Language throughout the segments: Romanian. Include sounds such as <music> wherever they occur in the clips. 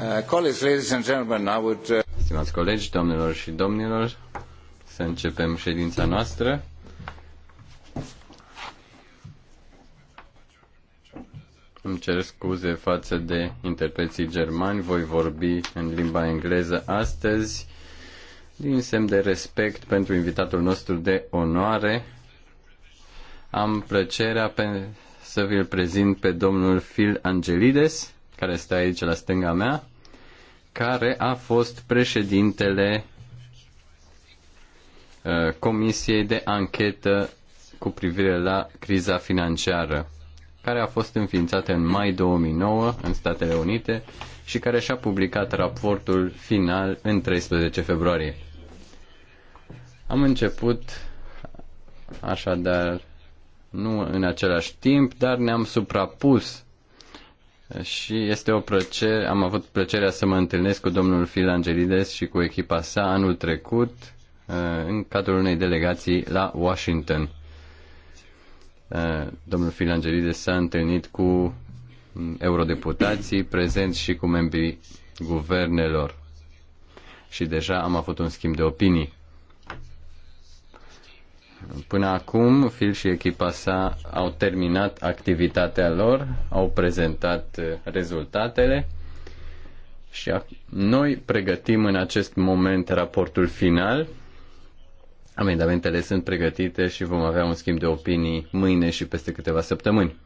Uh, uh, Stimați colegi, domnilor și domnilor, să începem ședința noastră. Îmi cer scuze față de interpreții germani, voi vorbi în limba engleză astăzi, din semn de respect pentru invitatul nostru de onoare. Am plăcerea pe, să vi-l prezint pe domnul Phil Angelides, care stă aici la stânga mea care a fost președintele uh, Comisiei de Anchetă cu privire la criza financiară, care a fost înființată în mai 2009 în Statele Unite și care și-a publicat raportul final în 13 februarie. Am început așadar nu în același timp, dar ne-am suprapus și este o plăcere, am avut plăcerea să mă întâlnesc cu domnul Phil Angelides și cu echipa sa anul trecut uh, în cadrul unei delegații la Washington. Uh, domnul Phil Angelides s-a întâlnit cu eurodeputații prezenți și cu membrii guvernelor și deja am avut un schimb de opinii. Până acum, Phil și echipa sa au terminat activitatea lor, au prezentat uh, rezultatele și noi pregătim în acest moment raportul final. Amendamentele sunt pregătite și vom avea un schimb de opinii mâine și peste câteva săptămâni.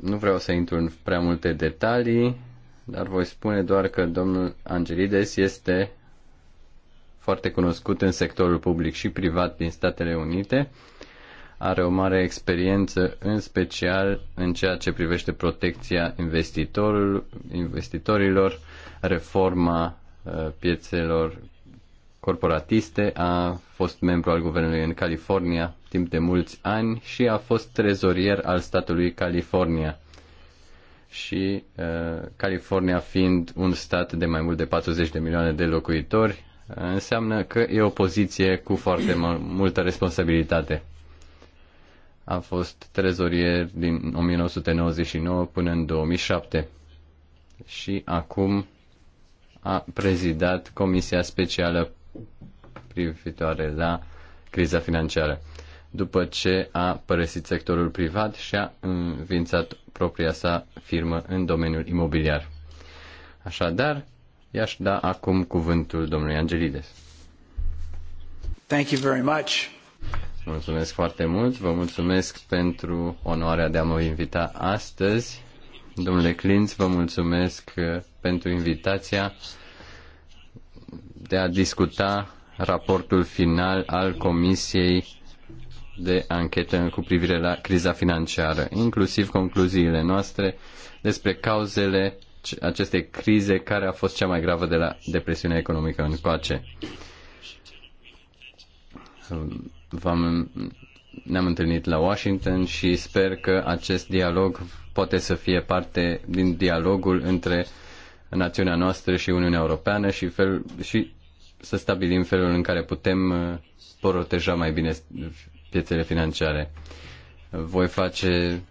Nu vreau să intru în prea multe detalii, dar voi spune doar că domnul Angelides este foarte cunoscut în sectorul public și privat din Statele Unite. Are o mare experiență, în special în ceea ce privește protecția investitorilor, reforma uh, piețelor corporatiste, a fost membru al guvernului în California timp de mulți ani și a fost trezorier al statului California și uh, California fiind un stat de mai mult de 40 de milioane de locuitori, înseamnă că e o poziție cu foarte multă responsabilitate. A fost trezorier din 1999 până în 2007 și acum a prezidat Comisia Specială privitoare la criza financiară, după ce a părăsit sectorul privat și a învințat propria sa firmă în domeniul imobiliar. Așadar, I-aș da acum cuvântul domnului Angelides. Thank you very much. Mulțumesc foarte mult, vă mulțumesc pentru onoarea de a mă invita astăzi. Domnule Clinț, vă mulțumesc uh, pentru invitația de a discuta raportul final al Comisiei de anchetă cu privire la criza financiară, inclusiv concluziile noastre despre cauzele aceste crize care a fost cea mai gravă de la depresiunea economică în V-am, ne-am întâlnit la Washington și sper că acest dialog poate să fie parte din dialogul între națiunea noastră și Uniunea Europeană și, fel, și să stabilim felul în care putem uh, proteja mai bine piețele financiare. Voi face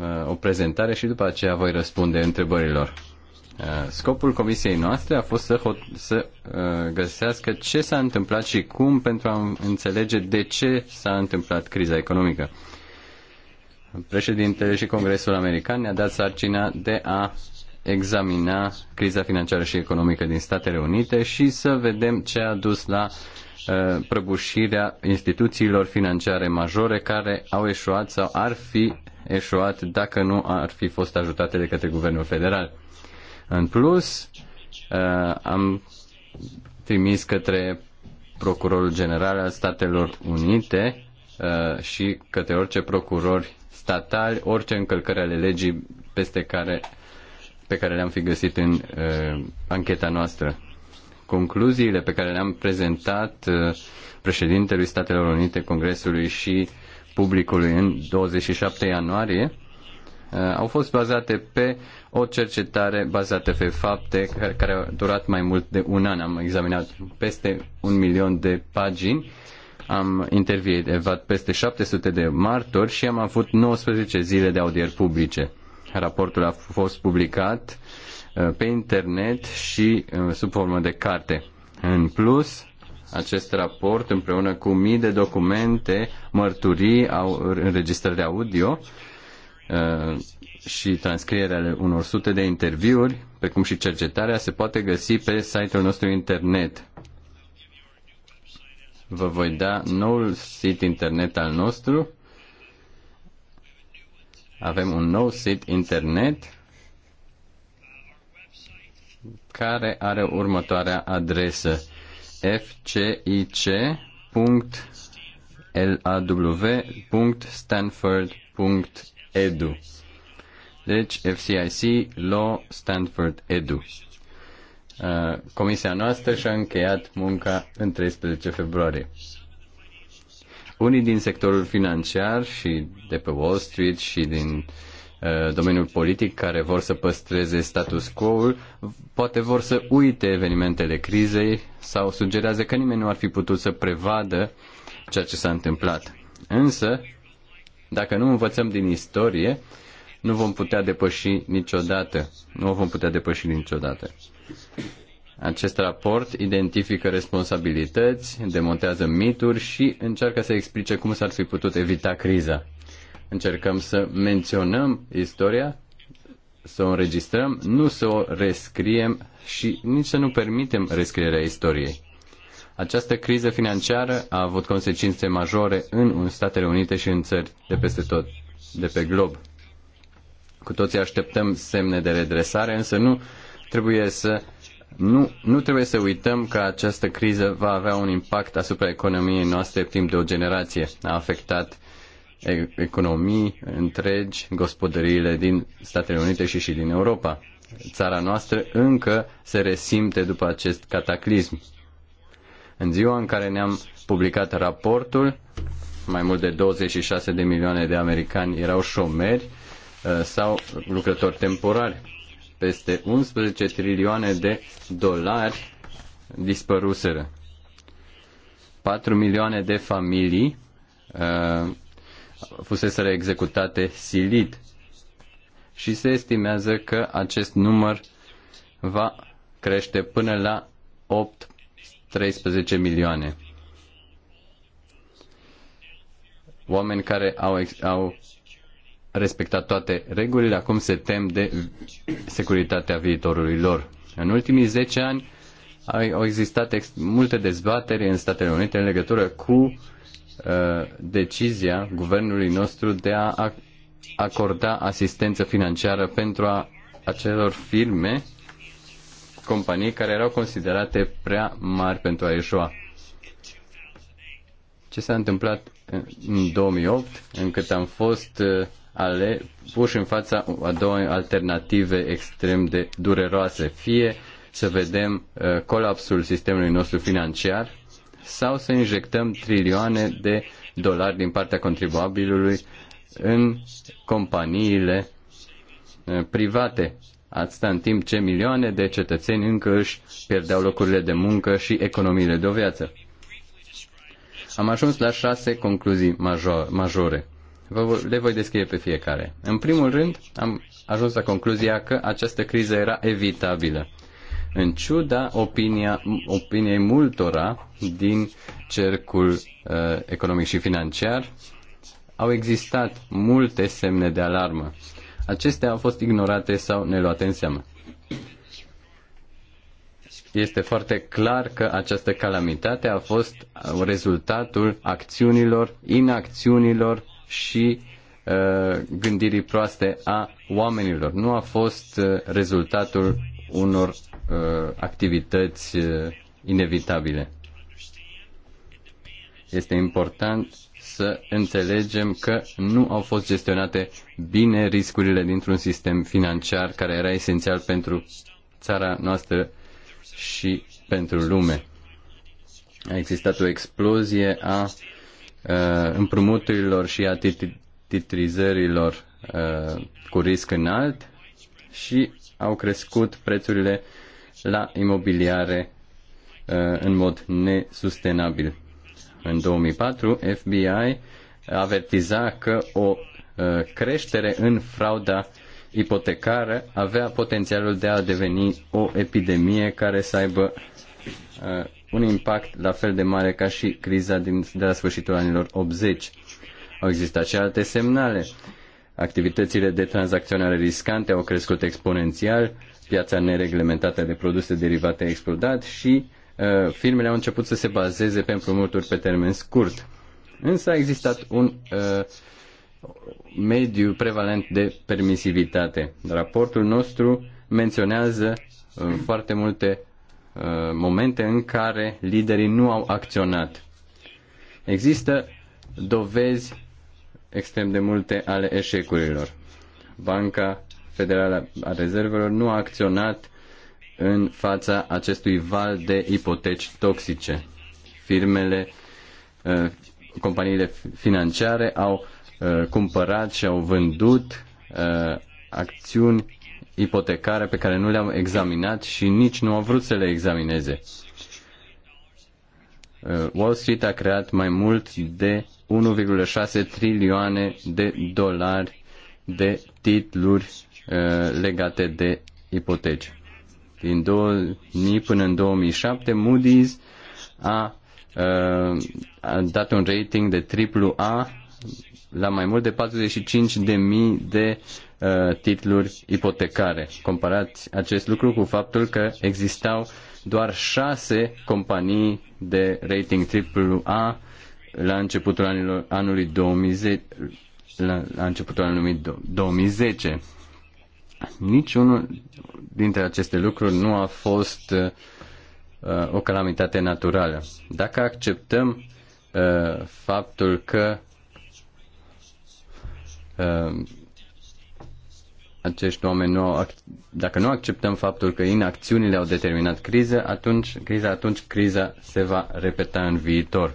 Uh, o prezentare și după aceea voi răspunde întrebărilor. Uh, scopul comisiei noastre a fost să, să uh, găsească ce s-a întâmplat și cum pentru a înțelege de ce s-a întâmplat criza economică. Președintele și Congresul American ne-a dat sarcina de a examina criza financiară și economică din Statele Unite și să vedem ce a dus la uh, prăbușirea instituțiilor financiare majore care au eșuat sau ar fi eșuat dacă nu ar fi fost ajutate de către guvernul federal. În plus, uh, am trimis către procurorul general al Statelor Unite uh, și către orice procurori statali orice încălcări ale legii peste care pe care le-am fi găsit în uh, ancheta noastră. Concluziile pe care le-am prezentat uh, președintelui Statelor Unite, Congresului și publicului în 27 ianuarie uh, au fost bazate pe o cercetare bazată pe fapte care, care a durat mai mult de un an. Am examinat peste un milion de pagini, am intervievat peste 700 de martori și am avut 19 zile de audieri publice Raportul a fost publicat uh, pe internet și uh, sub formă de carte. În plus, acest raport împreună cu mii de documente, mărturii, au înregistrări audio uh, și transcrierea unor sute de interviuri, precum și cercetarea, se poate găsi pe site-ul nostru internet. Vă voi da noul site internet al nostru, avem un nou sit internet care are următoarea adresă fcic.law.stanford.edu Deci FCIC Law Stanford Edu uh, Comisia noastră și-a încheiat munca în 13 februarie. Unii din sectorul financiar și de pe Wall Street și din uh, domeniul politic care vor să păstreze status quo-ul, poate vor să uite evenimentele crizei sau sugerează că nimeni nu ar fi putut să prevadă ceea ce s-a întâmplat. Însă, dacă nu învățăm din istorie, nu vom putea depăși niciodată. Nu o vom putea depăși niciodată. Acest raport identifică responsabilități, demontează mituri și încearcă să explice cum s-ar fi putut evita criza. Încercăm să menționăm istoria, să o înregistrăm, nu să o rescriem și nici să nu permitem rescrierea istoriei. Această criză financiară a avut consecințe majore în Statele Unite și în țări de peste tot, de pe glob. Cu toții așteptăm semne de redresare, însă nu trebuie să nu, nu trebuie să uităm că această criză va avea un impact asupra economiei noastre timp de o generație. A afectat economii întregi, gospodăriile din Statele Unite și și din Europa. Țara noastră încă se resimte după acest cataclism. În ziua în care ne-am publicat raportul, mai mult de 26 de milioane de americani erau șomeri uh, sau lucrători temporari peste 11 trilioane de dolari dispăruseră. 4 milioane de familii uh, fuseseră executate silit și se estimează că acest număr va crește până la 8-13 milioane. Oameni care au, au respectat toate regulile, acum se tem de securitatea viitorului lor. În ultimii 10 ani au existat multe dezbateri în Statele Unite în legătură cu uh, decizia guvernului nostru de a acorda asistență financiară pentru a acelor firme, companii care erau considerate prea mari pentru a ieșua. Ce s-a întâmplat în 2008, încât am fost uh, ale puși în fața a două alternative extrem de dureroase. Fie să vedem uh, colapsul sistemului nostru financiar sau să injectăm trilioane de dolari din partea contribuabilului în companiile uh, private, atâta în timp ce milioane de cetățeni încă își pierdeau locurile de muncă și economiile de o viață. Am ajuns la șase concluzii majore. Vă, le voi descrie pe fiecare. În primul rând, am ajuns la concluzia că această criză era evitabilă. În ciuda opinia, opiniei multora din cercul uh, economic și financiar, au existat multe semne de alarmă. Acestea au fost ignorate sau neluate în seamă. Este foarte clar că această calamitate a fost rezultatul acțiunilor, inacțiunilor și uh, gândirii proaste a oamenilor. Nu a fost uh, rezultatul unor uh, activități inevitabile. Este important să înțelegem că nu au fost gestionate bine riscurile dintr-un sistem financiar care era esențial pentru țara noastră și pentru lume. A existat o explozie a uh, Uh, împrumuturilor și a titrizărilor uh, cu risc înalt și au crescut prețurile la imobiliare uh, în mod nesustenabil. În 2004, FBI avertiza că o creștere în frauda ipotecară avea potențialul de a deveni o epidemie care să aibă un impact la fel de mare ca și criza din, de la sfârșitul anilor 80. Au existat și alte semnale. Activitățile de tranzacționare riscante au crescut exponențial, piața nereglementată de produse derivate a explodat și uh, firmele au început să se bazeze pe împrumuturi pe termen scurt. Însă a existat un uh, mediu prevalent de permisivitate. Raportul nostru menționează uh, foarte multe Uh, momente în care liderii nu au acționat. Există dovezi extrem de multe ale eșecurilor. Banca Federală a Rezervelor nu a acționat în fața acestui val de ipoteci toxice. Firmele, uh, companiile financiare au uh, cumpărat și au vândut acțiuni ipotecare pe care nu le-am examinat și nici nu au vrut să le examineze. Uh, Wall Street a creat mai mult de 1,6 trilioane de dolari de titluri uh, legate de ipoteci. Din 2000 până în 2007, Moody's a, uh, a dat un rating de AAA A la mai mult de 45.000 de, de Uh, titluri ipotecare. Comparați acest lucru cu faptul că existau doar șase companii de rating AAA la începutul anilor, anului 2010, la, la începutul anului 2010. Niciunul dintre aceste lucruri nu a fost uh, uh, o calamitate naturală. Dacă acceptăm uh, faptul că uh, acești oameni nu dacă nu acceptăm faptul că inacțiunile au determinat criza, atunci criza, atunci criza se va repeta în viitor.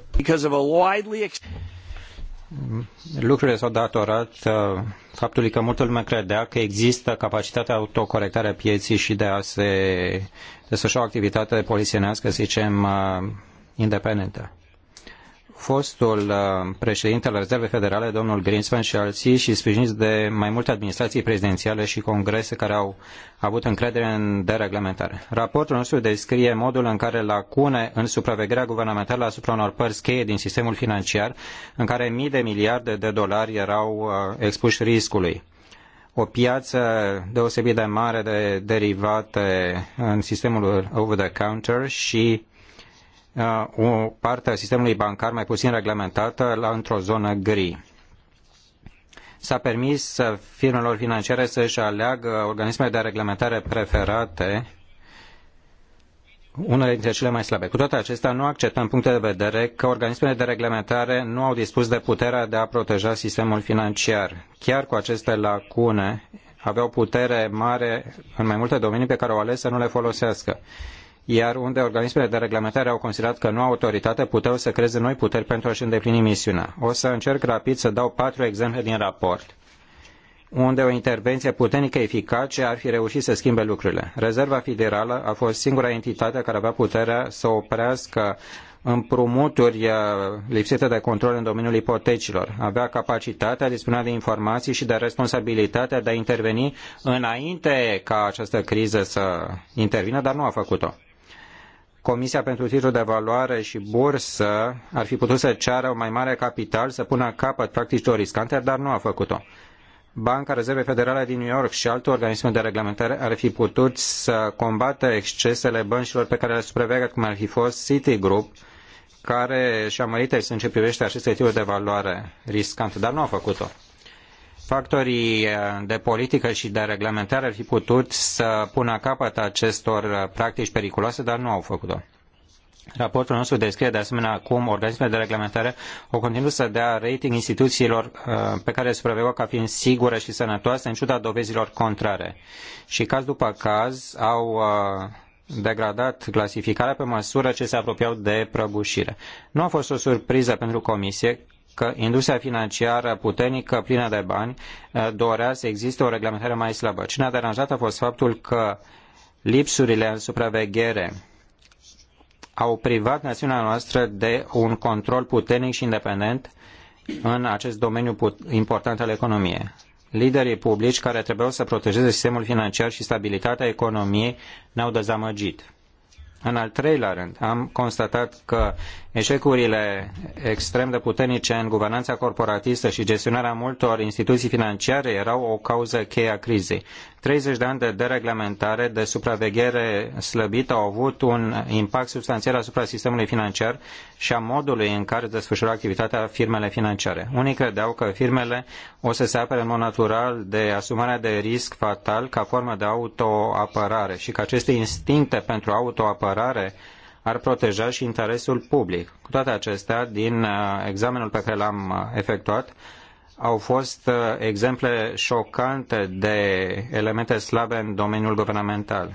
Lucrurile s-au datorat uh, faptului că multă lume credea că există capacitatea autocorectare a pieții și de a se desfășura o activitate polițienească, să zicem, uh, independentă fostul uh, președinte al Rezervei Federale, domnul Greenspan și alții, și sprijiniți de mai multe administrații prezidențiale și congrese care au avut încredere în dereglementare. Raportul nostru descrie modul în care lacune în supravegherea guvernamentală asupra unor părți cheie din sistemul financiar, în care mii de miliarde de dolari erau uh, expuși riscului o piață deosebit de mare de derivate în sistemul over-the-counter și Uh, o parte a sistemului bancar mai puțin reglementată la, într-o zonă gri. S-a permis firmelor financiare să-și aleagă organismele de reglementare preferate unele dintre cele mai slabe. Cu toate acestea, nu acceptăm puncte de vedere că organismele de reglementare nu au dispus de puterea de a proteja sistemul financiar. Chiar cu aceste lacune, aveau putere mare în mai multe domenii pe care au ales să nu le folosească iar unde organismele de reglementare au considerat că nu au autoritate, puteau să creeze noi puteri pentru a-și îndeplini misiunea. O să încerc rapid să dau patru exemple din raport unde o intervenție puternică eficace ar fi reușit să schimbe lucrurile. Rezerva Federală a fost singura entitate care avea puterea să oprească împrumuturi uh, lipsite de control în domeniul ipotecilor. Avea capacitatea, dispunea de informații și de responsabilitatea de a interveni înainte ca această criză să intervină, dar nu a făcut-o. Comisia pentru titlul de valoare și bursă ar fi putut să ceară o mai mare capital să pună capăt practicilor riscante, dar nu a făcut-o. Banca Rezervei Federale din New York și alte organisme de reglementare ar fi putut să combată excesele băncilor pe care le supraveghează, cum ar fi fost Citigroup, care și-a mărit în ce privește aceste tipuri de valoare riscante, dar nu a făcut-o. Factorii eh, de politică și de reglementare ar fi putut să pună capăt acestor eh, practici periculoase, dar nu au făcut-o. Raportul nostru descrie de asemenea cum organismele de reglementare au continuat să dea rating instituțiilor eh, pe care le supravegheau ca fiind sigure și sănătoase în ciuda dovezilor contrare. Și caz după caz au degradat clasificarea pe măsură ce se apropiau de prăbușire. Nu a fost o surpriză pentru comisie că industria financiară puternică, plină de bani, eh, dorea să existe o reglementare mai slabă. Ce ne-a deranjat a fost faptul că lipsurile în supraveghere au privat națiunea noastră de un control puternic și independent în acest domeniu important al economiei. Liderii publici care trebuiau să protejeze sistemul financiar și stabilitatea economiei ne-au dezamăgit. În al treilea rând, am constatat că eșecurile extrem de puternice în guvernanța corporatistă și gestionarea multor instituții financiare erau o cauză cheie a crizei. 30 de ani de dereglementare, de supraveghere slăbită au avut un impact substanțial asupra sistemului financiar și a modului în care desfășura activitatea firmele financiare. Unii credeau că firmele o să se apere în mod natural de asumarea de risc fatal ca formă de autoapărare și că aceste instincte pentru autoapărare ar proteja și interesul public. Cu toate acestea, din uh, examenul pe care l-am uh, efectuat, au fost uh, exemple șocante de elemente slabe în domeniul guvernamental.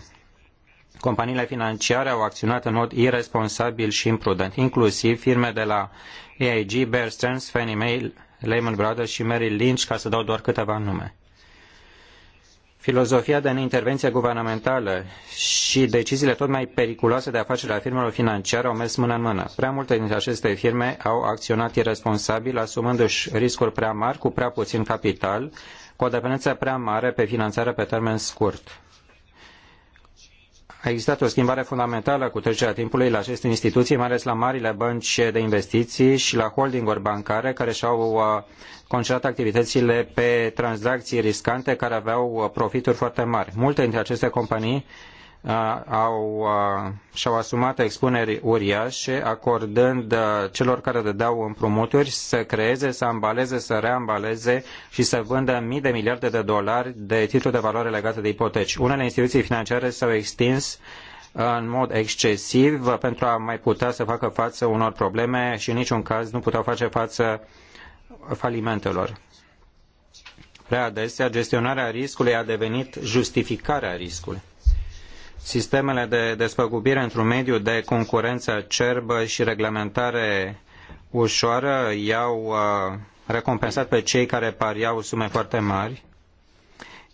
Companiile financiare au acționat în mod irresponsabil și imprudent, inclusiv firme de la AIG, Bear Stearns, Fannie Mae, Lehman Brothers și Merrill Lynch, ca să dau doar câteva nume filozofia de neintervenție guvernamentală și deciziile tot mai periculoase de afaceri a firmelor financiare au mers mână în mână. Prea multe dintre aceste firme au acționat irresponsabil, asumându-și riscuri prea mari cu prea puțin capital, cu o dependență prea mare pe finanțare pe termen scurt. A existat o schimbare fundamentală cu trecerea timpului la aceste instituții, mai ales la marile bănci de investiții și la holdinguri bancare care și-au uh, concentrat activitățile pe tranzacții riscante care aveau uh, profituri foarte mari. Multe dintre aceste companii au, și-au asumat expuneri uriașe, acordând celor care dădeau împrumuturi să creeze, să ambaleze, să reambaleze și să vândă mii de miliarde de dolari de titluri de valoare legate de ipoteci. Unele instituții financiare s-au extins în mod excesiv pentru a mai putea să facă față unor probleme și în niciun caz nu puteau face față falimentelor. Prea adesea, gestionarea riscului a devenit justificarea riscului Sistemele de despăgubire într-un mediu de concurență cerbă și reglementare ușoară i-au uh, recompensat pe cei care pariau sume foarte mari,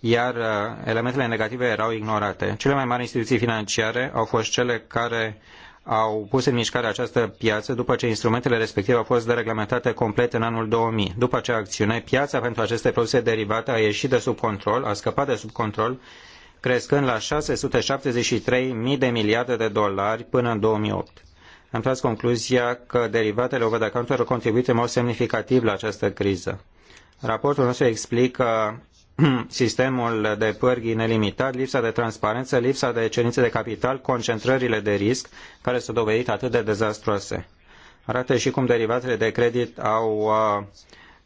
iar uh, elementele negative erau ignorate. Cele mai mari instituții financiare au fost cele care au pus în mișcare această piață după ce instrumentele respective au fost dereglementate complet în anul 2000. După acea acțiune, piața pentru aceste produse derivate a ieșit de sub control, a scăpat de sub control crescând la 673.000 de miliarde de dolari până în 2008. Am tras concluzia că derivatele counter au contribuit în mod semnificativ la această criză. Raportul nostru explică <clears throat> sistemul de pârghii nelimitat, lipsa de transparență, lipsa de cerințe de capital, concentrările de risc care s-au dovedit atât de dezastroase. Arată și cum derivatele de credit au uh,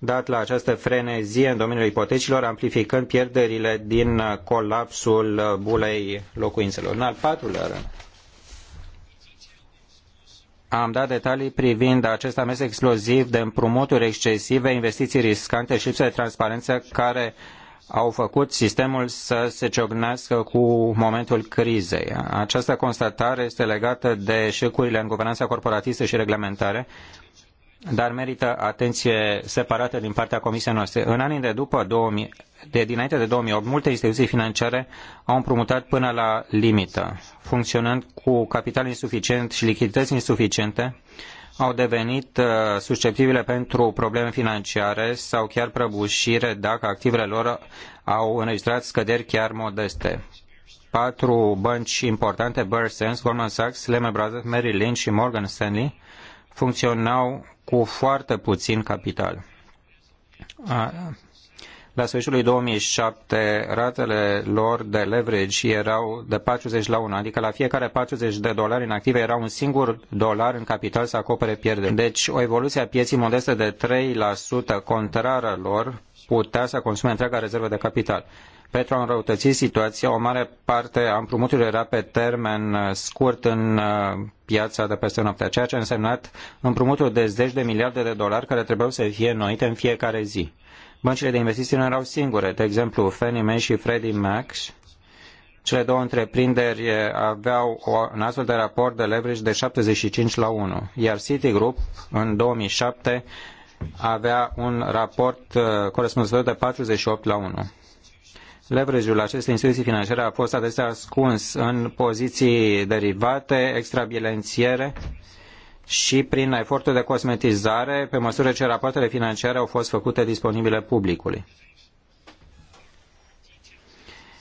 dat la această frenezie în domeniul ipotecilor, amplificând pierderile din colapsul bulei locuințelor. În al patrulea rând, am dat detalii privind acest amestec exploziv de împrumuturi excesive, investiții riscante și lipsa de transparență care au făcut sistemul să se ciocnească cu momentul crizei. Această constatare este legată de eșecurile în guvernanța corporatistă și reglementare, dar merită atenție separată din partea comisiei noastre. În anii de după 2000, de dinainte de 2008, multe instituții financiare au împrumutat până la limită, funcționând cu capital insuficient și lichidități insuficiente, au devenit uh, susceptibile pentru probleme financiare sau chiar prăbușire dacă activele lor au înregistrat scăderi chiar modeste. Patru bănci importante, Bear Stearns, Goldman Sachs, Lehman Brothers, Merrill Lynch și Morgan Stanley, funcționau cu foarte puțin capital. La sfârșitul 2007, ratele lor de leverage erau de 40 la 1, adică la fiecare 40 de dolari în active era un singur dolar în capital să acopere pierderi. Deci o evoluție a pieții modeste de 3% contrară lor putea să consume întreaga rezervă de capital. Pentru a înrăutăți situația, o mare parte a împrumuturilor era pe termen uh, scurt în uh, piața de peste noapte, ceea ce a însemnat împrumuturi de zeci de miliarde de dolari care trebuiau să fie noite în fiecare zi. Băncile de investiții nu erau singure, de exemplu Fannie Mae și Freddie Mac cele două întreprinderi uh, aveau un astfel de raport de leverage de 75 la 1, iar Citigroup în 2007 avea un raport corespunzător de 48 la 1. Leverage-ul acestei instituții financiare a fost adesea ascuns în poziții derivate, extrabilențiere și prin efortul de cosmetizare pe măsură ce rapoartele financiare au fost făcute disponibile publicului.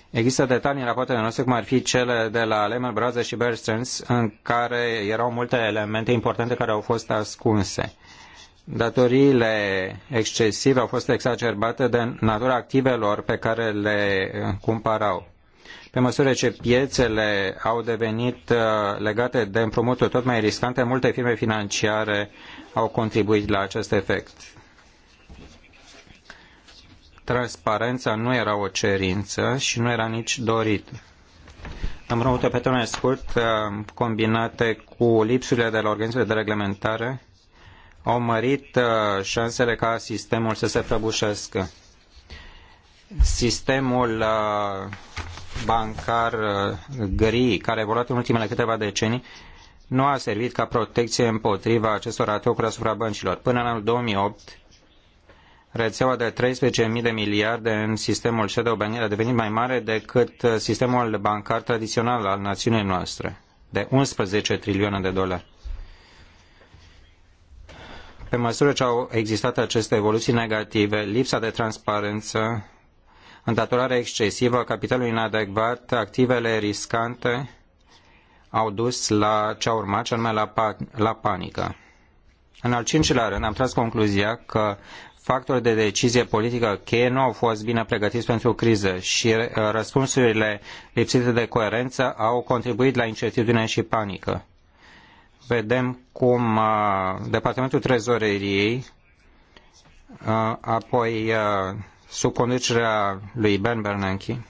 Există detalii în rapoartele noastre, cum ar fi cele de la Lehman Brothers și Bear Stearns, în care erau multe elemente importante care au fost ascunse. Datoriile excesive au fost exacerbate de natura activelor pe care le uh, cumpărau. Pe măsură ce piețele au devenit uh, legate de împrumuturi tot mai riscante, multe firme financiare au contribuit la acest efect. Transparența nu era o cerință și nu era nici dorită. Împrumuturi pe termen scurt uh, combinate cu lipsurile de la organismele de reglementare au mărit uh, șansele ca sistemul să se prăbușească. Sistemul uh, bancar uh, gri, care a evoluat în ultimele câteva decenii, nu a servit ca protecție împotriva acestor atacuri asupra băncilor. Până în anul 2008, rețeaua de 13.000 de miliarde în sistemul shadow banking a devenit mai mare decât sistemul bancar tradițional al națiunii noastre, de 11 trilioane de dolari. Pe măsură ce au existat aceste evoluții negative, lipsa de transparență, îndatorarea excesivă a capitalului inadecvat, activele riscante au dus la ce a urmat, cel mai la, pa- la panică. În al cincilea rând, am tras concluzia că factorii de decizie politică cheie nu au fost bine pregătiți pentru criză și uh, răspunsurile lipsite de coerență au contribuit la incertitudine și panică vedem cum uh, Departamentul Trezoreriei, uh, apoi uh, sub conducerea lui Ben Bernanke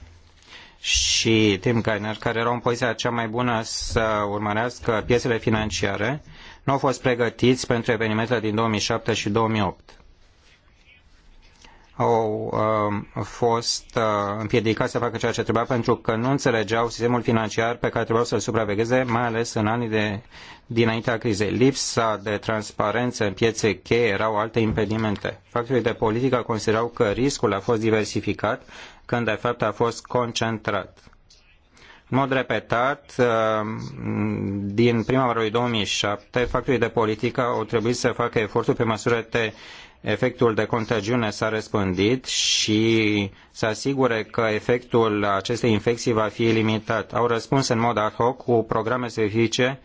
și Tim Geithner, care erau în poziția cea mai bună să urmărească piețele financiare, nu au fost pregătiți pentru evenimentele din 2007 și 2008 au uh, fost uh, împiedicați să facă ceea ce trebuia pentru că nu înțelegeau sistemul financiar pe care trebuiau să-l supravegheze, mai ales în anii de, dinaintea crizei. Lipsa de transparență în piețe cheie erau alte impedimente. Factorii de politică considerau că riscul a fost diversificat când de fapt a fost concentrat. În mod repetat, um, din primăvara lui 2007, factorii de politică au trebuit să facă eforturi pe măsură de efectul de contagiune s-a răspândit și să asigure că efectul acestei infecții va fi limitat. Au răspuns în mod ad hoc cu programe specifice,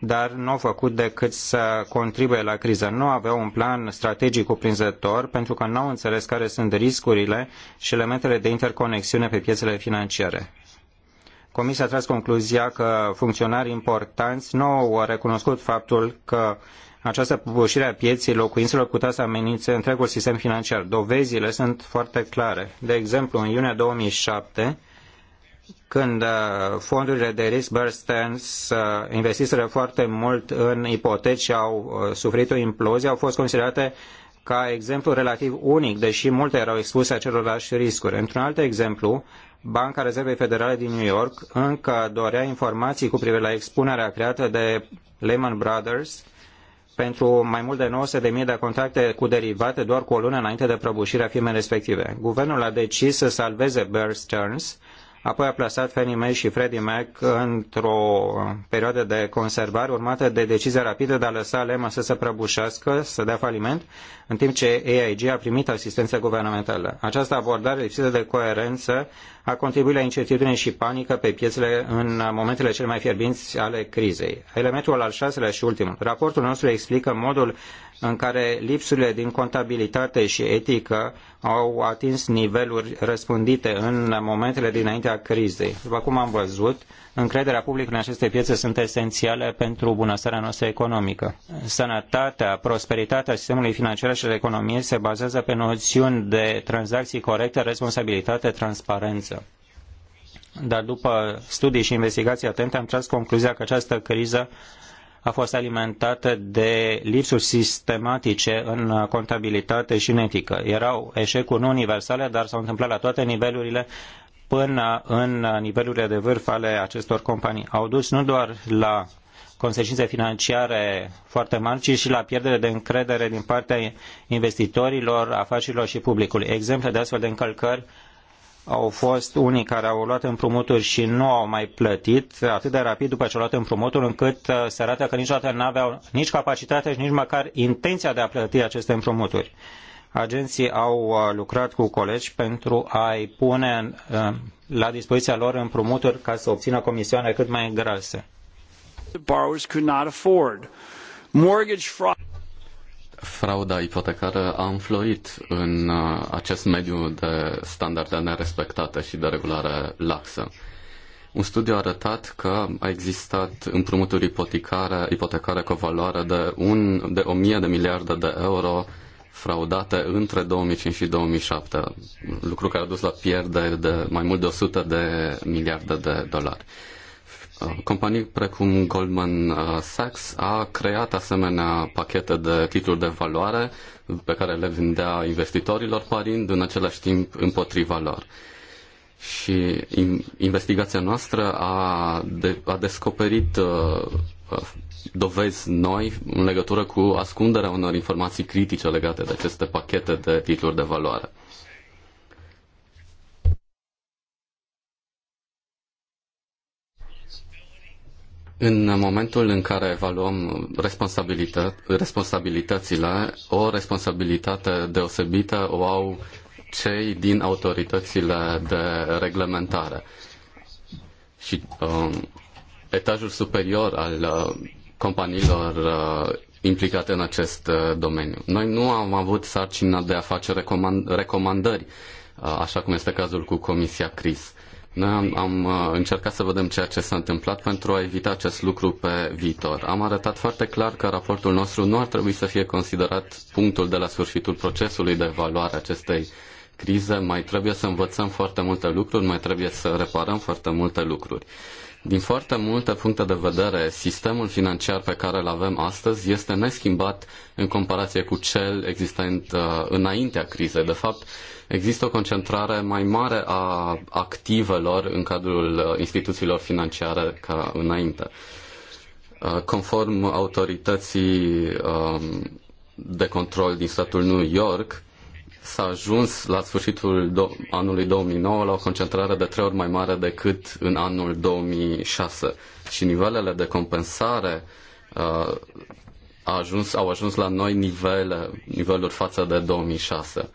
dar nu au făcut decât să contribuie la criză. Nu aveau un plan strategic cuprinzător pentru că nu au înțeles care sunt riscurile și elementele de interconexiune pe piețele financiare. Comisia a tras concluzia că funcționari importanți nu au recunoscut faptul că această prăbușire a pieții locuințelor putea să amenințe întregul sistem financiar. Dovezile sunt foarte clare. De exemplu, în iunie 2007, când uh, fondurile de risc Burstens uh, investiseră foarte mult în ipoteci și au uh, suferit o implozie, au fost considerate ca exemplu relativ unic, deși multe erau expuse acelorași riscuri. Într-un alt exemplu, Banca Rezervei Federale din New York încă dorea informații cu privire la expunerea creată de Lehman Brothers pentru mai mult de 900.000 de contracte cu derivate doar cu o lună înainte de prăbușirea firmei respective. Guvernul a decis să salveze Bear Stearns Apoi a plasat Fannie Mae și Freddie Mac într-o perioadă de conservare urmată de decizia rapidă de a lăsa Lehman să se prăbușească, să dea faliment, în timp ce AIG a primit asistență guvernamentală. Această abordare lipsită de coerență a contribuit la incertitudine și panică pe piețele în momentele cele mai fierbinți ale crizei. Elementul al șaselea și ultimul. Raportul nostru explică modul în care lipsurile din contabilitate și etică au atins niveluri răspândite în momentele dinaintea crizei. După cum am văzut, încrederea publică în aceste piețe sunt esențiale pentru bunăstarea noastră economică. Sănătatea, prosperitatea sistemului financiar și al economiei se bazează pe noțiuni de tranzacții corecte, responsabilitate, transparență dar după studii și investigații atente am tras concluzia că această criză a fost alimentată de lipsuri sistematice în contabilitate și în etică. Erau eșecuri nu universale, dar s-au întâmplat la toate nivelurile până în nivelurile de vârf ale acestor companii. Au dus nu doar la consecințe financiare foarte mari, ci și la pierdere de încredere din partea investitorilor, afacerilor și publicului. Exemple de astfel de încălcări au fost unii care au luat împrumuturi și nu au mai plătit atât de rapid după ce au luat împrumuturi încât uh, se arată că niciodată nu aveau nici capacitatea și nici măcar intenția de a plăti aceste împrumuturi. Agenții au uh, lucrat cu colegi pentru a-i pune uh, la dispoziția lor împrumuturi ca să obțină comisioane cât mai grase. The borrowers could not afford. Mortgage fraud frauda ipotecară a înfloit în uh, acest mediu de standarde nerespectate și de regulare laxă. Un studiu a arătat că a existat împrumuturi ipotecare, ipotecare cu o valoare de, un, de 1000 de miliarde de euro fraudate între 2005 și 2007, lucru care a dus la pierderi de mai mult de 100 de miliarde de dolari companii precum Goldman uh, Sachs a creat asemenea pachete de titluri de valoare pe care le vindea investitorilor, parind în același timp împotriva lor. Și investigația noastră a, de, a descoperit uh, uh, dovezi noi în legătură cu ascunderea unor informații critice legate de aceste pachete de titluri de valoare. În momentul în care evaluăm responsabilită- responsabilitățile, o responsabilitate deosebită o au cei din autoritățile de reglementare. Și um, etajul superior al uh, companiilor uh, implicate în acest uh, domeniu. Noi nu am avut sarcina de a face recomand- recomandări, uh, așa cum este cazul cu Comisia CRIS. Noi am, am uh, încercat să vedem ceea ce s-a întâmplat pentru a evita acest lucru pe viitor. Am arătat foarte clar că raportul nostru nu ar trebui să fie considerat punctul de la sfârșitul procesului de evaluare acestei crize. Mai trebuie să învățăm foarte multe lucruri, mai trebuie să reparăm foarte multe lucruri. Din foarte multe puncte de vedere, sistemul financiar pe care îl avem astăzi este neschimbat în comparație cu cel existent uh, înaintea crizei. De fapt, există o concentrare mai mare a activelor în cadrul uh, instituțiilor financiare ca înainte. Uh, conform autorității um, de control din statul New York, s-a ajuns la sfârșitul do- anului 2009 la o concentrare de trei ori mai mare decât în anul 2006 și nivelele de compensare uh, a ajuns, au ajuns la noi nivele, niveluri față de 2006.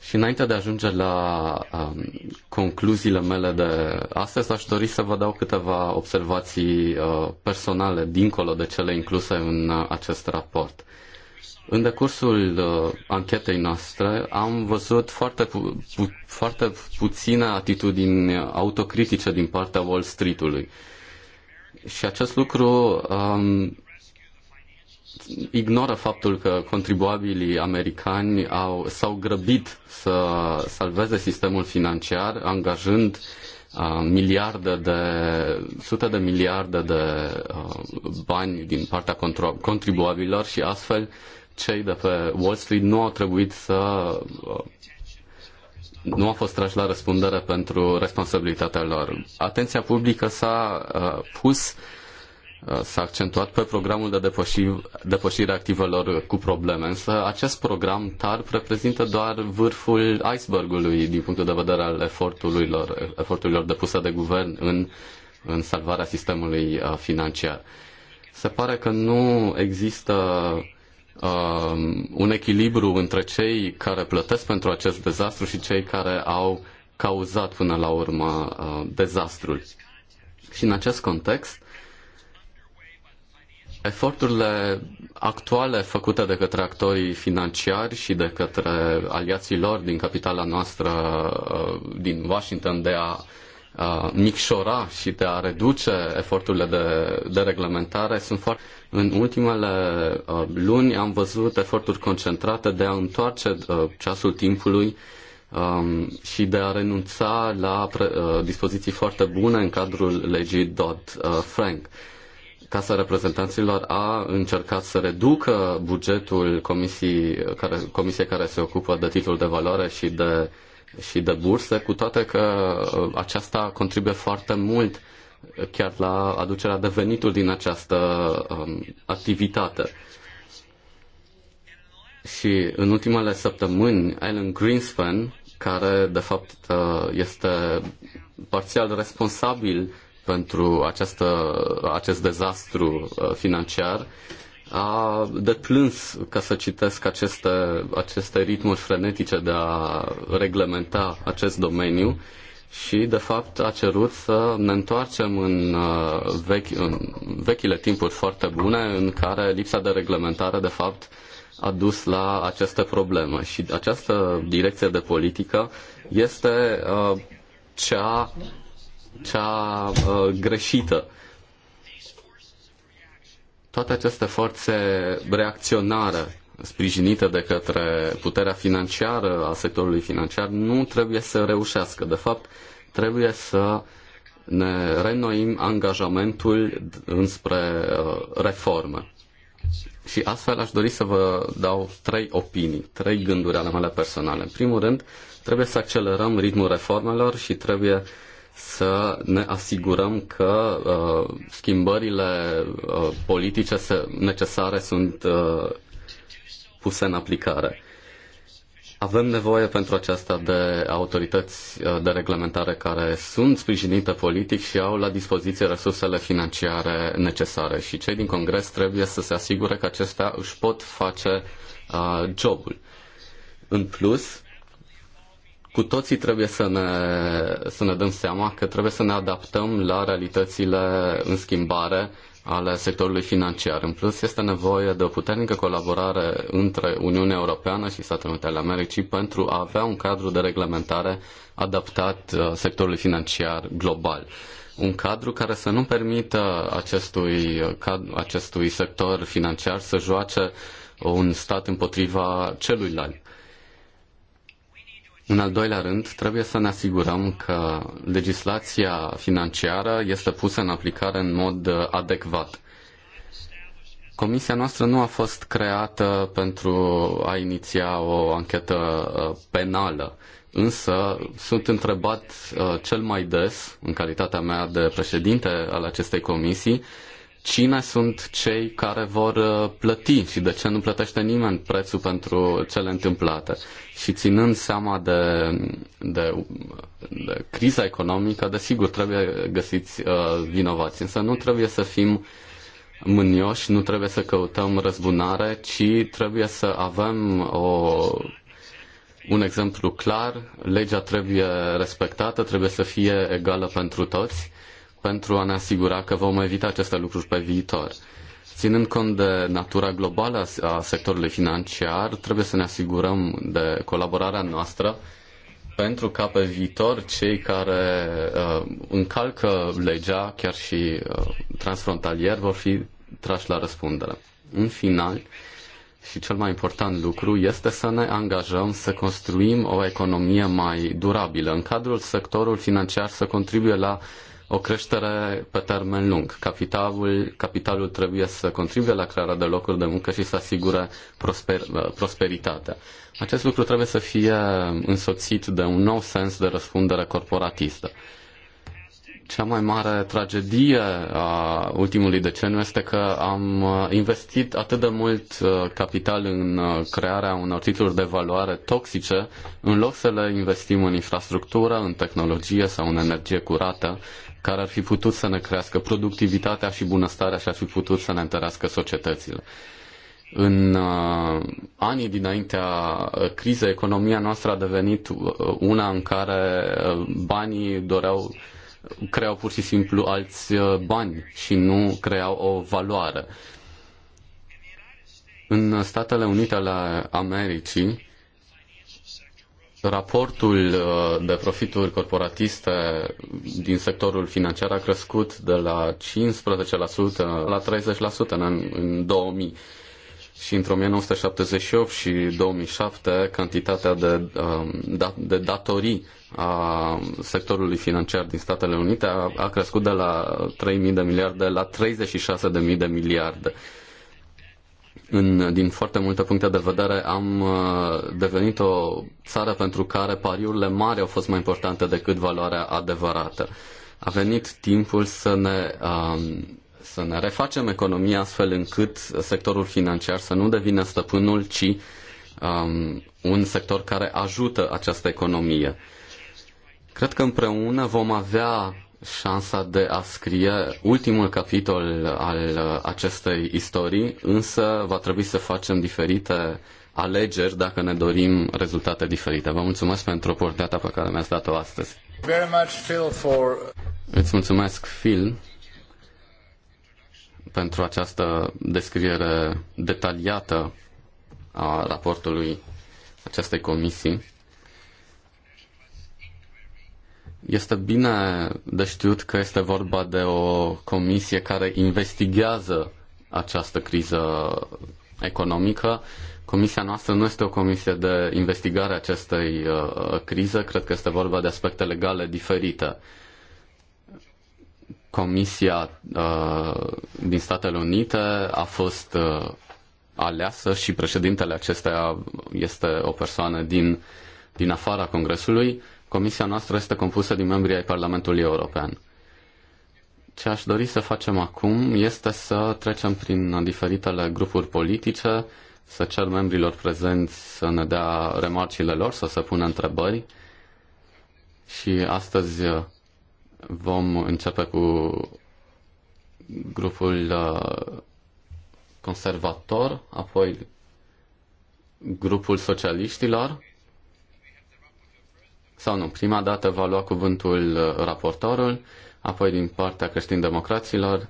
Și înainte de a ajunge la um, concluziile mele de astăzi, aș dori să vă dau câteva observații uh, personale dincolo de cele incluse în uh, acest raport. Uh, în decursul uh, anchetei noastre am văzut foarte, pu- pu- foarte puține atitudini autocritice din partea Wall Street-ului. Și acest lucru um, ignoră faptul că contribuabilii americani au, s-au grăbit să salveze sistemul financiar, angajând uh, miliarde de, sute de miliarde de bani din partea contribuabililor și astfel cei de pe Wall Street nu au trebuit să nu au fost trași la răspundere pentru responsabilitatea lor. Atenția publică s-a pus uh, Uh, s-a accentuat pe programul de depăși, depășire activelor cu probleme, însă acest program TARP reprezintă doar vârful icebergului din punctul de vedere al eforturilor, eforturilor depuse de guvern în, în salvarea sistemului uh, financiar. Se pare că nu există uh, un echilibru între cei care plătesc pentru acest dezastru și cei care au cauzat până la urmă uh, dezastrul. Și în acest context, Eforturile actuale făcute de către actorii financiari și de către aliații lor din capitala noastră, uh, din Washington, de a uh, micșora și de a reduce eforturile de, de reglementare sunt foarte... În ultimele uh, luni am văzut eforturi concentrate de a întoarce ceasul timpului um, și de a renunța la dispoziții foarte bune în cadrul legii Dodd-Frank. Casa Reprezentanților a încercat să reducă bugetul comisiei care, comisiei care se ocupă de titlul de valoare și de, și de burse, cu toate că uh, aceasta contribuie foarte mult chiar la aducerea de venituri din această um, activitate. Și în ultimele săptămâni, Alan Greenspan, care de fapt uh, este parțial responsabil pentru această, acest dezastru uh, financiar a deplâns, ca să citesc aceste, aceste ritmuri frenetice de a reglementa acest domeniu și, de fapt, a cerut să ne întoarcem în, uh, vechi, în vechile timpuri foarte bune în care lipsa de reglementare, de fapt, a dus la aceste probleme. Și această direcție de politică este uh, cea cea uh, greșită. Toate aceste forțe reacționare sprijinite de către puterea financiară a sectorului financiar nu trebuie să reușească. De fapt, trebuie să ne renoim angajamentul înspre uh, reformă. Și astfel aș dori să vă dau trei opinii, trei gânduri ale mele personale. În primul rând, trebuie să accelerăm ritmul reformelor și trebuie să ne asigurăm că uh, schimbările uh, politice se, necesare sunt uh, puse în aplicare. Avem nevoie pentru aceasta de autorități uh, de reglementare care sunt sprijinite politic și au la dispoziție resursele financiare necesare și cei din Congres trebuie să se asigure că acestea își pot face uh, jobul. În plus, cu toții trebuie să ne, să ne dăm seama că trebuie să ne adaptăm la realitățile în schimbare ale sectorului financiar. În plus, este nevoie de o puternică colaborare între Uniunea Europeană și Statele Unite ale Americii pentru a avea un cadru de reglementare adaptat uh, sectorului financiar global. Un cadru care să nu permită acestui, acestui sector financiar să joace un stat împotriva celuilalt. În al doilea rând, trebuie să ne asigurăm că legislația financiară este pusă în aplicare în mod uh, adecvat. Comisia noastră nu a fost creată pentru a iniția o anchetă uh, penală, însă sunt întrebat uh, cel mai des, în calitatea mea de președinte al acestei comisii, cine sunt cei care vor uh, plăti și de ce nu plătește nimeni prețul pentru cele întâmplate. Și ținând seama de, de, de criza economică, desigur, trebuie găsiți uh, vinovați, însă nu trebuie să fim mânioși, nu trebuie să căutăm răzbunare, ci trebuie să avem o un exemplu clar, legea trebuie respectată, trebuie să fie egală pentru toți pentru a ne asigura că vom evita aceste lucruri pe viitor. Ținând cont de natura globală a sectorului financiar, trebuie să ne asigurăm de colaborarea noastră pentru ca pe viitor cei care uh, încalcă legea, chiar și uh, transfrontalier, vor fi trași la răspundere. În final, și cel mai important lucru este să ne angajăm să construim o economie mai durabilă. În cadrul sectorului financiar să contribuie la uh, o creștere pe termen lung. Capitalul, capitalul trebuie să contribuie la crearea de locuri de muncă și să asigure prosper, uh, prosperitatea. Acest lucru trebuie să fie însoțit de un nou sens de răspundere corporatistă. Cea mai mare tragedie a ultimului deceniu este că am uh, investit atât de mult uh, capital în crearea unor titluri de valoare toxice, în loc să le investim în infrastructură, în tehnologie sau în energie curată, care ar fi putut să ne crească productivitatea și bunăstarea și ar fi putut să ne întărească societățile. În uh, anii dinaintea uh, crizei, economia noastră a devenit uh, una în care uh, banii doreau, creau pur și simplu alți bani și nu creau o valoare. În Statele Unite ale Americii, Raportul uh, de profituri corporatiste din sectorul financiar a crescut de la 15% la 30% în, în 2000. Și între 1978 și 2007, cantitatea de, um, da, de datorii a sectorului financiar din Statele Unite a, a crescut de la 3.000 de miliarde la 36.000 de miliarde în, din foarte multe puncte de vedere, am uh, devenit o țară pentru care pariurile mari au fost mai importante decât valoarea adevărată. A venit timpul să ne, um, să ne refacem economia astfel încât sectorul financiar să nu devină stăpânul, ci um, un sector care ajută această economie. Cred că împreună vom avea șansa de a scrie ultimul capitol al uh, acestei istorii, însă va trebui să facem diferite alegeri dacă ne dorim rezultate diferite. Vă mulțumesc pentru oportunitatea pe care mi-ați dat-o astăzi. Very much, Phil, for... Îți mulțumesc, Phil, pentru această descriere detaliată a raportului acestei comisii. Este bine de știut că este vorba de o comisie care investigează această criză economică. Comisia noastră nu este o comisie de investigare a acestei uh, crize, cred că este vorba de aspecte legale diferite. Comisia uh, din Statele Unite a fost uh, aleasă și președintele acesteia este o persoană din, din afara Congresului. Uh, Comisia noastră este compusă din membrii ai Parlamentului European. Ce aș dori să facem acum este să trecem prin diferitele grupuri politice, să cer membrilor prezenți să ne dea remarcile lor, să se pună întrebări. Și astăzi vom începe cu grupul uh, conservator, apoi grupul socialiștilor, sau nu, prima dată va lua cuvântul uh, raportorul, apoi din partea creștin-democraților,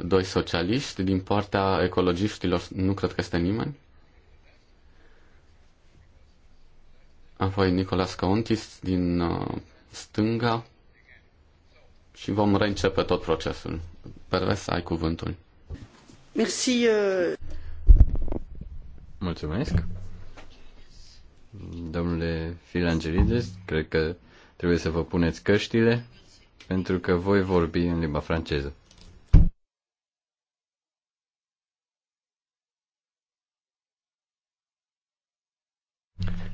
doi socialiști, din partea ecologiștilor nu cred că este nimeni. Apoi Nicolas Cauntis din uh, stânga și vom reîncepe tot procesul. Perves, ai cuvântul. Merci. Uh. Mulțumesc. Domnule Filangelides, cred că trebuie să vă puneți căștile, pentru că voi vorbi în limba franceză.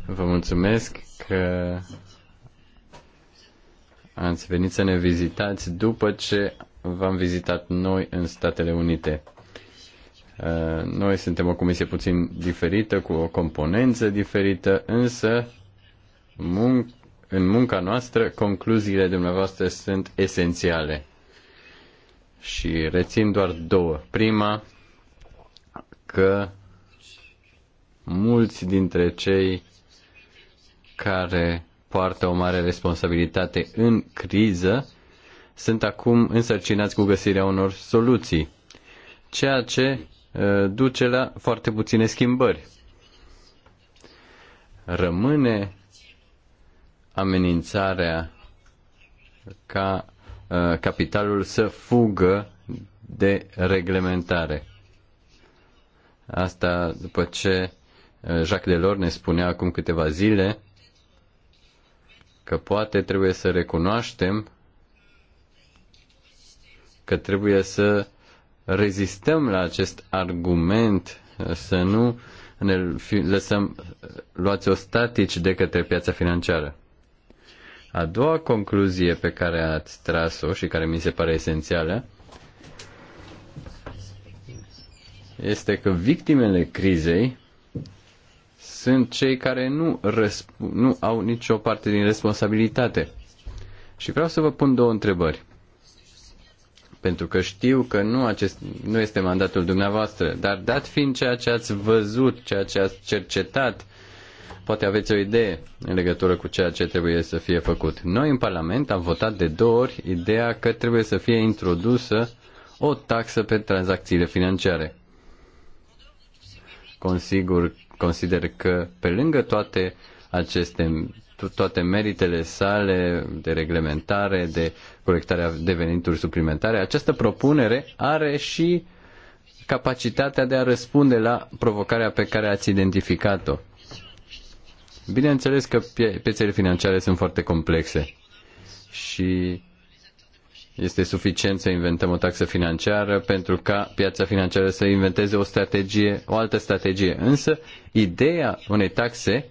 Vă mulțumesc că ați venit să ne vizitați după ce v-am vizitat noi în Statele Unite. Eh, noi suntem o comisie puțin diferită, cu o componență diferită, însă mun- în munca noastră concluziile dumneavoastră sunt esențiale. Și rețin doar două. Prima, că mulți dintre cei care poartă o mare responsabilitate în criză sunt acum însărcinați cu găsirea unor soluții, ceea ce Uh, duce la foarte puține schimbări. Rămâne amenințarea ca uh, capitalul să fugă de reglementare. Asta după ce uh, Jacques Delors ne spunea acum câteva zile că poate trebuie să recunoaștem că trebuie să rezistăm la acest argument, să nu ne lăsăm luați ostatici de către piața financiară. A doua concluzie pe care ați tras-o și care mi se pare esențială este că victimele crizei sunt cei care nu, nu au nicio parte din responsabilitate. Și vreau să vă pun două întrebări pentru că știu că nu, acest, nu este mandatul dumneavoastră, dar dat fiind ceea ce ați văzut, ceea ce ați cercetat, poate aveți o idee în legătură cu ceea ce trebuie să fie făcut. Noi în Parlament am votat de două ori ideea că trebuie să fie introdusă o taxă pe tranzacțiile financiare. Consigur, consider că pe lângă toate aceste toate meritele sale de reglementare, de colectarea de venituri suplimentare, această propunere are și capacitatea de a răspunde la provocarea pe care ați identificat-o. Bineînțeles că pie- piețele financiare sunt foarte complexe și este suficient să inventăm o taxă financiară pentru ca piața financiară să inventeze o strategie, o altă strategie. Însă, ideea unei taxe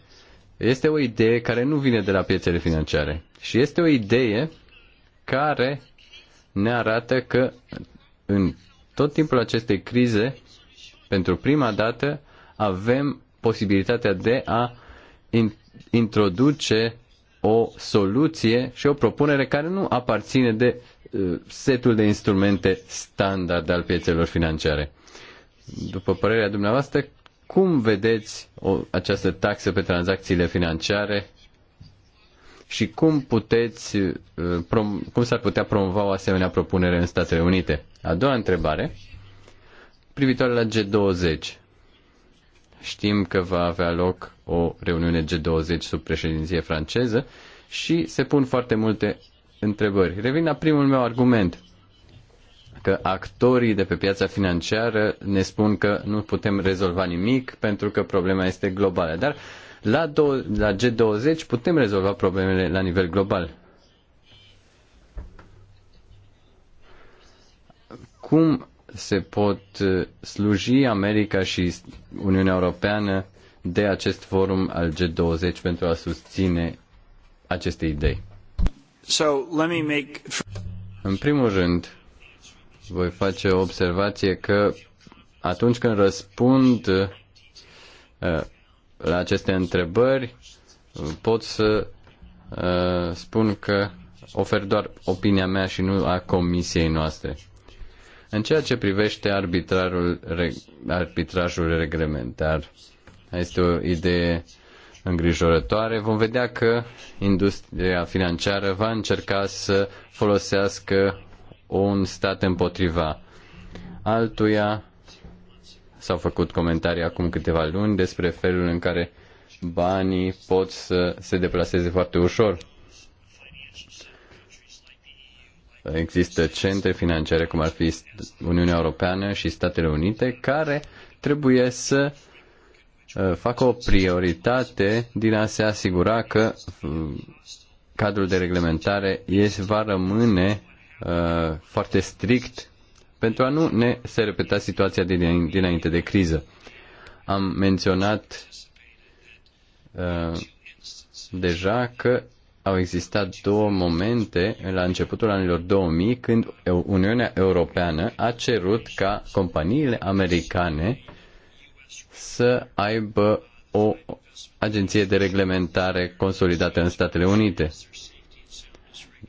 este o idee care nu vine de la piețele financiare și este o idee care ne arată că în tot timpul acestei crize, pentru prima dată, avem posibilitatea de a introduce o soluție și o propunere care nu aparține de uh, setul de instrumente standard al piețelor financiare. După părerea dumneavoastră, cum vedeți o, această taxă pe tranzacțiile financiare și cum puteți, uh, cum s-ar putea promova o asemenea propunere în Statele Unite? A doua întrebare, privitoare la G20. Știm că va avea loc o reuniune G20 sub președinție franceză și se pun foarte multe întrebări. Revin la primul meu argument că actorii de pe piața financiară ne spun că nu putem rezolva nimic pentru că problema este globală. Dar la, do- la G20 putem rezolva problemele la nivel global. Cum se pot uh, sluji America și Uniunea Europeană de acest forum al G20 pentru a susține aceste idei? So, let me make... În primul rând, voi face o observație că atunci când răspund uh, la aceste întrebări, pot să uh, spun că ofer doar opinia mea și nu a comisiei noastre. În ceea ce privește arbitrarul, arbitrajul reglementar, este o idee îngrijorătoare. Vom vedea că industria financiară va încerca să folosească un stat împotriva altuia. S-au făcut comentarii acum câteva luni despre felul în care banii pot să se deplaseze foarte ușor. Există centre financiare, cum ar fi Uniunea Europeană și Statele Unite, care trebuie să uh, facă o prioritate din a se asigura că uh, cadrul de reglementare este, va rămâne Uh, foarte strict pentru a nu ne se repeta situația din, dinainte de criză. Am menționat uh, deja că au existat două momente la începutul anilor 2000 când Uniunea Europeană a cerut ca companiile americane să aibă o agenție de reglementare consolidată în Statele Unite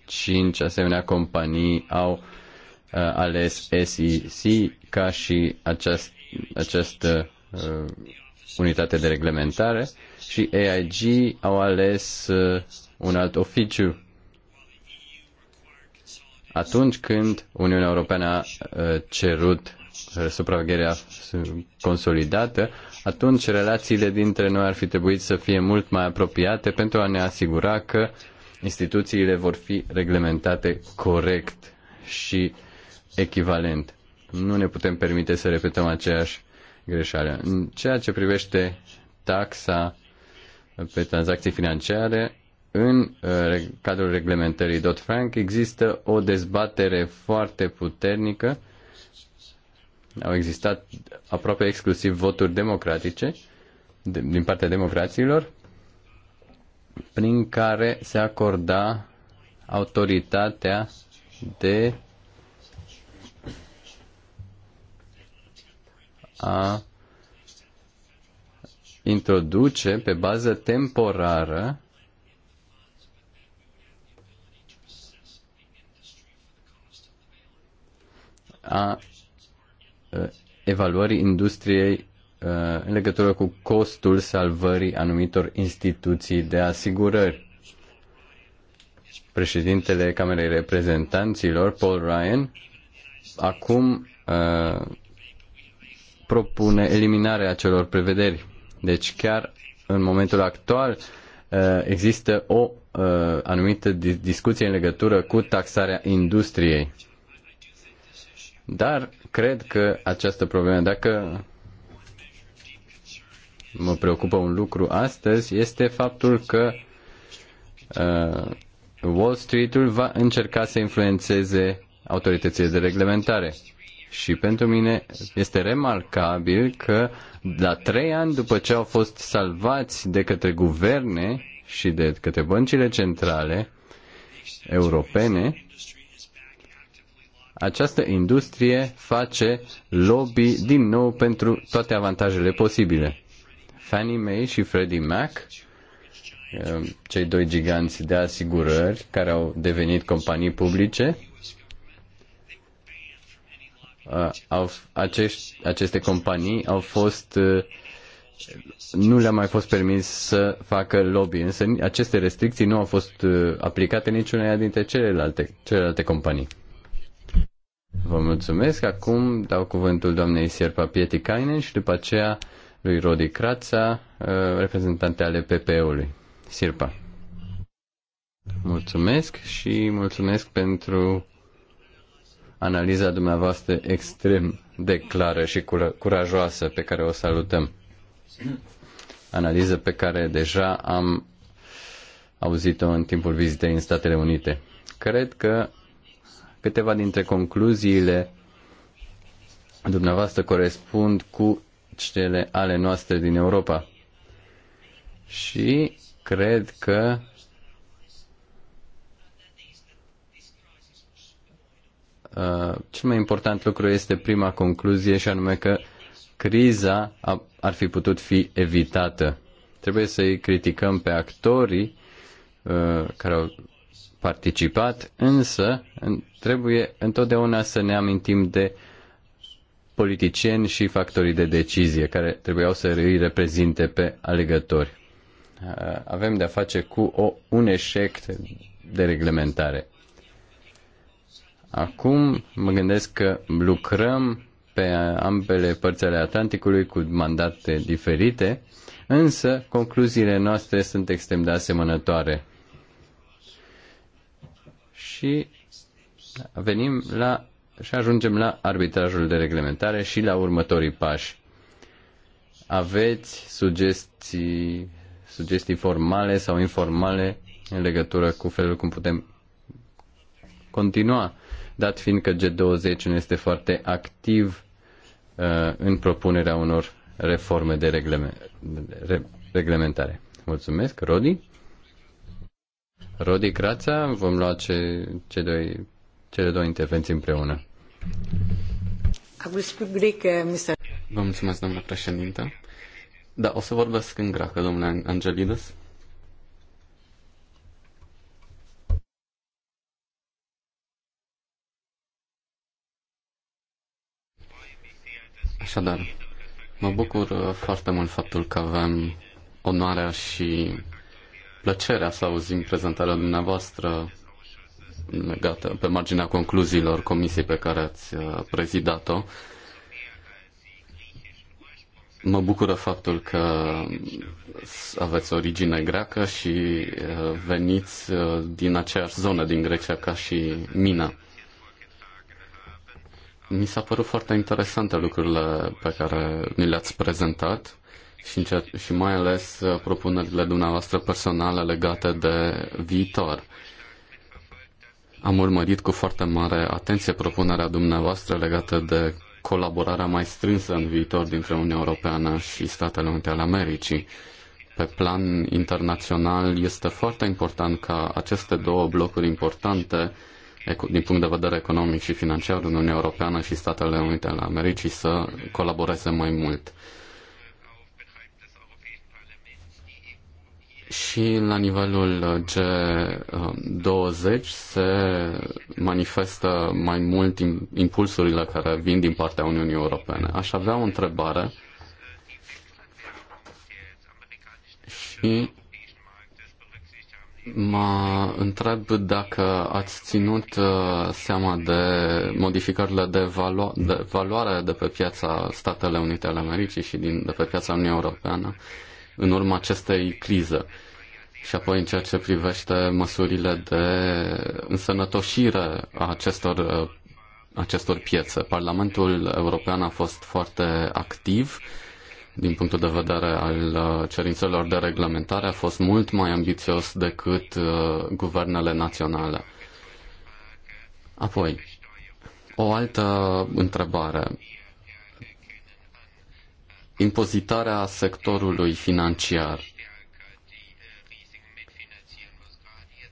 cinci asemenea companii au uh, ales SEC ca și aceast, această uh, unitate de reglementare și AIG au ales uh, un alt oficiu atunci când Uniunea Europeană a cerut supravegherea consolidată, atunci relațiile dintre noi ar fi trebuit să fie mult mai apropiate pentru a ne asigura că uh, instituțiile vor fi reglementate corect și echivalent. Nu ne putem permite să repetăm aceeași greșeală. În ceea ce privește taxa pe tranzacții financiare, în uh, cadrul reglementării Dodd-Frank există o dezbatere foarte puternică. Au existat aproape exclusiv voturi democratice din partea democraților prin care se acorda autoritatea de a introduce pe bază temporară a uh, evaluării industriei Uh, în legătură cu costul salvării anumitor instituții de asigurări. Președintele Camerei Reprezentanților, Paul Ryan, acum uh, propune eliminarea acelor prevederi. Deci chiar în momentul actual uh, există o uh, anumită discuție în legătură cu taxarea industriei. Dar cred că această problemă, dacă mă preocupă un lucru astăzi este faptul că uh, Wall Street-ul va încerca să influențeze autoritățile de reglementare. Și pentru mine este remarcabil că la trei ani după ce au fost salvați de către guverne și de către băncile centrale europene, această industrie face lobby din nou pentru toate avantajele posibile. Fannie Mae și Freddie Mac, uh, cei doi giganți de asigurări care au devenit companii publice, uh, au, acești, aceste companii au fost uh, nu le-a mai fost permis să facă lobby, însă aceste restricții nu au fost aplicate niciuna dintre celelalte, celelalte companii. Vă mulțumesc. Acum dau cuvântul doamnei Sierpa Pietikainen și după aceea lui Rodi Crața, uh, reprezentante ale PPE-ului. Sirpa. Mulțumesc și mulțumesc pentru analiza dumneavoastră extrem de clară și curajoasă pe care o salutăm. Analiză pe care deja am auzit-o în timpul vizitei în Statele Unite. Cred că câteva dintre concluziile dumneavoastră corespund cu cele ale noastre din Europa. Și cred că uh, cel mai important lucru este prima concluzie și anume că criza ar fi putut fi evitată. Trebuie să-i criticăm pe actorii uh, care au participat, însă trebuie întotdeauna să ne amintim de uh, politicieni și factorii de decizie care trebuiau să îi reprezinte pe alegători. Uh, avem de-a face cu o, un eșec de reglementare. Acum mă gândesc că lucrăm pe ambele părți ale Atlanticului cu mandate diferite, însă concluziile noastre sunt extrem de asemănătoare. Și venim la și ajungem la arbitrajul de reglementare și la următorii pași. Aveți sugestii, sugestii formale sau informale în legătură cu felul cum putem continua, dat fiind că G20 nu este foarte activ uh, în propunerea unor reforme de reglementare. Mulțumesc, Rodi. Rodi Crața, vom lua ce, ce doi cele două intervenții împreună. Uh, Vă mulțumesc, domnule președinte. Da, o să vorbesc în greacă, domnule Angelides. Așadar, mă bucur uh, foarte mult faptul că avem onoarea și plăcerea să auzim prezentarea dumneavoastră legată pe marginea concluziilor comisiei pe care ați uh, prezidat-o. Mă bucură faptul că aveți origine greacă și uh, veniți uh, din aceeași zonă din Grecia ca și mine. Mi s-a părut foarte interesante lucrurile pe care ni le-ați prezentat și, și mai ales propunerile dumneavoastră personale legate de viitor. Am urmărit cu foarte mare atenție propunerea dumneavoastră legată de colaborarea mai strânsă în viitor dintre Uniunea Europeană și Statele Unite ale Americii. Pe plan internațional este foarte important ca aceste două blocuri importante din punct de vedere economic și financiar, Uniunea Europeană și Statele Unite ale Americii să colaboreze mai mult. și la nivelul uh, G20 uh, se manifestă mai mult impulsurile care vin din partea Uniunii Europene. Aș avea o întrebare și mă întreb dacă ați ținut uh, seama de modificările de, valo- de valoare de pe piața Statele Unite ale Americii și din, de pe piața Uniunii Europeană în urma acestei crize. Și apoi în ceea ce privește măsurile de însănătoșire a acestor, acestor piețe. Parlamentul European a fost foarte activ din punctul de vedere al uh, cerințelor de reglementare, a fost mult mai ambițios decât uh, guvernele naționale. Apoi, o altă întrebare impozitarea sectorului financiar.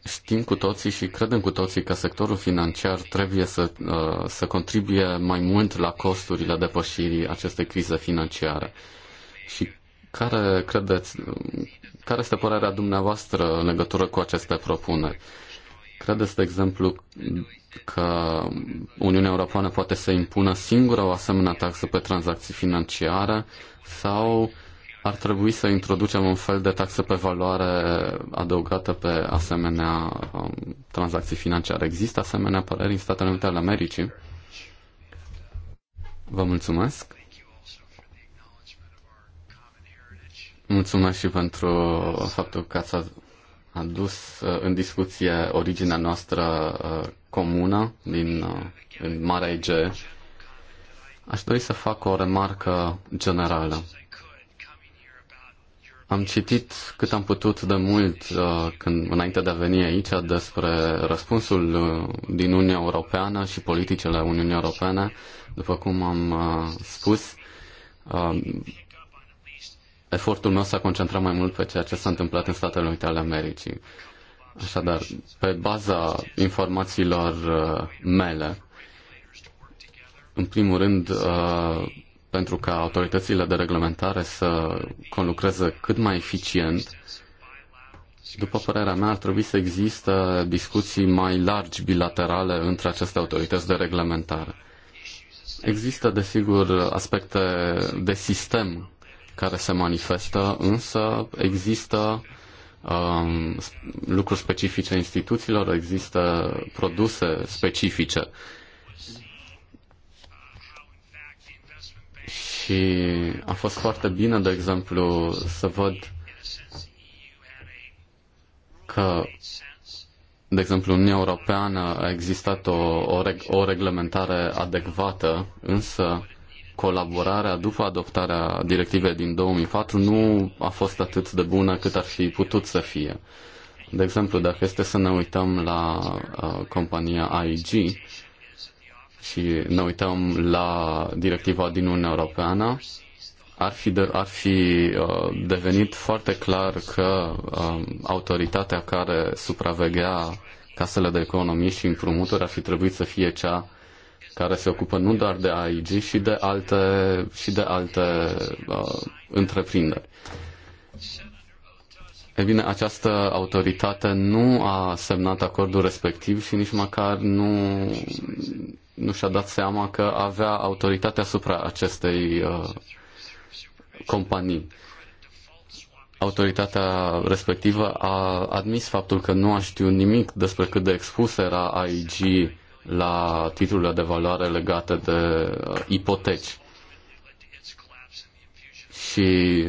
Știm cu toții și credem cu toții că sectorul financiar trebuie să, uh, să contribuie mai mult la costurile depășirii acestei crize financiare. Și care credeți, care este părerea dumneavoastră în legătură cu aceste propuneri? Credeți, de exemplu, că Uniunea Europeană poate să impună singură o asemenea taxă pe tranzacții financiare? sau ar trebui să introducem un fel de taxă pe valoare adăugată pe asemenea um, tranzacții financiare. Există asemenea păreri în Statele Unite ale Americii? Vă mulțumesc. Mulțumesc și pentru faptul că ați adus uh, în discuție originea noastră uh, comună din, din uh, Marea Egee Aș dori să fac o remarcă generală. Am citit cât am putut de mult uh, când, înainte de a veni aici despre răspunsul uh, din Uniunea Europeană și politicile Uniunii Europene. După cum am uh, spus, efortul meu s-a concentrat mai mult pe ceea ce s-a întâmplat în Statele Unite ale Americii. Așadar, pe baza informațiilor mele, în primul rând, uh, pentru ca autoritățile de reglementare să conlucreze cât mai eficient, după părerea mea, ar trebui să există discuții mai largi bilaterale între aceste autorități de reglementare. Există, desigur, aspecte de sistem care se manifestă, însă există um, lucruri specifice instituțiilor, există produse specifice. și a fost foarte bine, de exemplu, să văd că, de exemplu, în Uniunea Europeană a existat o, o, reg- o reglementare adecvată, însă colaborarea după adoptarea directivei din 2004 nu a fost atât de bună cât ar fi putut să fie. De exemplu, dacă este să ne uităm la uh, compania AIG, și ne uităm la directiva din Uniunea Europeană, ar fi, de, ar fi uh, devenit foarte clar că uh, autoritatea care supraveghea casele de economii și împrumuturi ar fi trebuit să fie cea care se ocupă nu doar de AIG, și de alte, și de alte uh, întreprinderi. E bine, această autoritate nu a semnat acordul respectiv și nici măcar nu nu și-a dat seama că avea autoritatea asupra acestei uh, companii. Autoritatea respectivă a admis faptul că nu a știut nimic despre cât de expus era AIG la titlurile de valoare legate de uh, ipoteci. Și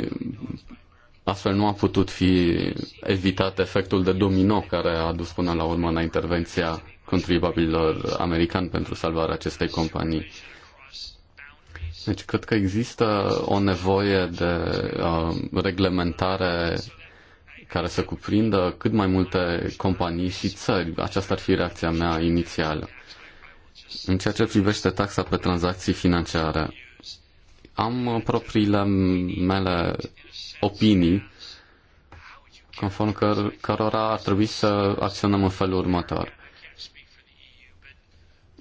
astfel nu a putut fi evitat efectul de domino care a dus până la urmă la intervenția contribuabililor americani pentru salvarea acestei companii. Deci cred că există o nevoie de uh, reglementare care să cuprindă cât mai multe companii și țări. Aceasta ar fi reacția mea inițială. În ceea ce privește taxa pe tranzacții financiare, am propriile mele opinii conform căr- cărora ar trebui să acționăm în felul următor.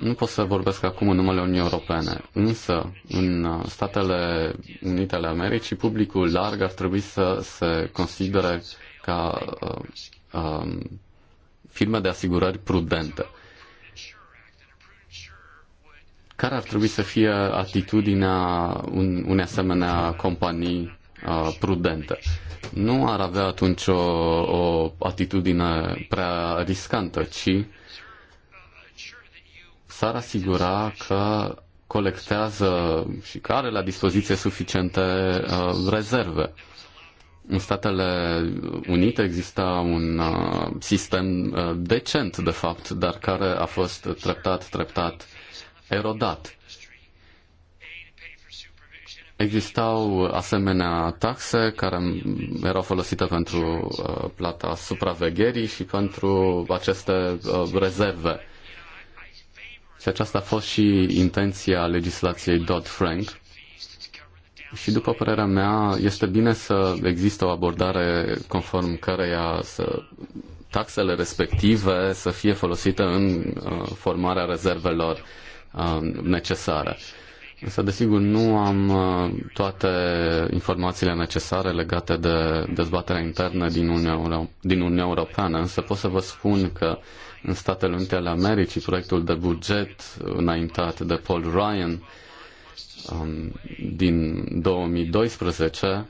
Nu pot să vorbesc acum în numele Uniunii Europene, însă în Statele Unite ale Americii publicul larg ar trebui să se considere ca uh, uh, firme de asigurări prudente. Care ar trebui să fie atitudinea un, unei asemenea companii uh, prudente? Nu ar avea atunci o, o atitudine prea riscantă, ci uh, s-ar asigura că colectează și că are la dispoziție suficiente uh, rezerve. În Statele Unite exista un uh, sistem uh, decent, de fapt, dar care a fost treptat, treptat erodat. Existau asemenea taxe care erau folosite pentru uh, plata supravegherii și pentru aceste uh, rezerve și aceasta a fost și intenția legislației Dodd-Frank. Și după părerea mea, este bine să există o abordare conform căreia să taxele respective să fie folosite în uh, formarea rezervelor uh, necesare. Însă, desigur, nu am uh, toate informațiile necesare legate de dezbaterea internă din Uniunea, Euro- din Uniunea Europeană, însă pot să vă spun că uh, în Statele Unite ale Americii, proiectul de buget înaintat de Paul Ryan um, din 2012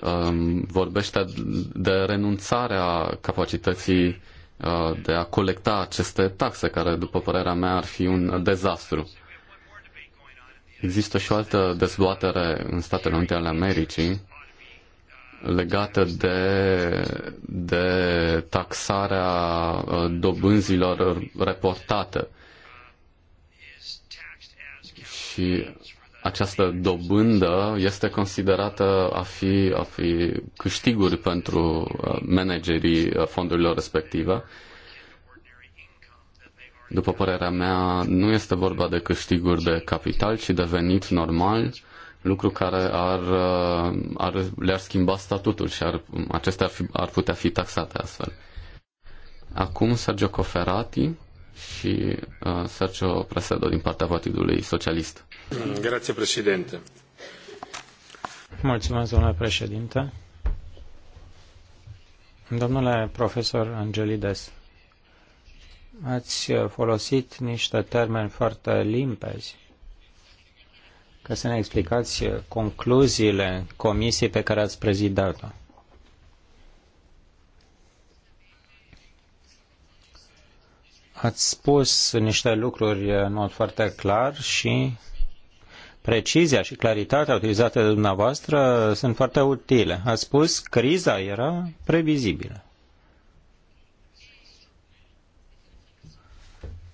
um, vorbește de renunțarea capacității uh, de a colecta aceste taxe, care, după părerea mea, ar fi un dezastru. Există și o altă dezbatere în Statele Unite ale Americii legată de, de taxarea uh, dobânzilor reportate. Și această dobândă este considerată a fi, a fi câștiguri pentru uh, managerii uh, fondurilor respective. După părerea mea, nu este vorba de câștiguri de capital, ci de venit normal lucru care ar, uh, ar, le-ar schimba statutul și ar, acestea ar, fi, ar putea fi taxate astfel. Acum Sergio Coferati și uh, Sergio Presedo din partea Partidului Socialist. Grație, președinte. Mulțumesc, domnule președinte. Domnule profesor Angelides, ați folosit niște termeni foarte limpezi ca să ne explicați concluziile comisiei pe care ați prezidat-o. Ați spus niște lucruri în mod foarte clar și precizia și claritatea utilizată de dumneavoastră sunt foarte utile. Ați spus criza era previzibilă.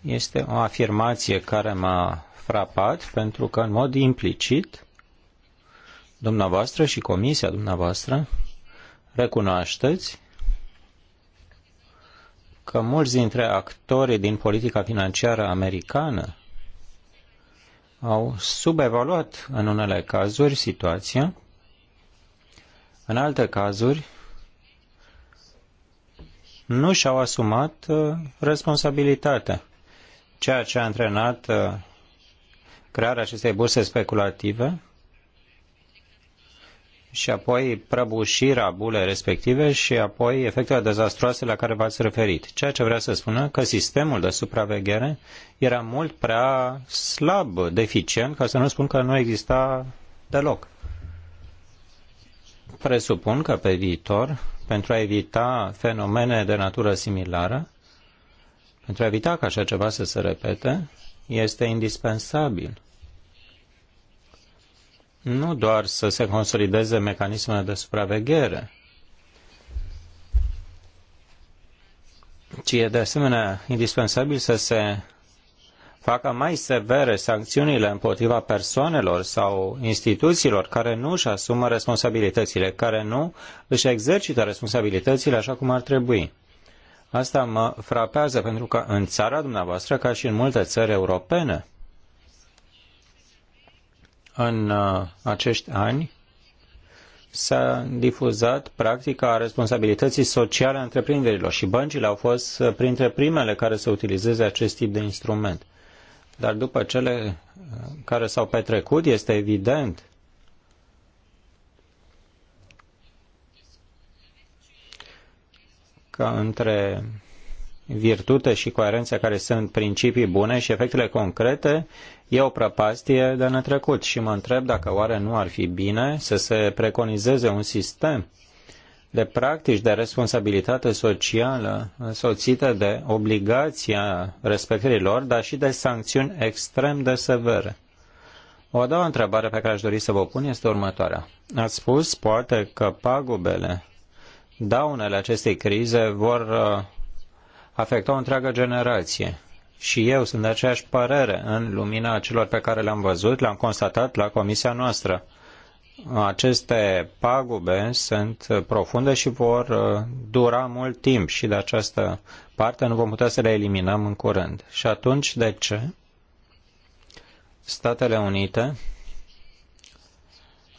Este o afirmație care m-a frapat pentru că în mod implicit dumneavoastră și comisia dumneavoastră recunoașteți că mulți dintre actorii din politica financiară americană au subevaluat în unele cazuri situația, în alte cazuri nu și-au asumat uh, responsabilitatea, ceea ce a antrenat uh, crearea acestei burse speculative și apoi prăbușirea bulei respective și apoi efectele dezastroase la care v-ați referit. Ceea ce vrea să spună că sistemul de supraveghere era mult prea slab, deficient, ca să nu spun că nu exista deloc. Presupun că pe viitor, pentru a evita fenomene de natură similară, pentru a evita ca așa ceva să se repete, este indispensabil nu doar să se consolideze mecanismele de supraveghere, ci e de asemenea indispensabil să se facă mai severe sancțiunile împotriva persoanelor sau instituțiilor care nu își asumă responsabilitățile, care nu își exercită responsabilitățile așa cum ar trebui. Asta mă frapează pentru că în țara dumneavoastră, ca și în multe țări europene, în uh, acești ani s-a difuzat practica responsabilității sociale a întreprinderilor și băncile au fost uh, printre primele care să utilizeze acest tip de instrument. Dar după cele uh, care s-au petrecut, este evident că între virtute și coerență care sunt principii bune și efectele concrete, e o prăpastie de netrecut și mă întreb dacă oare nu ar fi bine să se preconizeze un sistem de practici de responsabilitate socială însoțită de obligația respectărilor, dar și de sancțiuni extrem de severe. O a doua întrebare pe care aș dori să vă pun este următoarea. Ați spus, poate, că pagubele, daunele acestei crize vor uh, afecta o întreagă generație. Și eu sunt de aceeași părere în lumina celor pe care le-am văzut, le-am constatat la comisia noastră. Aceste pagube sunt profunde și vor uh, dura mult timp și de această parte nu vom putea să le eliminăm în curând. Și atunci, de ce? Statele Unite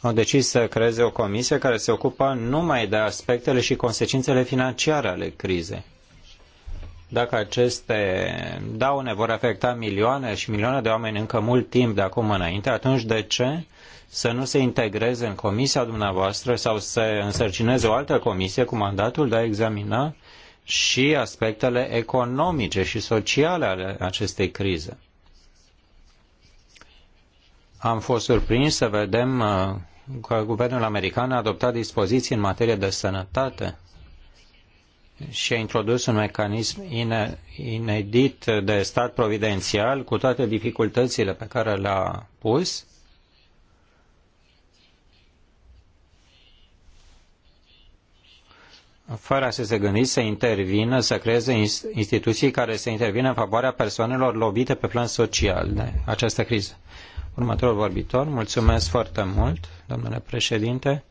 au decis să creeze o comisie care se ocupa numai de aspectele și consecințele financiare ale crizei dacă aceste daune vor afecta milioane și milioane de oameni încă mult timp de acum înainte, atunci de ce să nu se integreze în comisia dumneavoastră sau să însărcineze o altă comisie cu mandatul de a examina și aspectele economice și sociale ale acestei crize? Am fost surprins să vedem uh, că guvernul american a adoptat dispoziții în materie de sănătate și a introdus un mecanism inedit de stat providențial cu toate dificultățile pe care le-a pus. fără să se gândi să intervină, să creeze instituții care să intervină în favoarea persoanelor lovite pe plan social de această criză. Următorul vorbitor, mulțumesc foarte mult, domnule președinte.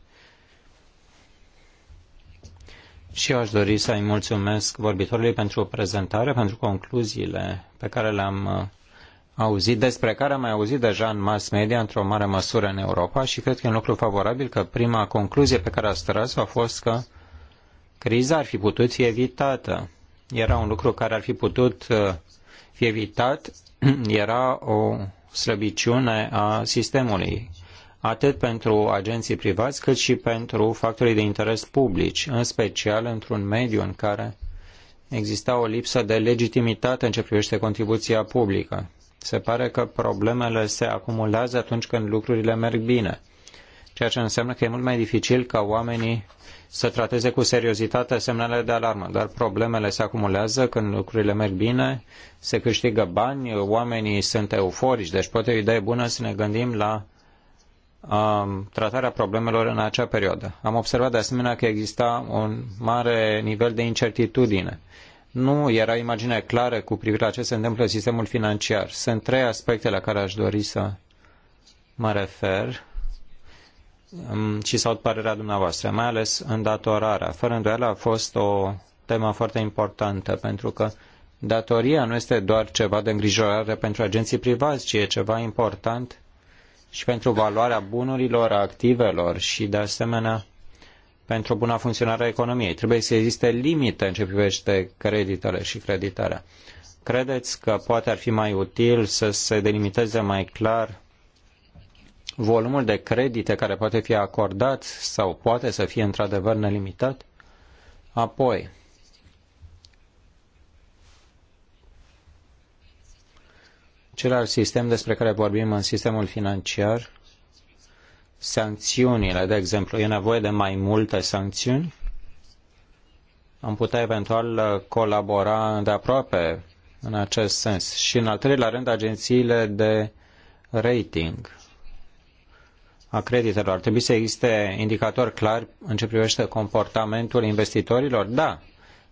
Și eu aș dori să-i mulțumesc vorbitorului pentru prezentare, pentru concluziile pe care le-am uh, auzit, despre care am mai auzit deja în mass media într-o mare măsură în Europa și cred că e un lucru favorabil că prima concluzie pe care a tras a fost că criza ar fi putut fi evitată. Era un lucru care ar fi putut uh, fi evitat, <clears throat> era o slăbiciune a sistemului atât pentru agenții privați, cât și pentru factorii de interes publici, în special într-un mediu în care exista o lipsă de legitimitate în ce privește contribuția publică. Se pare că problemele se acumulează atunci când lucrurile merg bine, ceea ce înseamnă că e mult mai dificil ca oamenii să trateze cu seriozitate semnalele de alarmă, dar problemele se acumulează când lucrurile merg bine, se câștigă bani, oamenii sunt euforici, deci poate o idee bună să ne gândim la um, tratarea problemelor în acea perioadă. Am observat de asemenea că exista un mare nivel de incertitudine. Nu era imaginea clară cu privire la ce se întâmplă în sistemul financiar. Sunt trei aspecte la care aș dori să mă refer um, și saut părerea dumneavoastră, mai ales în datorarea. Fără îndoială a fost o temă foarte importantă pentru că datoria nu este doar ceva de îngrijorare pentru agenții privați, ci e ceva important și pentru valoarea bunurilor, activelor și, de asemenea, pentru buna funcționare a economiei. Trebuie să existe limite în ce privește creditele și creditarea. Credeți că poate ar fi mai util să se delimiteze mai clar volumul de credite care poate fi acordat sau poate să fie într-adevăr nelimitat? Apoi, Celălalt sistem despre care vorbim în sistemul financiar, sancțiunile, de exemplu, e nevoie de mai multe sancțiuni? Am putea eventual uh, colabora de aproape în acest sens. Și în al treilea rând, agențiile de rating a creditelor. Ar trebui să existe indicatori clari în ce privește comportamentul investitorilor? Da,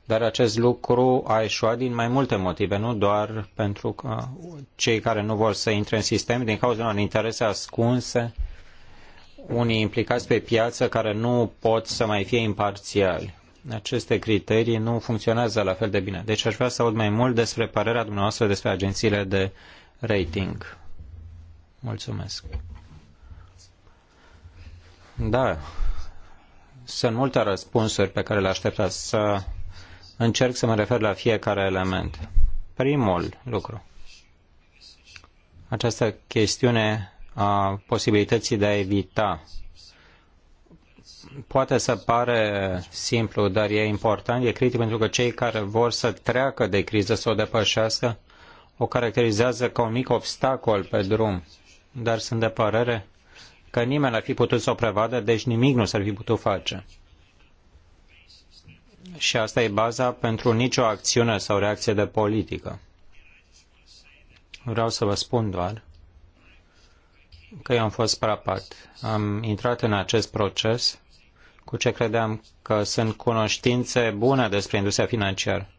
dar acest lucru a eșuat din mai multe motive, nu doar pentru că cei care nu vor să intre în sistem din cauza unor interese ascunse, unii implicați pe piață care nu pot să mai fie imparțiali. Aceste criterii nu funcționează la fel de bine. Deci aș vrea să aud mai mult despre părerea dumneavoastră despre agențiile de rating. Mulțumesc. Da, sunt multe răspunsuri pe care le așteptați să încerc să mă refer la fiecare element. Primul lucru. Această chestiune a posibilității de a evita. Poate să pare simplu, dar e important, e critic pentru că cei care vor să treacă de criză, să o depășească, o caracterizează ca un mic obstacol pe drum. Dar sunt de părere că nimeni n-ar fi putut să o prevadă, deci nimic nu s-ar fi putut face și asta e baza pentru nicio acțiune sau reacție de politică. Vreau să vă spun doar că eu am fost prapat. Am intrat în acest proces cu ce credeam că sunt cunoștințe bune despre industria financiară.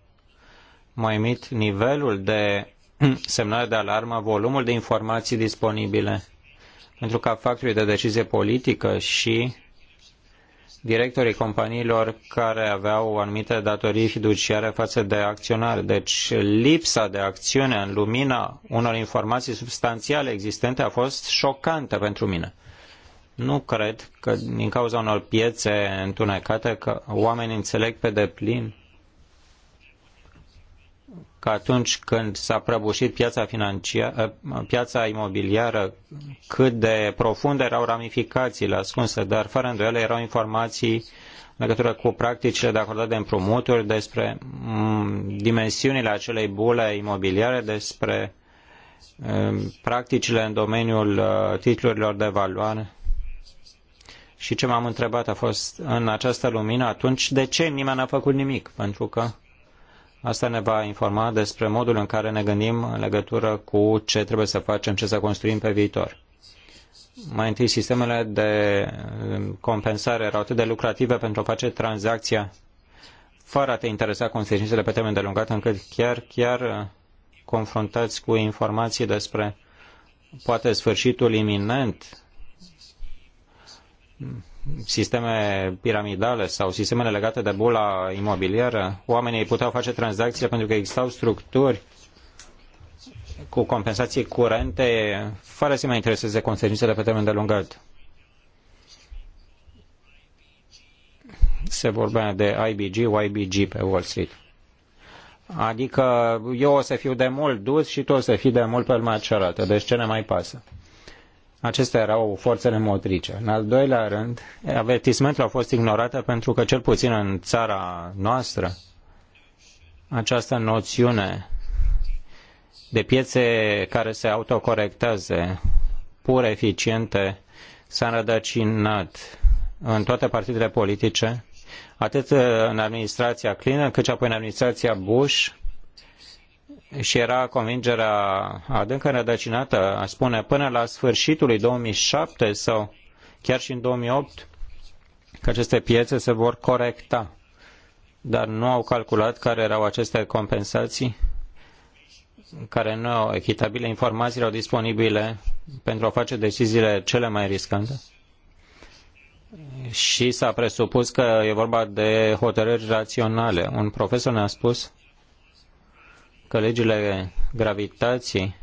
Mă emit nivelul de <clears throat> semnale de alarmă, volumul de informații disponibile, pentru ca factorii de decizie politică și directorii companiilor care aveau anumite datorii fiduciare față de acționari. Deci lipsa de acțiune în lumina unor informații substanțiale existente a fost șocantă pentru mine. Nu cred că din cauza unor piețe întunecate că oamenii înțeleg pe deplin că atunci când s-a prăbușit piața, financiară, eh, piața imobiliară, cât de profunde erau ramificațiile ascunse, dar fără îndoială erau informații în legătură cu practicile de acordare de împrumuturi, despre mm, dimensiunile acelei bule imobiliare, despre eh, practicile în domeniul eh, titlurilor de valoare. Și ce m-am întrebat a fost în această lumină atunci de ce nimeni n-a făcut nimic? Pentru că Asta ne va informa despre modul în care ne gândim în legătură cu ce trebuie să facem, ce să construim pe viitor. Mai întâi, sistemele de um, compensare erau atât de lucrative pentru a face tranzacția fără a te interesa consecințele pe termen de lungat, încât chiar, chiar uh, confruntați cu informații despre poate sfârșitul iminent sisteme piramidale sau sistemele legate de bula imobiliară, oamenii puteau face tranzacțiile pentru că existau structuri cu compensații curente fără să mai intereseze consecințele pe termen de lungat. Se vorbea de IBG, YBG pe Wall Street. Adică eu o să fiu de mult dus și tu o să fii de mult pe lumea cealaltă. Deci ce ne mai pasă? Acestea erau forțele motrice. În al doilea rând, avertismentul a fost ignorată pentru că, cel puțin în țara noastră, această noțiune de piețe care se autocorectează, pur eficiente, s-a înrădăcinat în toate partidele politice, atât în administrația Clinton cât și apoi în administrația Bush, și era convingerea adânc înrădăcinată, aș spune, până la sfârșitul lui 2007 sau chiar și în 2008, că aceste piețe se vor corecta. Dar nu au calculat care erau aceste compensații, care nu au echitabile, informații au disponibile pentru a face deciziile cele mai riscante. Și s-a presupus că e vorba de hotărâri raționale. Un profesor ne-a spus că legile gravitației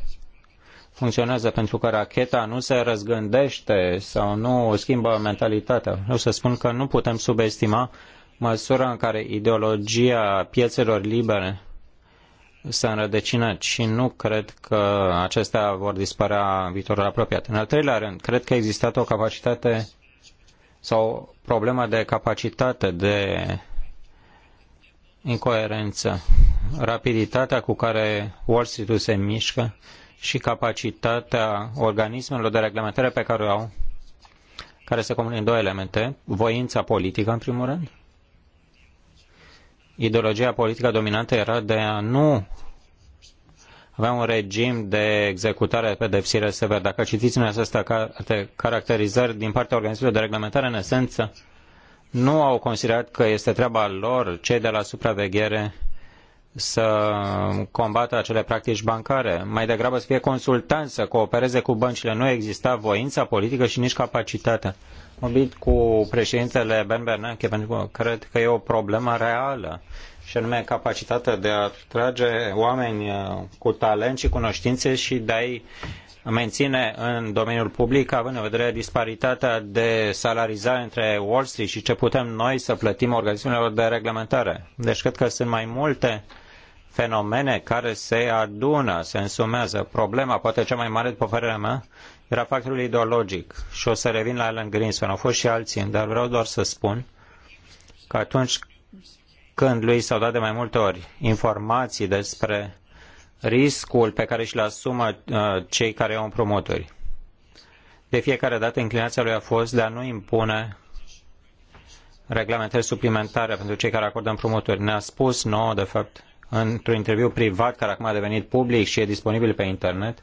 funcționează pentru că racheta nu se răzgândește sau nu schimbă mentalitatea. Vreau să spun că nu putem subestima măsura în care ideologia piețelor libere se înrădăcină și nu cred că acestea vor dispărea în viitorul apropiat. În al treilea rând, cred că a existat o capacitate sau problemă de capacitate de incoerență rapiditatea cu care Wall Street se mișcă și capacitatea organismelor de reglementare pe care o au, care se comună în două elemente, voința politică în primul rând. Ideologia politică dominantă era de a nu avea un regim de executare, pedepsire sever. Dacă citiți în această carte caracterizări din partea organismelor de reglementare, în esență, nu au considerat că este treaba lor, cei de la supraveghere, să combată acele practici bancare, mai degrabă să fie consultanți, să coopereze cu băncile. Nu exista voința politică și nici capacitatea. Vorbit cu președintele Ben Bernanke, pentru că cred că e o problemă reală și anume capacitatea de a atrage oameni uh, cu talent și cunoștințe și de a-i menține în domeniul public, având în vedere disparitatea de salarizare între Wall Street și ce putem noi să plătim organismelor de reglementare. Deci cred că sunt mai multe fenomene care se adună, se însumează. Problema, poate cea mai mare, după părerea mea, era factorul ideologic. Și o să revin la Alan Greenspan. Au fost și alții, dar vreau doar să spun că atunci când lui s-au dat de mai multe ori informații despre riscul pe care și-l asumă uh, cei care au împrumuturi. De fiecare dată inclinația lui a fost de a nu impune reglementări suplimentare pentru cei care acordă împrumuturi. Ne-a spus nouă, de fapt, într-un interviu privat care acum a devenit public și e disponibil pe internet,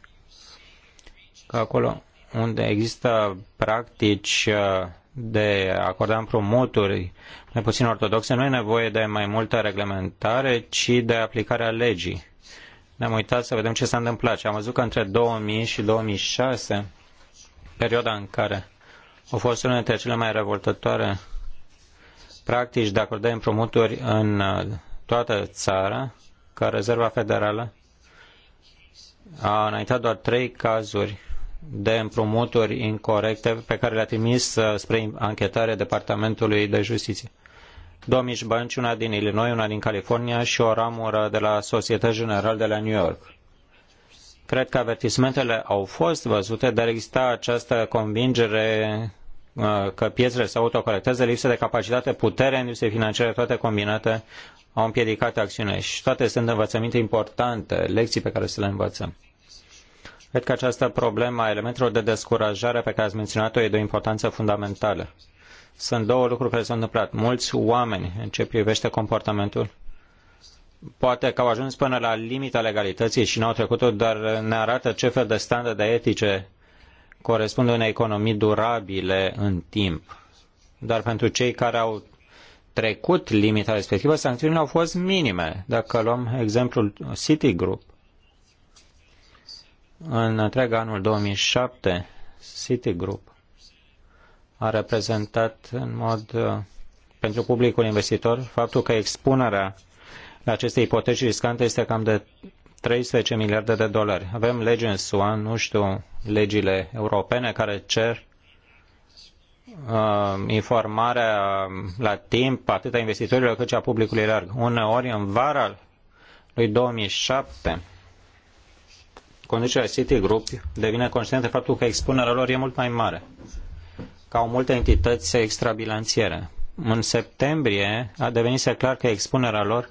că acolo unde există practici uh, de a acorda împrumuturi mai puțin ortodoxe, nu e nevoie de mai multă reglementare, ci de aplicarea legii. Ne-am uitat să vedem ce s-a întâmplat și am văzut că între 2000 și 2006, perioada în care au fost una dintre cele mai revoltătoare practici de a acorda împrumuturi în uh, toată țara, ca Rezerva Federală a înaintat doar trei cazuri de împrumuturi incorrecte pe care le-a trimis uh, spre anchetare Departamentului de Justiție. Două mici bănci, una din Illinois, una din California și o ramură de la Societe General de la New York. Cred că avertismentele au fost văzute, dar exista această convingere Uh, că piețele se autocorectează, lipsă de capacitate, putere în lipsă financiare, toate combinate au împiedicat acțiunea și toate sunt învățăminte importante, lecții pe care să le învățăm. Cred că această problemă a elementelor de descurajare pe care ați menționat-o e de o importanță fundamentală. Sunt două lucruri care s-au întâmplat. Mulți oameni, în ce privește comportamentul, poate că au ajuns până la limita legalității și n-au trecut-o, dar ne arată ce fel de standarde etice corespunde unei economii durabile în timp. Dar pentru cei care au trecut limita respectivă, sancțiunile au fost minime. Dacă luăm exemplul Citigroup, în întreg anul 2007, Citigroup a reprezentat în mod uh, pentru publicul investitor faptul că expunerea la aceste ipoteci riscante este cam de 13 miliarde de dolari. Avem legi în SUA, nu știu, legile europene care cer uh, informarea la timp atât a investitorilor cât și a publicului larg. Uneori în vara lui 2007 conducerea Citigroup devine conștient de faptul că expunerea lor e mult mai mare, ca au multe entități extrabilanțiere. În septembrie a devenit clar că expunerea lor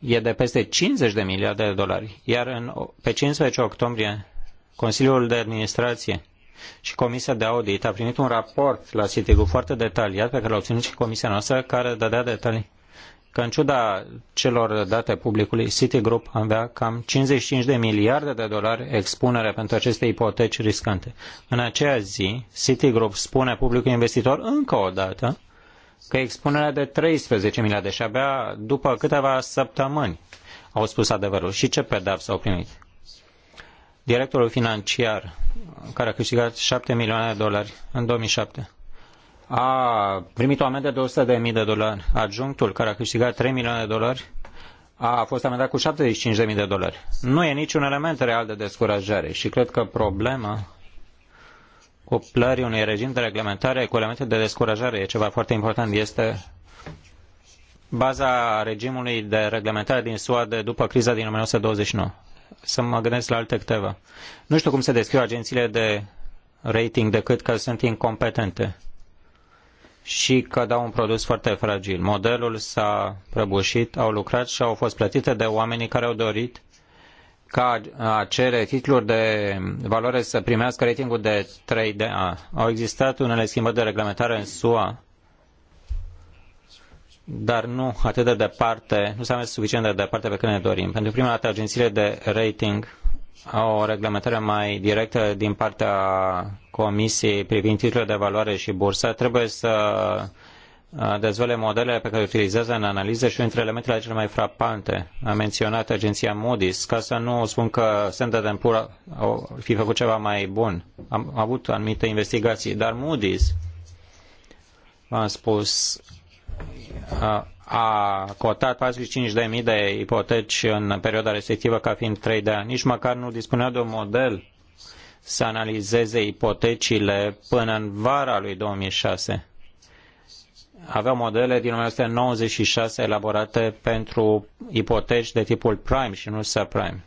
e de peste 50 de miliarde de dolari, iar în, pe 15 octombrie Consiliul de Administrație și Comisia de Audit a primit un raport la Citigroup foarte detaliat pe care l-a obținut și Comisia noastră care dădea detalii că în ciuda celor date publicului, Citigroup avea cam 55 de miliarde de dolari expunere pentru aceste ipoteci riscante. În aceea zi, Citigroup spune publicului investitor încă o dată că expunerea de 13 miliarde de abia după câteva săptămâni au spus adevărul. Și ce pedeapsă au primit? Directorul financiar, care a câștigat 7 milioane de dolari în 2007, a primit o amendă de 100 de mii de dolari. Adjunctul, care a câștigat 3 milioane de dolari, a fost amendat cu 75 de dolari. Nu e niciun element real de descurajare și cred că problema cuplării unui regim de reglementare cu elemente de descurajare. E ceva foarte important. Este baza regimului de reglementare din SUA de după criza din 1929. Să mă gândesc la alte câteva. Nu știu cum se descriu agențiile de rating decât că sunt incompetente și că dau un produs foarte fragil. Modelul s-a prăbușit, au lucrat și au fost plătite de oamenii care au dorit ca a cere titluri de valoare să primească ratingul de 3A. Au existat unele schimbări de reglementare în SUA, dar nu atât de departe, nu s-a mers suficient de departe pe care ne dorim. Pentru prima dată, agențiile de rating au o reglementare mai directă din partea Comisiei privind titlurile de valoare și bursa. Trebuie să dezvăluie modelele pe care le utilizează în analize și între elementele cele mai frapante. A menționat agenția Moody's, ca să nu spun că Standard Poor's au fi făcut ceva mai bun. Am avut anumite investigații, dar Moody's, v-am spus, a, a cotat 45.000 de ipoteci în perioada respectivă ca fiind 3 de ani. Nici măcar nu dispunea de un model să analizeze ipotecile până în vara lui 2006 avea modele din 1996 elaborate pentru ipoteci de tipul prime și nu subprime.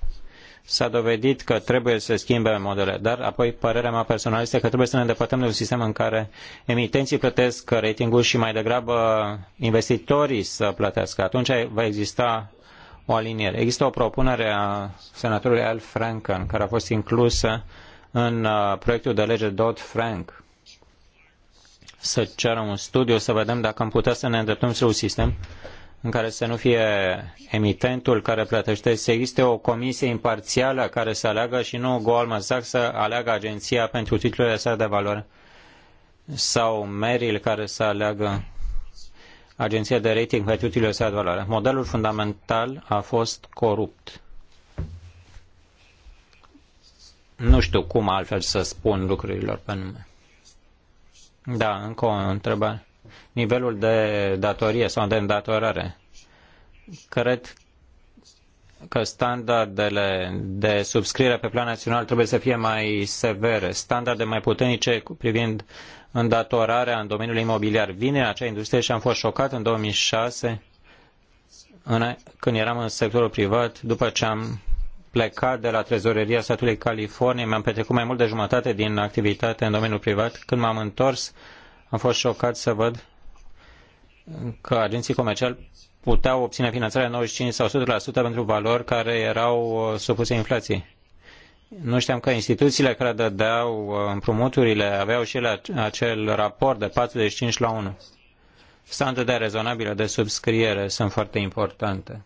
S-a dovedit că trebuie să schimbe modele, dar apoi părerea mea personală este că trebuie să ne îndepărtăm de un sistem în care emitenții plătesc ratingul și mai degrabă investitorii să plătească. Atunci va exista o aliniere. Există o propunere a senatorului Al Franken care a fost inclusă în uh, proiectul de lege Dodd-Frank să cerem un studiu, să vedem dacă am putea să ne îndreptăm spre un sistem în care să nu fie emitentul care plătește, să existe o comisie imparțială care să aleagă și nu Goldman Sachs să aleagă agenția pentru titlurile sale de valoare sau Merrill care să aleagă agenția de rating pentru titlurile sale de valoare. Modelul fundamental a fost corupt. Nu știu cum altfel să spun lucrurilor pe nume. Da, încă o întrebare. Nivelul de datorie sau de îndatorare. Cred că standardele de subscriere pe plan național trebuie să fie mai severe, standarde mai puternice privind îndatorarea în domeniul imobiliar. Vine acea industrie și am fost șocat în 2006 când eram în sectorul privat, după ce am plecat de la trezoreria statului California, mi-am petrecut mai mult de jumătate din activitate în domeniul privat. Când m-am întors, am fost șocat să văd că agenții comerciali puteau obține finanțarea 95 sau 100% pentru valori care erau uh, supuse inflației. Nu știam că instituțiile care dădeau uh, împrumuturile aveau și ele acel raport de 45 la 1. Standarde rezonabile de subscriere sunt foarte importante.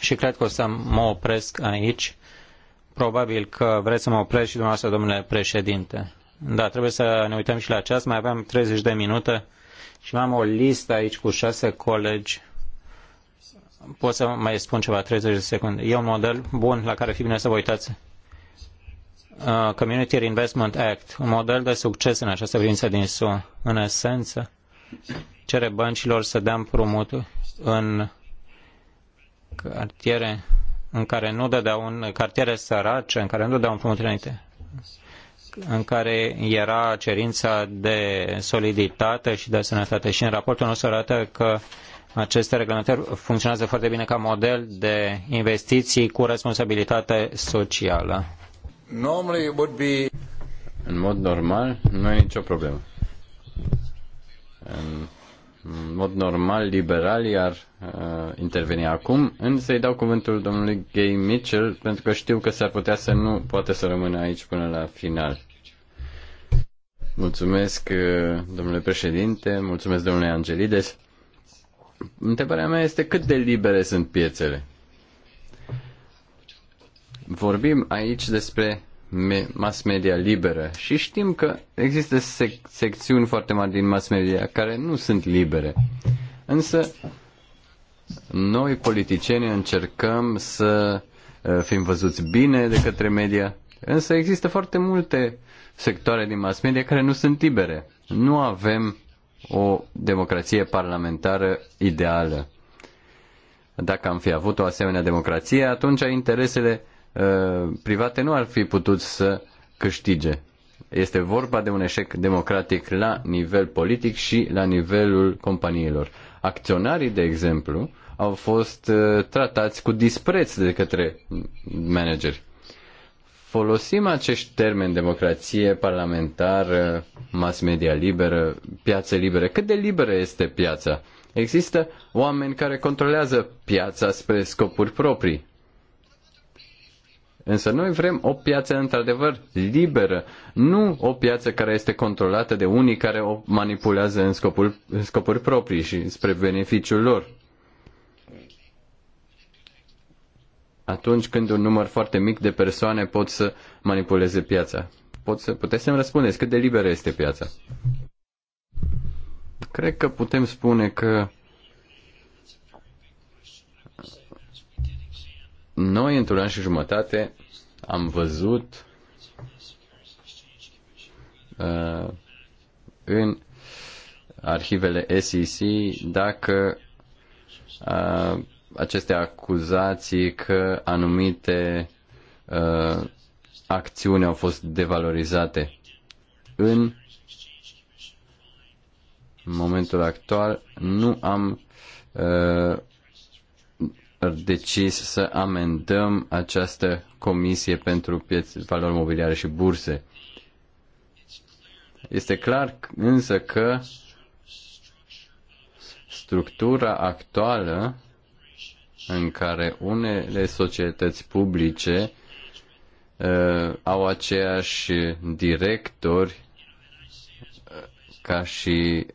Și cred că o să mă opresc aici. Probabil că vreți să mă opresc și dumneavoastră, domnule președinte. Da, trebuie să ne uităm și la ceas. Mai avem 30 de minute și mai am o listă aici cu șase colegi. Pot să mai spun ceva, 30 de secunde. E un model bun la care fi bine să vă uitați. Uh, Community Reinvestment Act, un model de succes în această privință din SUA. În esență, cere băncilor să dea împrumut în cartiere în care nu dădea un cartiere sărace, în care nu un împrumuturi înainte, în care era cerința de soliditate și de sănătate. Și în raportul nostru arată că aceste reglementări funcționează foarte bine ca model de investiții cu responsabilitate socială. În mod normal, nu e nicio problemă. În mod normal, liberalii ar uh, interveni acum, însă îi dau cuvântul domnului Gay Mitchell, pentru că știu că s-ar putea să nu poate să rămână aici până la final. Mulțumesc, uh, domnule președinte, mulțumesc, domnule Angelides. Întrebarea mea este cât de libere sunt piețele? Vorbim aici despre mass media liberă și știm că există sec- secțiuni foarte mari din mass media care nu sunt libere. Însă noi politicieni încercăm să uh, fim văzuți bine de către media, însă există foarte multe sectoare din mass media care nu sunt libere. Nu avem o democrație parlamentară ideală. Dacă am fi avut o asemenea democrație, atunci interesele Uh, private nu ar fi putut să câștige. Este vorba de un eșec democratic la nivel politic și la nivelul companiilor. Acționarii, de exemplu, au fost uh, tratați cu dispreț de către manageri. Folosim acești termeni democrație parlamentară, mass media liberă, piață liberă. Cât de liberă este piața? Există oameni care controlează piața spre scopuri proprii. Însă noi vrem o piață într-adevăr liberă, nu o piață care este controlată de unii care o manipulează în, scopul, în scopuri proprii și spre beneficiul lor. Atunci când un număr foarte mic de persoane pot să manipuleze piața. Pot să, puteți să-mi răspundeți cât de liberă este piața? Cred că putem spune că Noi, într-un an și jumătate, am văzut uh, în arhivele SEC dacă uh, aceste acuzații că anumite uh, acțiuni au fost devalorizate. În momentul actual nu am uh, decis să amendăm această comisie pentru piețe, valori mobiliare și burse. Este clar însă că structura actuală în care unele societăți publice uh, au aceiași directori uh, ca și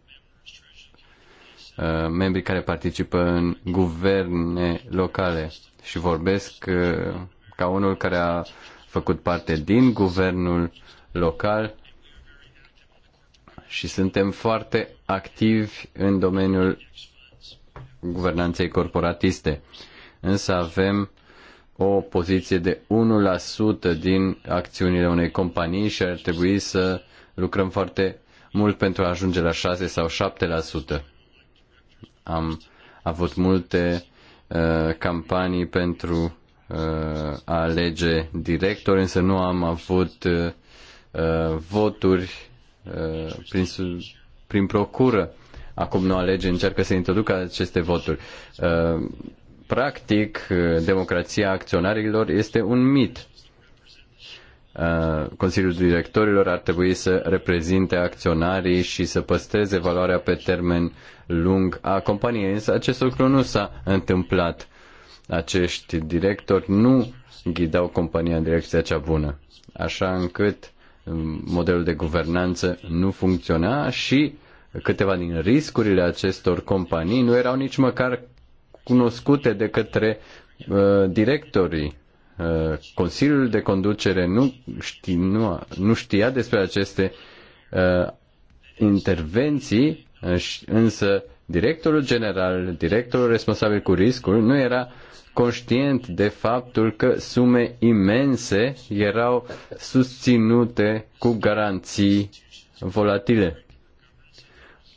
Uh, membrii care participă în guverne locale și vorbesc uh, ca unul care a făcut parte din guvernul local și suntem foarte activi în domeniul guvernanței corporatiste. Însă avem o poziție de 1% din acțiunile unei companii și ar trebui să lucrăm foarte mult pentru a ajunge la 6 sau am avut multe uh, campanii pentru uh, a alege directori, însă nu am avut uh, uh voturi uh, prin, prin procură. Acum nu alege, încearcă să introducă aceste voturi. Uh, practic, uh, democrația acționarilor este un mit Uh, Consiliul Directorilor ar trebui să reprezinte acționarii și să păstreze valoarea pe termen lung a companiei. Însă acest lucru nu s-a întâmplat. Acești directori nu ghidau compania în direcția cea bună, așa încât um, modelul de guvernanță nu funcționa și câteva din riscurile acestor companii nu erau nici măcar cunoscute de către uh, directorii Uh, Consiliul de conducere nu, ști, nu, nu știa despre aceste uh, intervenții, uh, însă directorul general, directorul responsabil cu riscul, nu era conștient de faptul că sume imense erau susținute cu garanții volatile.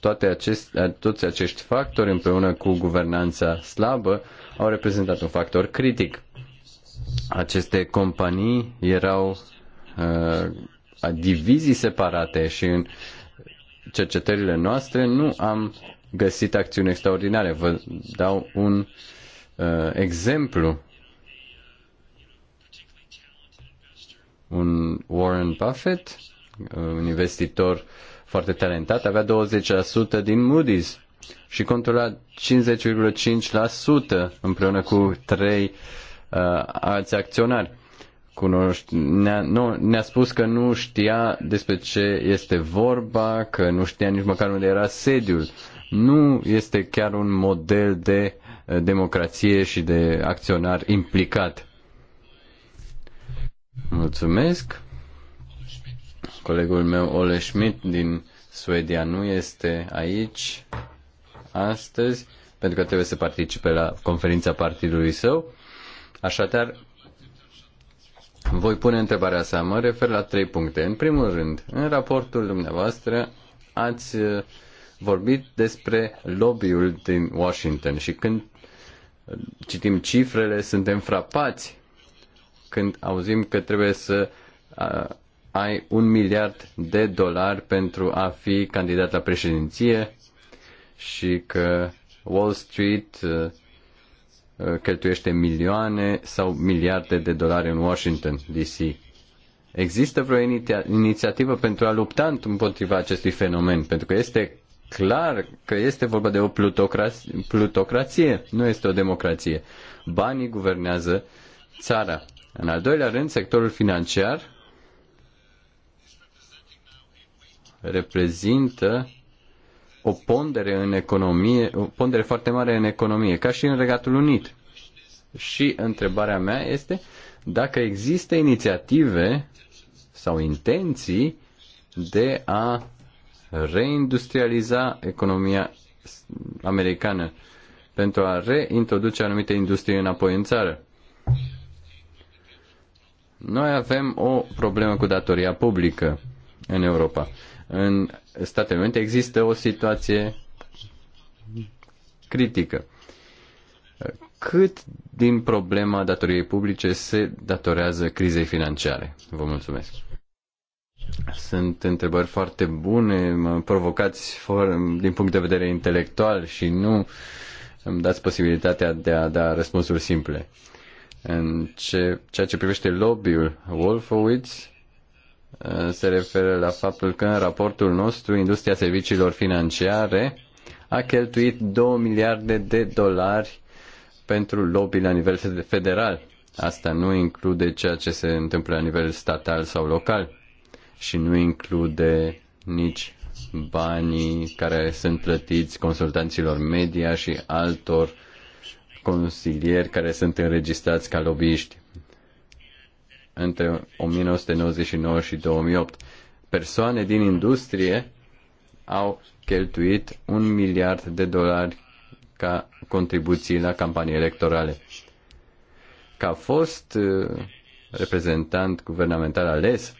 Toate acest, toți acești factori împreună cu guvernanța slabă au reprezentat un factor critic aceste companii erau uh, divizii separate și în cercetările noastre nu am găsit acțiuni extraordinare. Vă dau un uh, exemplu. Un Warren Buffett, un investitor foarte talentat, avea 20% din Moody's și controla 50,5% împreună cu trei uh, uh, alți acționari. Cunoști, ne-a, nu, ne-a spus că nu știa despre ce este vorba, că nu știa nici măcar unde era sediul. Nu este chiar un model de uh, democrație și de acționar implicat. Mulțumesc. Colegul meu, Ole Schmidt, din Suedia, nu este aici astăzi pentru că trebuie să participe la conferința partidului său. Așadar, voi pune întrebarea sa. Mă refer la trei puncte. În primul rând, în raportul dumneavoastră ați uh, vorbit despre lobby-ul din Washington și când uh, citim cifrele, suntem frapați când auzim că trebuie să uh, ai un miliard de dolari pentru a fi candidat la președinție și că Wall Street Uh, cheltuiește milioane sau miliarde de dolari în Washington, D.C. Există vreo inițiativă pentru a lupta împotriva acestui fenomen? Pentru că este clar că este vorba de o plutocrație, plutocrație nu este o democrație. Banii guvernează țara. În al doilea rând, sectorul financiar reprezintă o pondere în economie, o pondere foarte mare în economie, ca și în Regatul Unit. Și întrebarea mea este dacă există inițiative sau intenții de a reindustrializa economia americană pentru a reintroduce anumite industrie înapoi în țară. Noi avem o problemă cu datoria publică în Europa în Statele Unite există o situație critică. Cât din problema datoriei publice se datorează crizei financiare? Vă mulțumesc. Sunt întrebări foarte bune, mă provocați din punct de vedere intelectual și nu îmi dați posibilitatea de a da răspunsuri simple. În ce, ceea ce privește lobby-ul Wolfowitz, Uh, se referă la faptul că în raportul nostru industria serviciilor financiare a cheltuit 2 miliarde de dolari pentru lobby la nivel federal. Asta nu include ceea ce se întâmplă la nivel statal sau local și nu include nici banii care sunt plătiți consultanților media și altor consilieri care sunt înregistrați ca lobbyiști între 1999 și 2008. Persoane din industrie au cheltuit un miliard de dolari ca contribuții la campanii electorale. Ca fost uh, reprezentant guvernamental ales,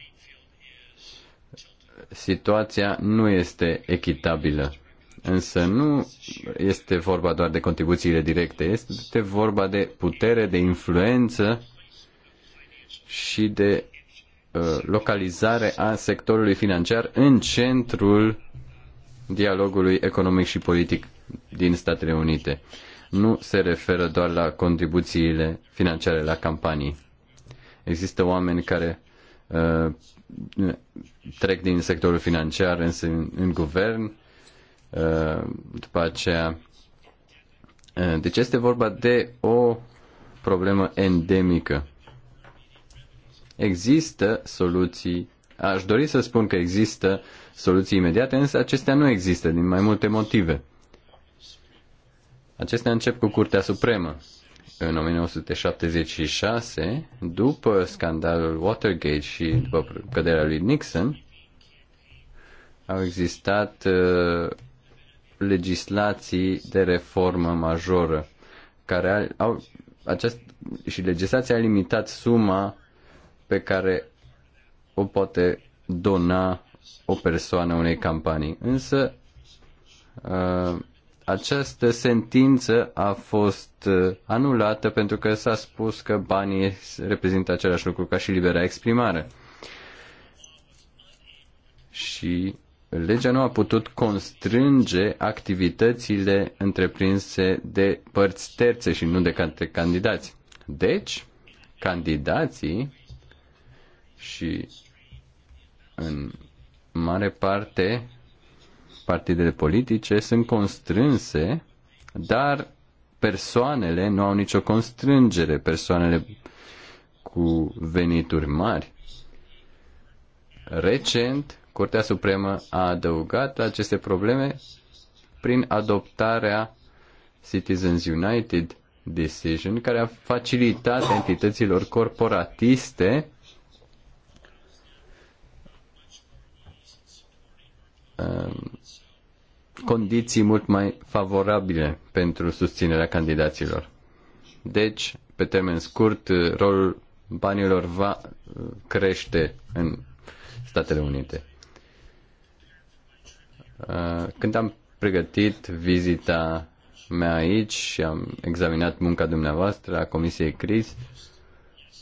situația nu este echitabilă. Însă nu este vorba doar de contribuțiile directe, este vorba de putere, de influență și de uh, localizare a sectorului financiar în centrul dialogului economic și politic din Statele Unite. Nu se referă doar la contribuțiile financiare la campanii. Există oameni care uh, trec din sectorul financiar în, în guvern, uh, după aceea. Uh, deci este vorba de o problemă endemică Există soluții. Aș dori să spun că există soluții imediate, însă acestea nu există din mai multe motive. Acestea încep cu Curtea Supremă. În 1976, după scandalul Watergate și după căderea lui Nixon, au existat uh, legislații de reformă majoră care au aceast, și legislația a limitat suma pe care o poate dona o persoană unei campanii. Însă uh, această sentință a fost uh, anulată pentru că s-a spus că banii reprezintă același lucru ca și libera exprimare. Și legea nu a putut constrânge activitățile întreprinse de părți terțe și nu de candidați. Deci, candidații și în mare parte partidele politice sunt constrânse, dar persoanele nu au nicio constrângere, persoanele cu venituri mari. Recent, Curtea Supremă a adăugat aceste probleme prin adoptarea Citizens United Decision, care a facilitat entităților corporatiste condiții mult mai favorabile pentru susținerea candidaților. Deci, pe termen scurt, rolul banilor va uh, crește în Statele Unite. Uh, când am pregătit vizita mea aici și am examinat munca dumneavoastră a Comisiei CRIS,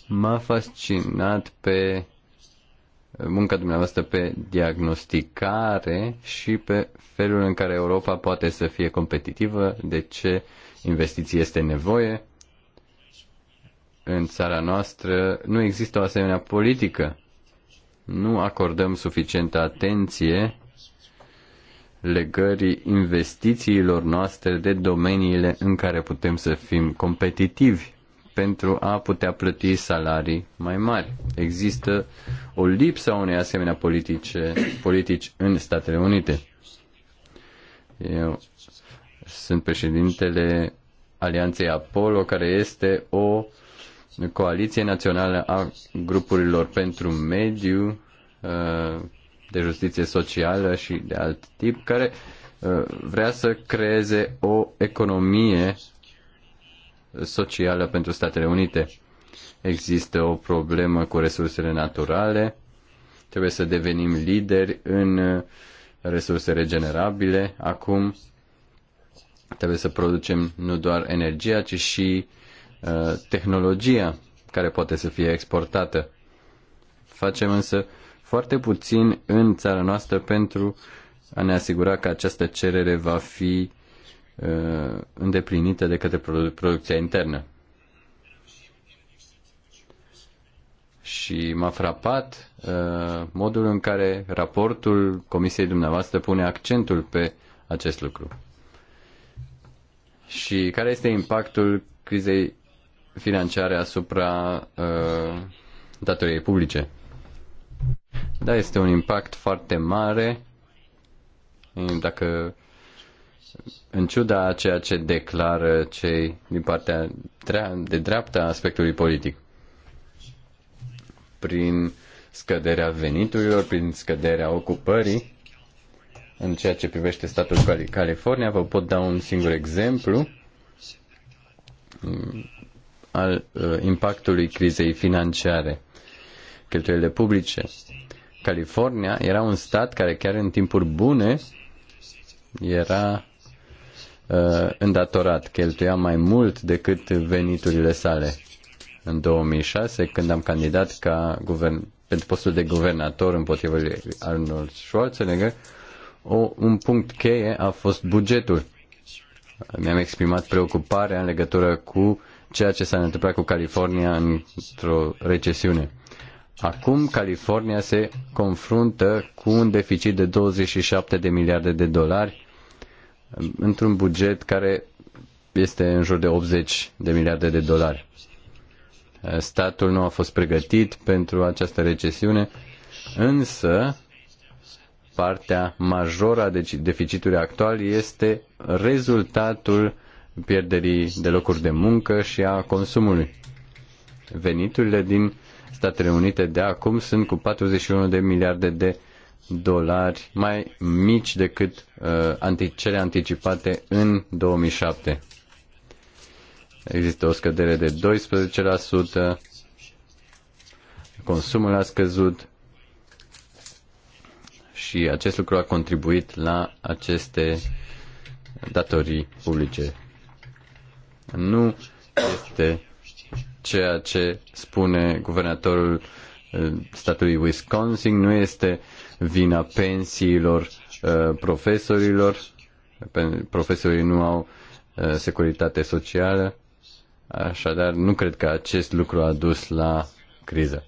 m-a fascinat pe munca dumneavoastră pe diagnosticare și pe felul în care Europa poate să fie competitivă, de ce investiții este nevoie. În țara noastră nu există o asemenea politică. Nu acordăm suficientă atenție legării investițiilor noastre de domeniile în care putem să fim competitivi pentru a putea plăti salarii mai mari. Există o lipsă a unei asemenea politice, politici în Statele Unite. Eu sunt președintele Alianței Apollo, care este o coaliție națională a grupurilor pentru mediu, uh, de justiție socială și de alt tip, care uh, vrea să creeze o economie socială pentru Statele Unite. Există o problemă cu resursele naturale, trebuie să devenim lideri în resurse regenerabile. Acum trebuie să producem nu doar energia, ci și uh, tehnologia care poate să fie exportată. Facem însă foarte puțin în țara noastră pentru a ne asigura că această cerere va fi uh, Uh, îndeplinite de către producția internă. Și m-a frapat uh, modul în care raportul comisiei dumneavoastră pune accentul pe acest lucru. Și care este impactul crizei financiare asupra uh, datoriei publice? Da, este un impact foarte mare. Dacă în ciuda a ceea ce declară cei din partea de dreapta aspectului politic. Prin scăderea veniturilor, prin scăderea ocupării, în ceea ce privește statul California, vă pot da un singur exemplu mm, al uh, impactului crizei financiare, cheltuielile publice. California era un stat care chiar în timpuri bune era Uh, îndatorat, cheltuia mai mult decât veniturile sale. În 2006, când am candidat ca guvern, pentru postul de guvernator împotriva lui Arnold Schwarzenegger, o, un punct cheie a fost bugetul. Mi-am exprimat preocuparea în legătură cu ceea ce s-a întâmplat cu California într-o recesiune. Acum California se confruntă cu un deficit de 27 de miliarde de dolari într-un buget care este în jur de 80 de miliarde de dolari. Statul nu a fost pregătit pentru această recesiune, însă partea majoră a deci- deficitului actual este rezultatul pierderii de locuri de muncă și a consumului. Veniturile din Statele Unite de acum sunt cu 41 de miliarde de dolari mai mici decât uh, cele anticipate în 2007. Există o scădere de 12%, consumul a scăzut și acest lucru a contribuit la aceste datorii publice. Nu este ceea ce spune guvernatorul uh, Uh, statului Wisconsin, nu este vina pensiilor uh, profesorilor, profesorii nu au uh, securitate socială, așadar nu cred că acest lucru a dus la criză.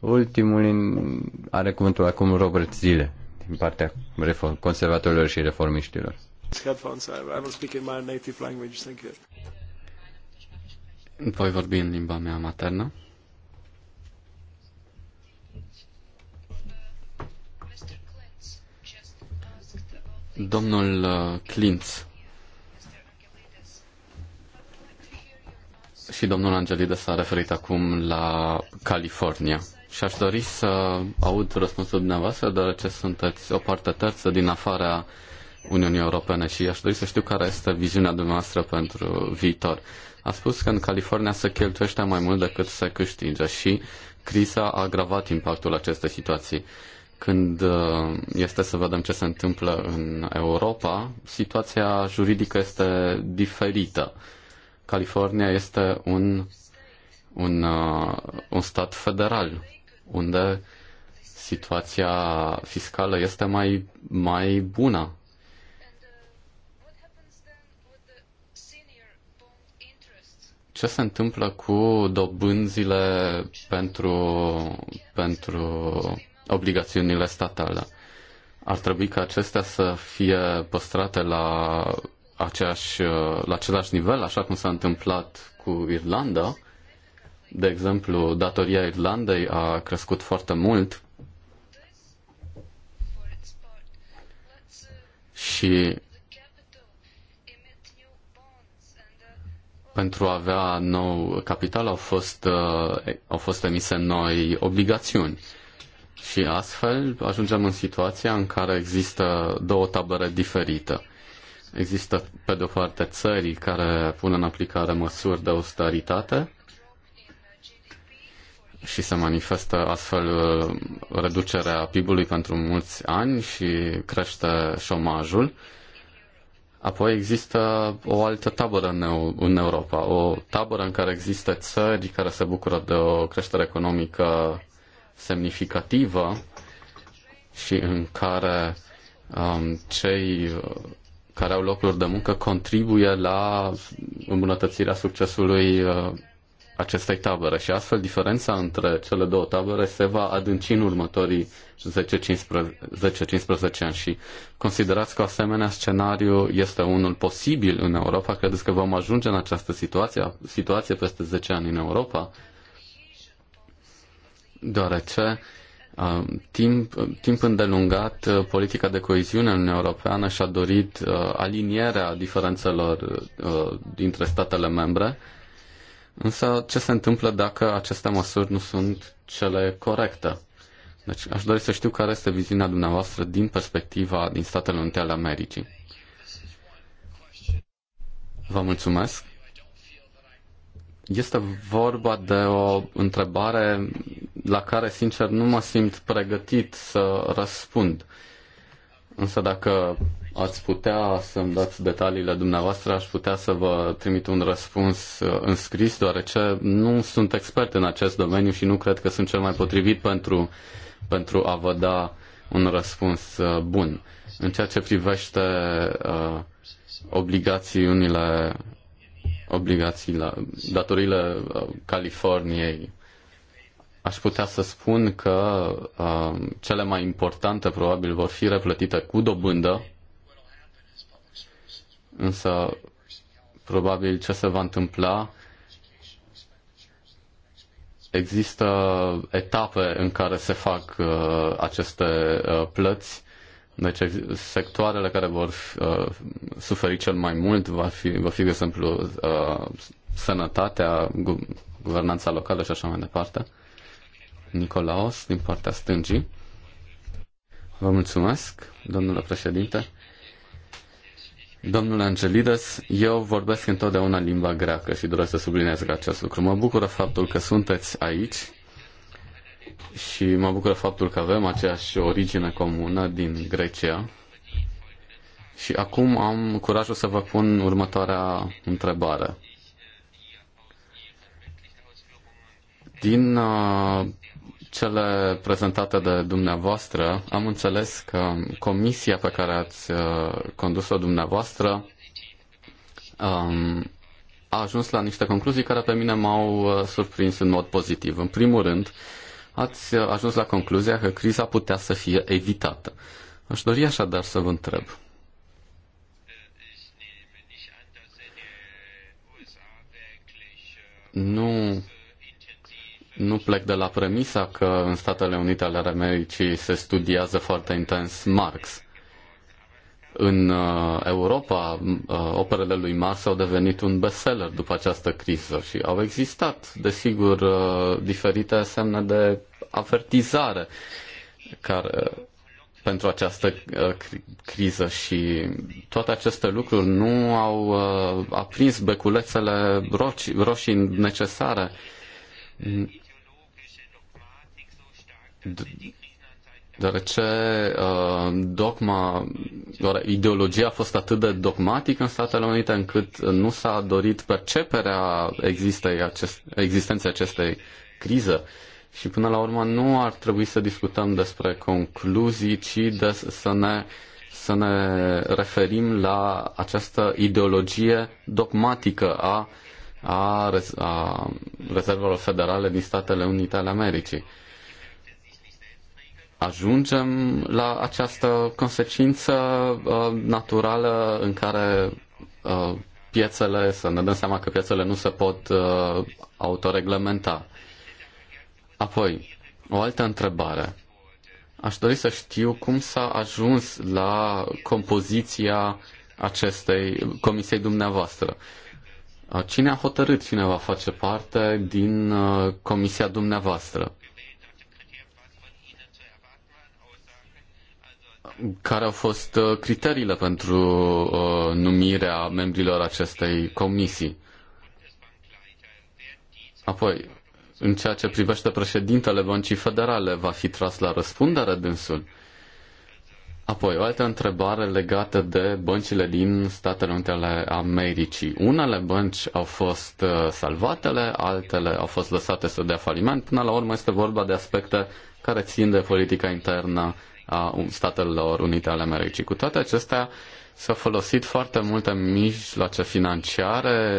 Ultimul are cuvântul acum Robert Zile, din partea conservatorilor și reformiștilor. Voi vorbi în limba mea maternă. Domnul uh, Clintz și domnul Angelides s-a referit acum la California. Și aș dori să aud răspunsul dumneavoastră, deoarece sunteți o parte terță din afara Uniunii Europene și aș dori să știu care este viziunea dumneavoastră pentru viitor. A spus că în California se cheltuiește mai mult decât se câștigă și criza a agravat impactul acestei situații. Când uh, este să vedem ce se întâmplă în Europa, situația juridică este diferită. California este un, un, uh, un stat federal, unde situația fiscală este mai, mai bună. Ce se întâmplă cu dobânzile pentru, pentru obligațiunile statale. Ar trebui ca acestea să fie păstrate la, aceeași, la același nivel, așa cum s-a întâmplat cu Irlanda. De exemplu, datoria Irlandei a crescut foarte mult și pentru a avea nou capital au fost, au fost emise noi obligațiuni. Și astfel ajungem în situația în care există două tabere diferite. Există, pe de o parte, țări care pun în aplicare măsuri de austeritate și se manifestă astfel uh, reducerea PIB-ului pentru mulți ani și crește șomajul. Apoi există o altă tabără în Europa, o tabără în care există țări care se bucură de o creștere economică semnificativă și în care um, cei uh, care au locuri de muncă contribuie la îmbunătățirea succesului uh, acestei tabere și astfel diferența între cele două tabere se va adânci în următorii 10-15 ani și considerați că asemenea scenariu este unul posibil în Europa? Credeți că vom ajunge în această situație, situație peste 10 ani în Europa? deoarece uh, timp, timp îndelungat uh, politica de coeziune în Uniunea Europeană și-a dorit uh, alinierea diferențelor dintre statele membre, însă ce se întâmplă dacă aceste măsuri nu sunt cele corecte? Deci aș dori să știu care este viziunea dumneavoastră din perspectiva din Statele Unite ale Americii. Vă mulțumesc. Este vorba de o întrebare la care, sincer, nu mă simt pregătit să răspund. Însă dacă ați putea să-mi dați detaliile dumneavoastră, aș putea să vă trimit un răspuns uh, înscris, deoarece nu sunt expert în acest domeniu și nu cred că sunt cel mai potrivit pentru, pentru a vă da un răspuns uh, bun. În ceea ce privește uh, obligațiunile obligațiile, datoriile uh, Californiei, aș putea să spun că uh, cele mai importante probabil vor fi replătite cu dobândă, însă probabil ce se va întâmpla există etape în care se fac uh, aceste uh, plăți deci sectoarele care vor uh, suferi cel mai mult va fi, va fi de exemplu, uh, sănătatea, guvernanța locală și așa mai departe. Nicolaos, din partea stângii. Vă mulțumesc, domnule președinte. Domnule Angelides, eu vorbesc întotdeauna limba greacă și doresc să subliniez acest lucru. Mă bucură faptul că sunteți aici și mă bucură faptul că avem aceeași origine comună din Grecia. Și acum am curajul să vă pun următoarea întrebare. Din uh, cele prezentate de dumneavoastră, am înțeles că comisia pe care ați uh, condus-o dumneavoastră um, a ajuns la niște concluzii care pe mine m-au uh, surprins în mod pozitiv. În primul rând, uh, ați ajuns la concluzia că criza putea să fie evitată. Aș dori așadar să vă întreb. Nu, nu plec de la premisa că în Statele Unite ale Americii se studiază foarte intens Marx. În uh, Europa, uh, operele lui Marx au devenit un bestseller după această criză și au existat, desigur, uh, diferite semne de avertizare care, pentru această criză și toate aceste lucruri nu au aprins beculețele roci, roșii necesare deoarece uh, dogma, ideologia a fost atât de dogmatică în Statele Unite încât nu s-a dorit perceperea existei acest, existenței acestei crize. Și până la urmă nu ar trebui să discutăm despre concluzii, ci de, să, ne, să ne referim la această ideologie dogmatică a, a, a rezervelor federale din Statele Unite ale Americii ajungem la această consecință uh, naturală în care uh, piețele, să ne dăm seama că piețele nu se pot uh, autoreglementa. Apoi, o altă întrebare. Aș dori să știu cum s-a ajuns la compoziția acestei comisiei dumneavoastră. Uh, cine a hotărât cine va face parte din uh, comisia dumneavoastră? care au fost uh, criteriile pentru uh, numirea membrilor acestei comisii. Apoi, în ceea ce privește președintele Băncii Federale, va fi tras la răspundere dânsul? Apoi, o altă întrebare legată de băncile din Statele Unite ale Americii. Unele bănci au fost uh, salvatele, altele au fost lăsate să dea faliment. Până la urmă este vorba de aspecte care țin de politica internă a Statelor Unite ale Americii. Cu toate acestea, s-au folosit foarte multe mijloace financiare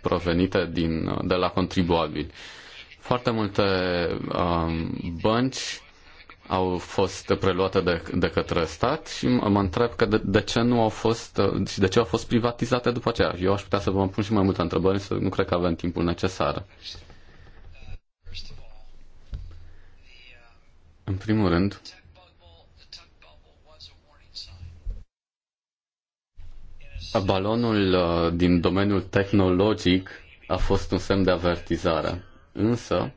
provenite din, de la contribuabili. Foarte multe um, bănci au fost preluate de, de către stat și mă întreb că de, de ce nu au fost și de ce au fost privatizate după aceea. Eu aș putea să vă pun și mai multe întrebări, să nu cred că avem timpul necesar. În primul rând, Balonul uh, din domeniul tehnologic a fost un semn de avertizare, însă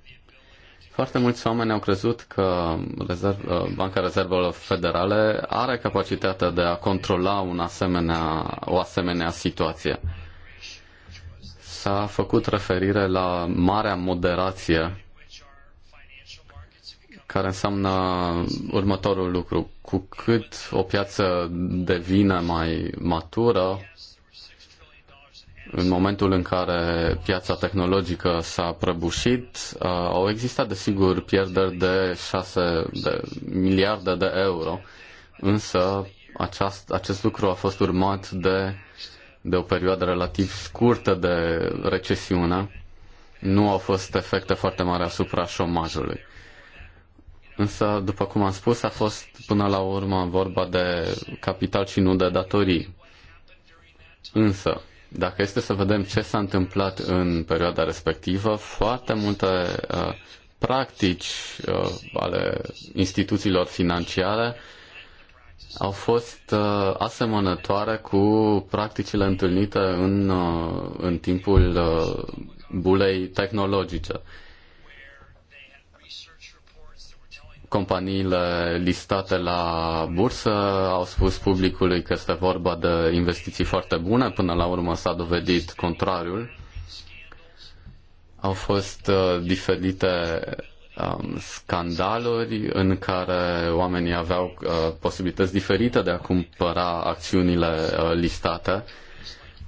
foarte mulți oameni au crezut că rezerv, uh, Banca Rezervelor Federale are capacitatea de a controla un asemenea, o asemenea situație. S-a făcut referire la marea moderație care înseamnă următorul lucru. Cu cât o piață devine mai matură, în momentul în care piața tehnologică s-a prăbușit, uh, au existat, desigur, pierderi de 6 de miliarde de euro, însă aceast, acest lucru a fost urmat de, de o perioadă relativ scurtă de recesiune. Nu au fost efecte foarte mari asupra șomajului. Însă, după cum am spus, a fost până la urmă vorba de capital și nu de datorii. Însă, dacă este să vedem ce s-a întâmplat în perioada respectivă, foarte multe uh, practici uh, ale instituțiilor financiare au fost uh, asemănătoare cu practicile întâlnite în, uh, în timpul uh, bulei tehnologice. Uh, companiile listate la bursă au spus publicului că este vorba de investiții foarte bune, până la urmă s-a dovedit contrariul. Au fost uh, diferite um, scandaluri în care oamenii aveau uh, posibilități diferite de a cumpăra acțiunile uh, listate.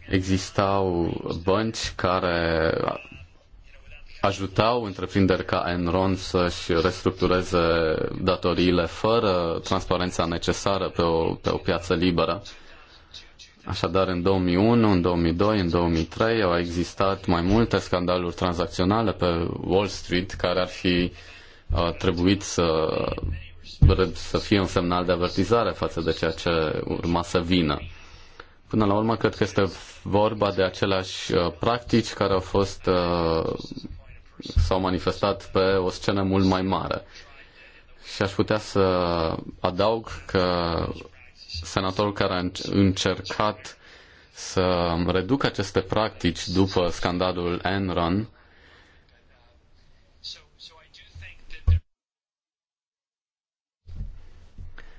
Existau bănci care ajutau întreprinderi ca Enron să-și restructureze datoriile fără transparența necesară pe o, pe o piață liberă. Așadar, în 2001, în 2002, în 2003 au existat mai multe scandaluri tranzacționale pe Wall Street care ar fi uh, trebuit să, să fie un semnal de avertizare față de ceea ce urma să vină. Până la urmă, cred că este vorba de aceleași uh, practici care au fost uh, s-au manifestat pe o scenă mult mai mare. Și aș putea să adaug că senatorul care a încercat să reducă aceste practici după scandalul Enron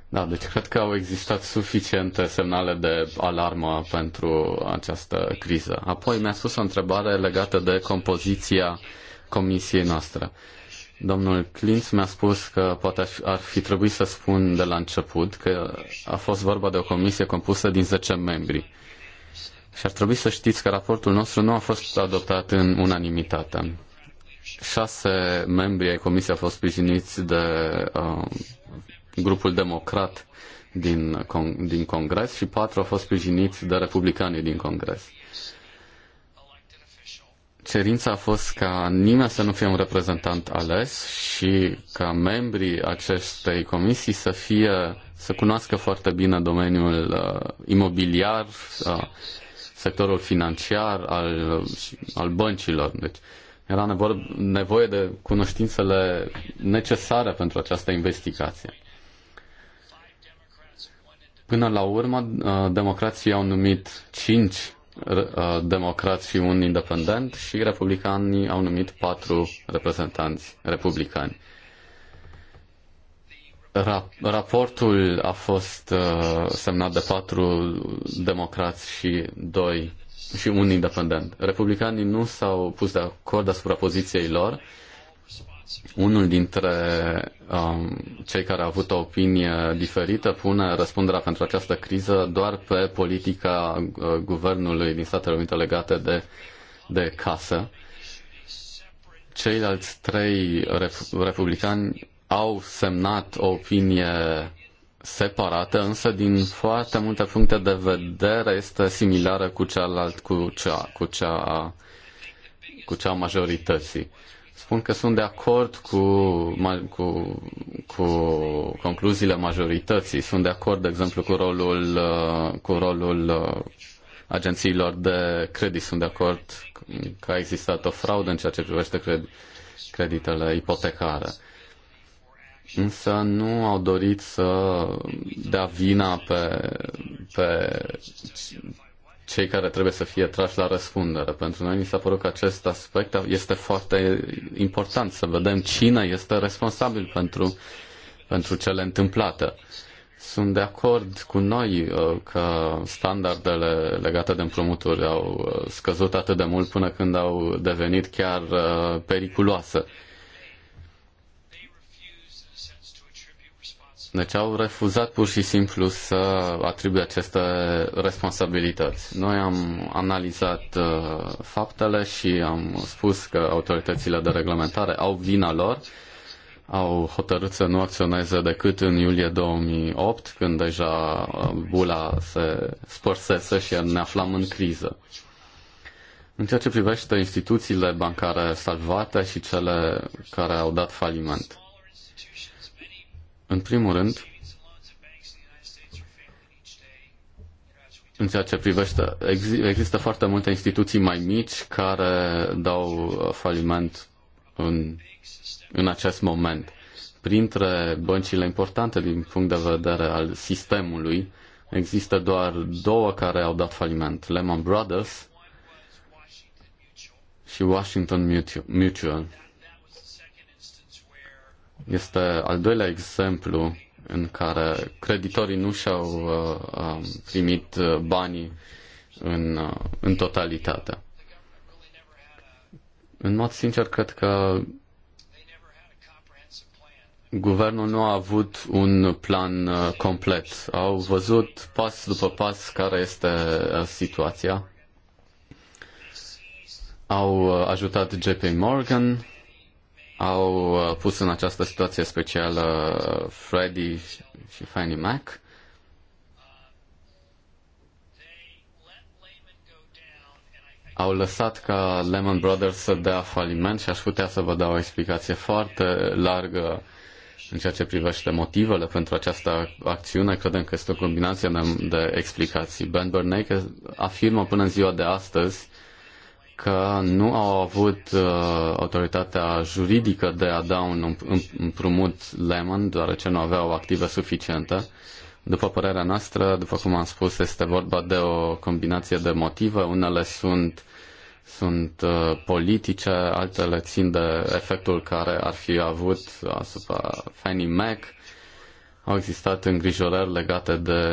Da, deci cred că au existat suficiente semnale de alarmă pentru această criză. Apoi mi-a spus o întrebare legată de compoziția comisiei noastre. Domnul Clint mi-a spus că poate ar fi trebuit să spun de la început că a fost vorba de o comisie compusă din 10 membri. Și ar trebui să știți că raportul nostru nu a fost adoptat în unanimitate. Șase membri ai comisiei au fost sprijiniți de uh, grupul democrat din, con- din Congres și patru au fost sprijiniți de republicanii din Congres cerința a fost ca nimeni să nu fie un reprezentant ales și ca membrii acestei comisii să fie să cunoască foarte bine domeniul uh, imobiliar, uh, sectorul financiar al, al băncilor. Deci era nevo- nevoie de cunoștințele necesare pentru această investigație. Până la urmă, uh, democrații au numit cinci democrați și un independent și republicanii au numit patru reprezentanți republicani. Ra- raportul a fost uh, semnat de patru democrați și doi și un independent. Republicanii nu s-au pus de acord asupra poziției lor unul dintre um, cei care a avut o opinie diferită pune răspunderea pentru această criză doar pe politica uh, guvernului din Statele Unite legate de, de casă. Ceilalți trei rep- republicani au semnat o opinie separată, însă din foarte multe puncte de vedere este similară cu cealaltă, cu cea, cu cea, cu cea majorității spun că sunt de acord cu, cu, cu concluziile majorității. Sunt de acord, de exemplu, cu rolul, uh, cu rolul uh, agențiilor de credit. Sunt de acord că a existat o fraudă în ceea ce privește cred, creditele ipotecare. Însă nu au dorit să dea vina pe, pe cei care trebuie să fie trași la răspundere. Pentru noi ni s-a părut că acest aspect este foarte important, să vedem cine este responsabil pentru, pentru cele întâmplate. Sunt de acord cu noi uh, că standardele legate de împrumuturi au uh, scăzut atât de mult până când au devenit chiar uh, periculoase. Deci au refuzat pur și simplu să atribuie aceste responsabilități. Noi am analizat uh, faptele și am spus că autoritățile de reglementare au vina lor, au hotărât să nu acționeze decât în iulie 2008, când deja uh, bula se spărsese și ne aflam în criză. În ceea ce privește instituțiile bancare salvate și cele care au dat faliment. În primul rând, în ceea ce privește, există foarte multe instituții mai mici care dau uh, faliment în, în acest moment. Printre băncile importante din punct de vedere al sistemului, există doar două care au dat faliment, Lehman Brothers și Washington Mutual. Este al doilea exemplu în care creditorii nu și-au uh, um, primit uh, banii în, uh, în totalitate. În mod sincer, cred că guvernul nu a avut un plan complet. Au văzut pas după pas care este situația. Au ajutat JP Morgan, au uh, pus în această situație specială uh, Freddy și Fannie Mac. Au lăsat ca Lehman Brothers să dea faliment și aș putea să vă dau o explicație foarte largă în ceea ce privește motivele pentru această acțiune, credem că este o combinație de explicații. Ben Bernanke afirmă până în ziua de astăzi că nu au avut uh, autoritatea juridică de a da un împrumut Lehman, deoarece nu aveau active suficiente. După părerea noastră, după cum am spus, este vorba de o combinație de motive. Unele sunt, sunt uh, politice, altele țin de efectul care ar fi avut asupra Fannie Mac. Au existat îngrijorări legate de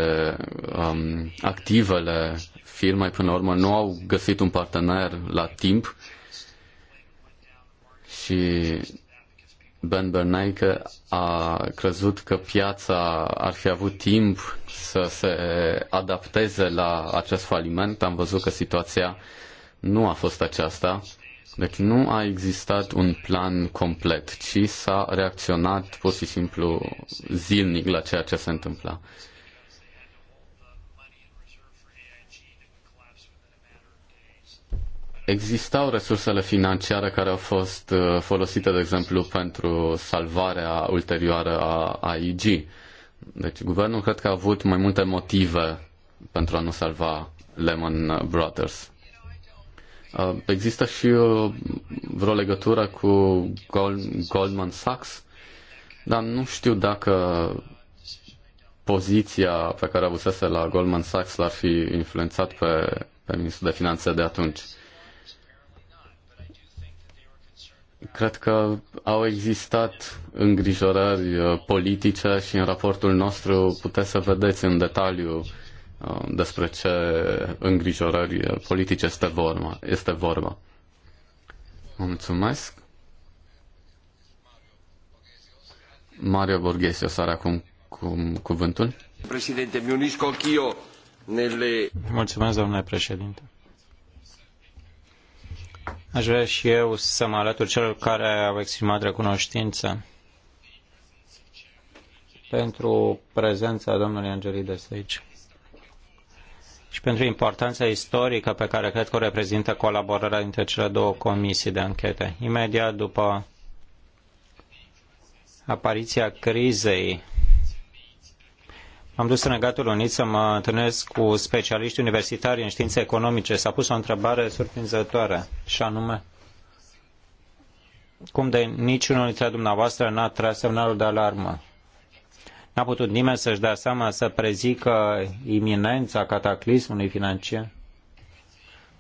um, activele firme, până la urmă, nu au găsit un partener la timp și Ben Bernanke a crezut că piața ar fi avut timp să se adapteze la acest faliment. Am văzut că situația nu a fost aceasta. Deci nu a existat un plan complet, ci s-a reacționat pur și simplu zilnic la ceea ce se întâmpla. Existau resursele financiare care au fost uh, folosite, de exemplu, pentru salvarea ulterioară a AIG. Deci guvernul cred că a avut mai multe motive pentru a nu salva Lehman Brothers. Uh, există și uh, vreo legătură cu Goldman Sachs, dar nu știu dacă poziția pe care a avusese la Goldman Sachs l-ar fi influențat pe, pe ministrul de finanțe de atunci. Cred că au existat îngrijorări uh, politice și în raportul nostru puteți să vedeți în detaliu uh, despre ce îngrijorări uh, politice este vorba. Este vorba. Mulțumesc. Mario Borghese, o are acum cu cuvântul. Președinte, mi unisco anch'io nelle... Mulțumesc, domnule președinte. Aș vrea și eu să mă alătur celor care au exprimat recunoștință pentru prezența domnului de aici și pentru importanța istorică pe care cred că o reprezintă colaborarea dintre cele două comisii de anchete. Imediat după apariția crizei am dus în Regatul Unit să mă întâlnesc cu specialiști universitari în științe economice. S-a pus o întrebare surprinzătoare, și anume, cum de niciunul dintre dumneavoastră n-a tras semnalul de alarmă. N-a putut nimeni să-și dea seama să prezică iminența cataclismului financiar?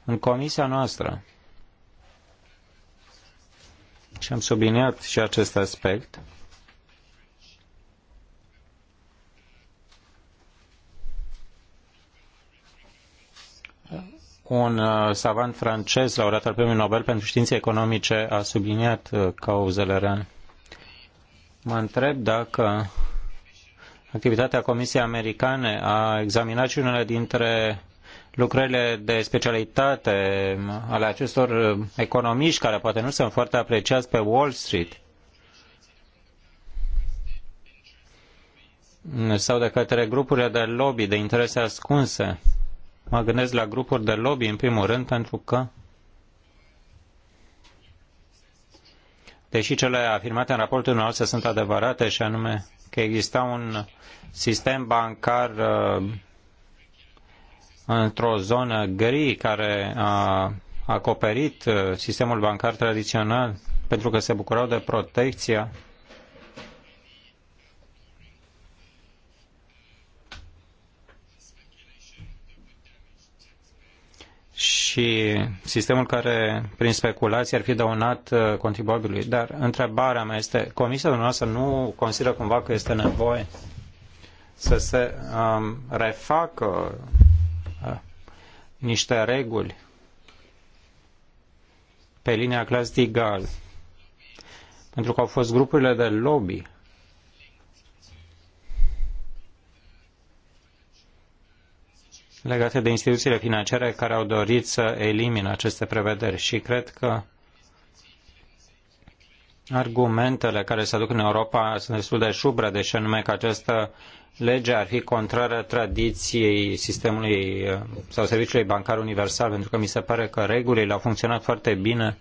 În comisia noastră, și am subliniat și acest aspect, Un uh, savant francez, laureat al Premiului Nobel pentru Științe Economice, a subliniat uh, cauzele reale. Mă întreb dacă activitatea Comisiei Americane a examinat și unele dintre lucrările de specialitate uh, ale acestor economiști care poate nu sunt foarte apreciați pe Wall Street sau de către grupurile de lobby de interese ascunse Mă gândesc la grupuri de lobby, în primul rând, pentru că deși cele afirmate în raportul nostru sunt adevărate și anume că exista un sistem bancar uh, într-o zonă gri care a acoperit uh, sistemul bancar tradițional pentru că se bucurau de protecția și sistemul care, prin speculație, ar fi dăunat uh, contribuabilului. Dar întrebarea mea este, Comisia dumneavoastră nu consideră cumva că este nevoie să se um, refacă uh, niște reguli pe linia Clas Digal, pentru că au fost grupurile de lobby legate de instituțiile financiare care au dorit să elimine aceste prevederi și cred că argumentele care se aduc în Europa sunt destul de șubre, deși anume că această lege ar fi contrară tradiției sistemului eh, sau serviciului bancar universal, pentru că mi se pare că regulile au funcționat foarte bine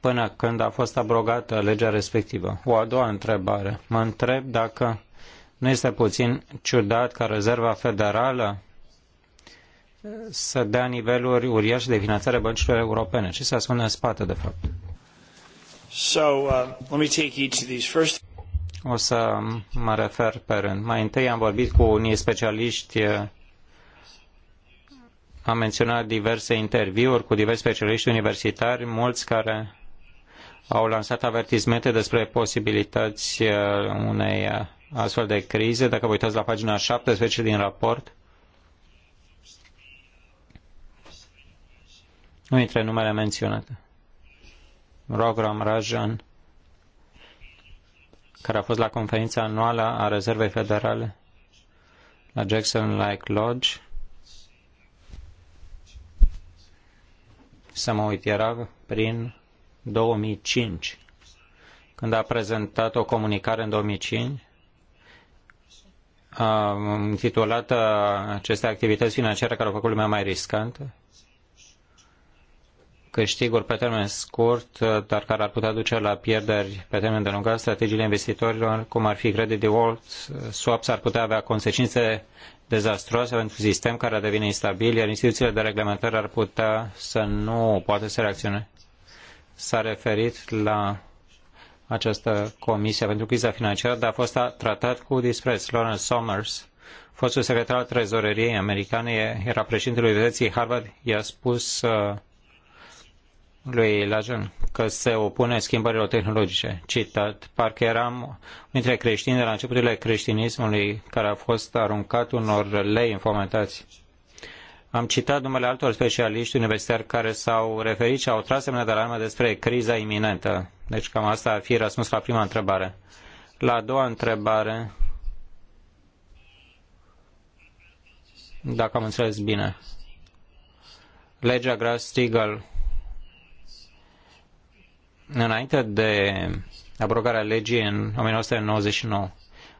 până când a fost abrogată legea respectivă. O a doua întrebare. Mă întreb dacă nu este puțin ciudat ca Rezerva Federală să dea niveluri uriașe de finanțare băncilor europene. Ce se ascunde în spate, de fapt? So, uh, let me take each of these first. O să mă refer pe rând. Mai întâi am vorbit cu unii specialiști, uh, am menționat diverse interviuri cu diversi specialiști universitari, mulți care au lansat avertismente despre posibilități uh, unei uh, astfel de crize. Dacă vă uitați la pagina 17 din raport, Nu între numele menționate. Rogram Rajan, care a fost la conferința anuală a Rezervei Federale la Jackson Lake Lodge. Să mă uit, era prin 2005, când a prezentat o comunicare în 2005 intitulată Aceste activități financiare care au făcut lumea mai riscantă câștiguri pe termen scurt, uh, dar care ar putea duce la pierderi pe termen de lungat, strategiile investitorilor, cum ar fi credit default, uh, swaps, ar putea avea consecințe dezastroase pentru sistem care ar deveni instabil, iar instituțiile de reglementare ar putea să nu poată să reacționeze. S-a referit la această comisie pentru criza financiară, dar a fost tratat cu dispreț. Lawrence Summers, fostul secretar al trezoreriei americane, era președintele Universității Harvard, i-a spus uh, lui Lajan că se opune schimbărilor tehnologice. Citat, parcă eram dintre creștini de la începuturile creștinismului care a fost aruncat unor lei înfomentați. Am citat numele altor specialiști universitari care s-au referit și au tras semne de alarmă despre criza iminentă. Deci cam asta ar fi răspuns la prima întrebare. La a doua întrebare, dacă am înțeles bine, legea Grass-Steagall înainte de abrogarea legii în 1999,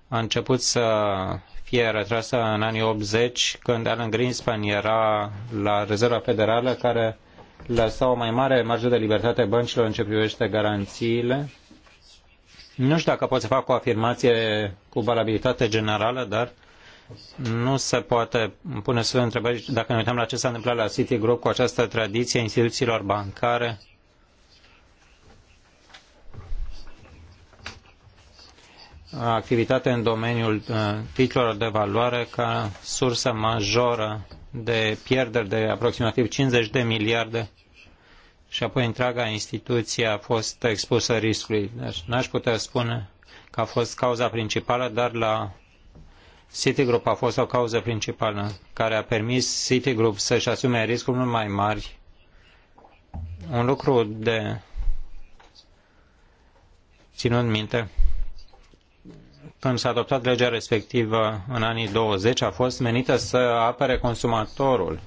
a început să fie retrasă în anii 80, când Alan Greenspan era la Rezerva Federală, care lăsa o mai mare marjă de libertate băncilor în ce privește garanțiile. Nu știu dacă pot să fac o afirmație cu valabilitate generală, dar nu se poate pune să întrebări dacă ne uităm la ce s-a întâmplat la Citigroup cu această tradiție instituțiilor bancare activitate în domeniul uh, titlurilor de valoare ca sursă majoră de pierderi de aproximativ 50 de miliarde și apoi întreaga instituție a fost expusă riscului. Deci n-aș putea spune că a fost cauza principală, dar la Citigroup a fost o cauză principală care a permis Citigroup să-și asume riscuri mult mai mari. Un lucru de ținut minte când s-a adoptat legea respectivă în anii 20, a fost menită să apere consumatorul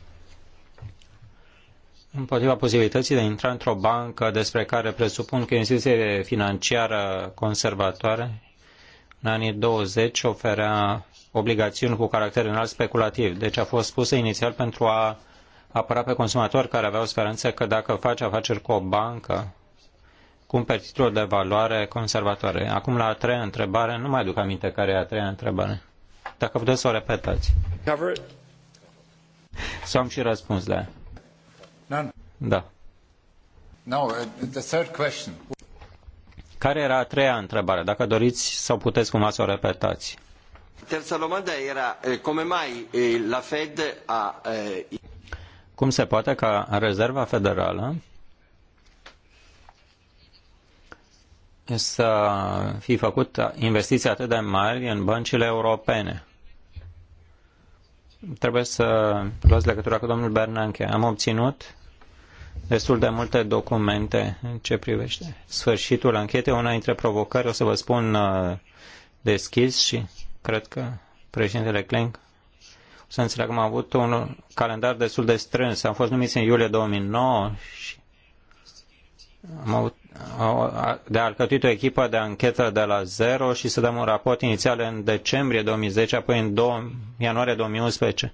împotriva posibilității de a intra într-o bancă despre care presupun că e instituție financiară conservatoare în anii 20 oferea obligațiuni cu caracter înalt speculativ. Deci a fost pusă inițial pentru a apăra pe consumatori care aveau speranțe că dacă faci afaceri cu o bancă, cumperi titluri de valoare conservatoare. Acum la a treia întrebare, nu mai aduc aminte care e a treia întrebare. Dacă puteți să o repetați. Cover Să am și răspuns la ea. Da. No, uh, the third question. Care era a treia întrebare? Dacă doriți sau puteți cumva să o repetați. Terza domanda era eh, come mai eh, la Fed a... Eh, cum se poate ca Rezerva Federală să fi făcut investiții atât de mari în băncile europene. Trebuie să luați legătura cu domnul Bernanke. Am obținut destul de multe documente în ce privește sfârșitul anchetei. Una dintre provocări, o să vă spun uh, deschis și cred că președintele Kling o să înțeleagă că am avut un calendar destul de strâns. Am fost numiți în iulie 2009 și am avut de a alcătui o echipă de anchetă de la zero și să dăm un raport inițial în decembrie 2010, apoi în 2, ianuarie 2011.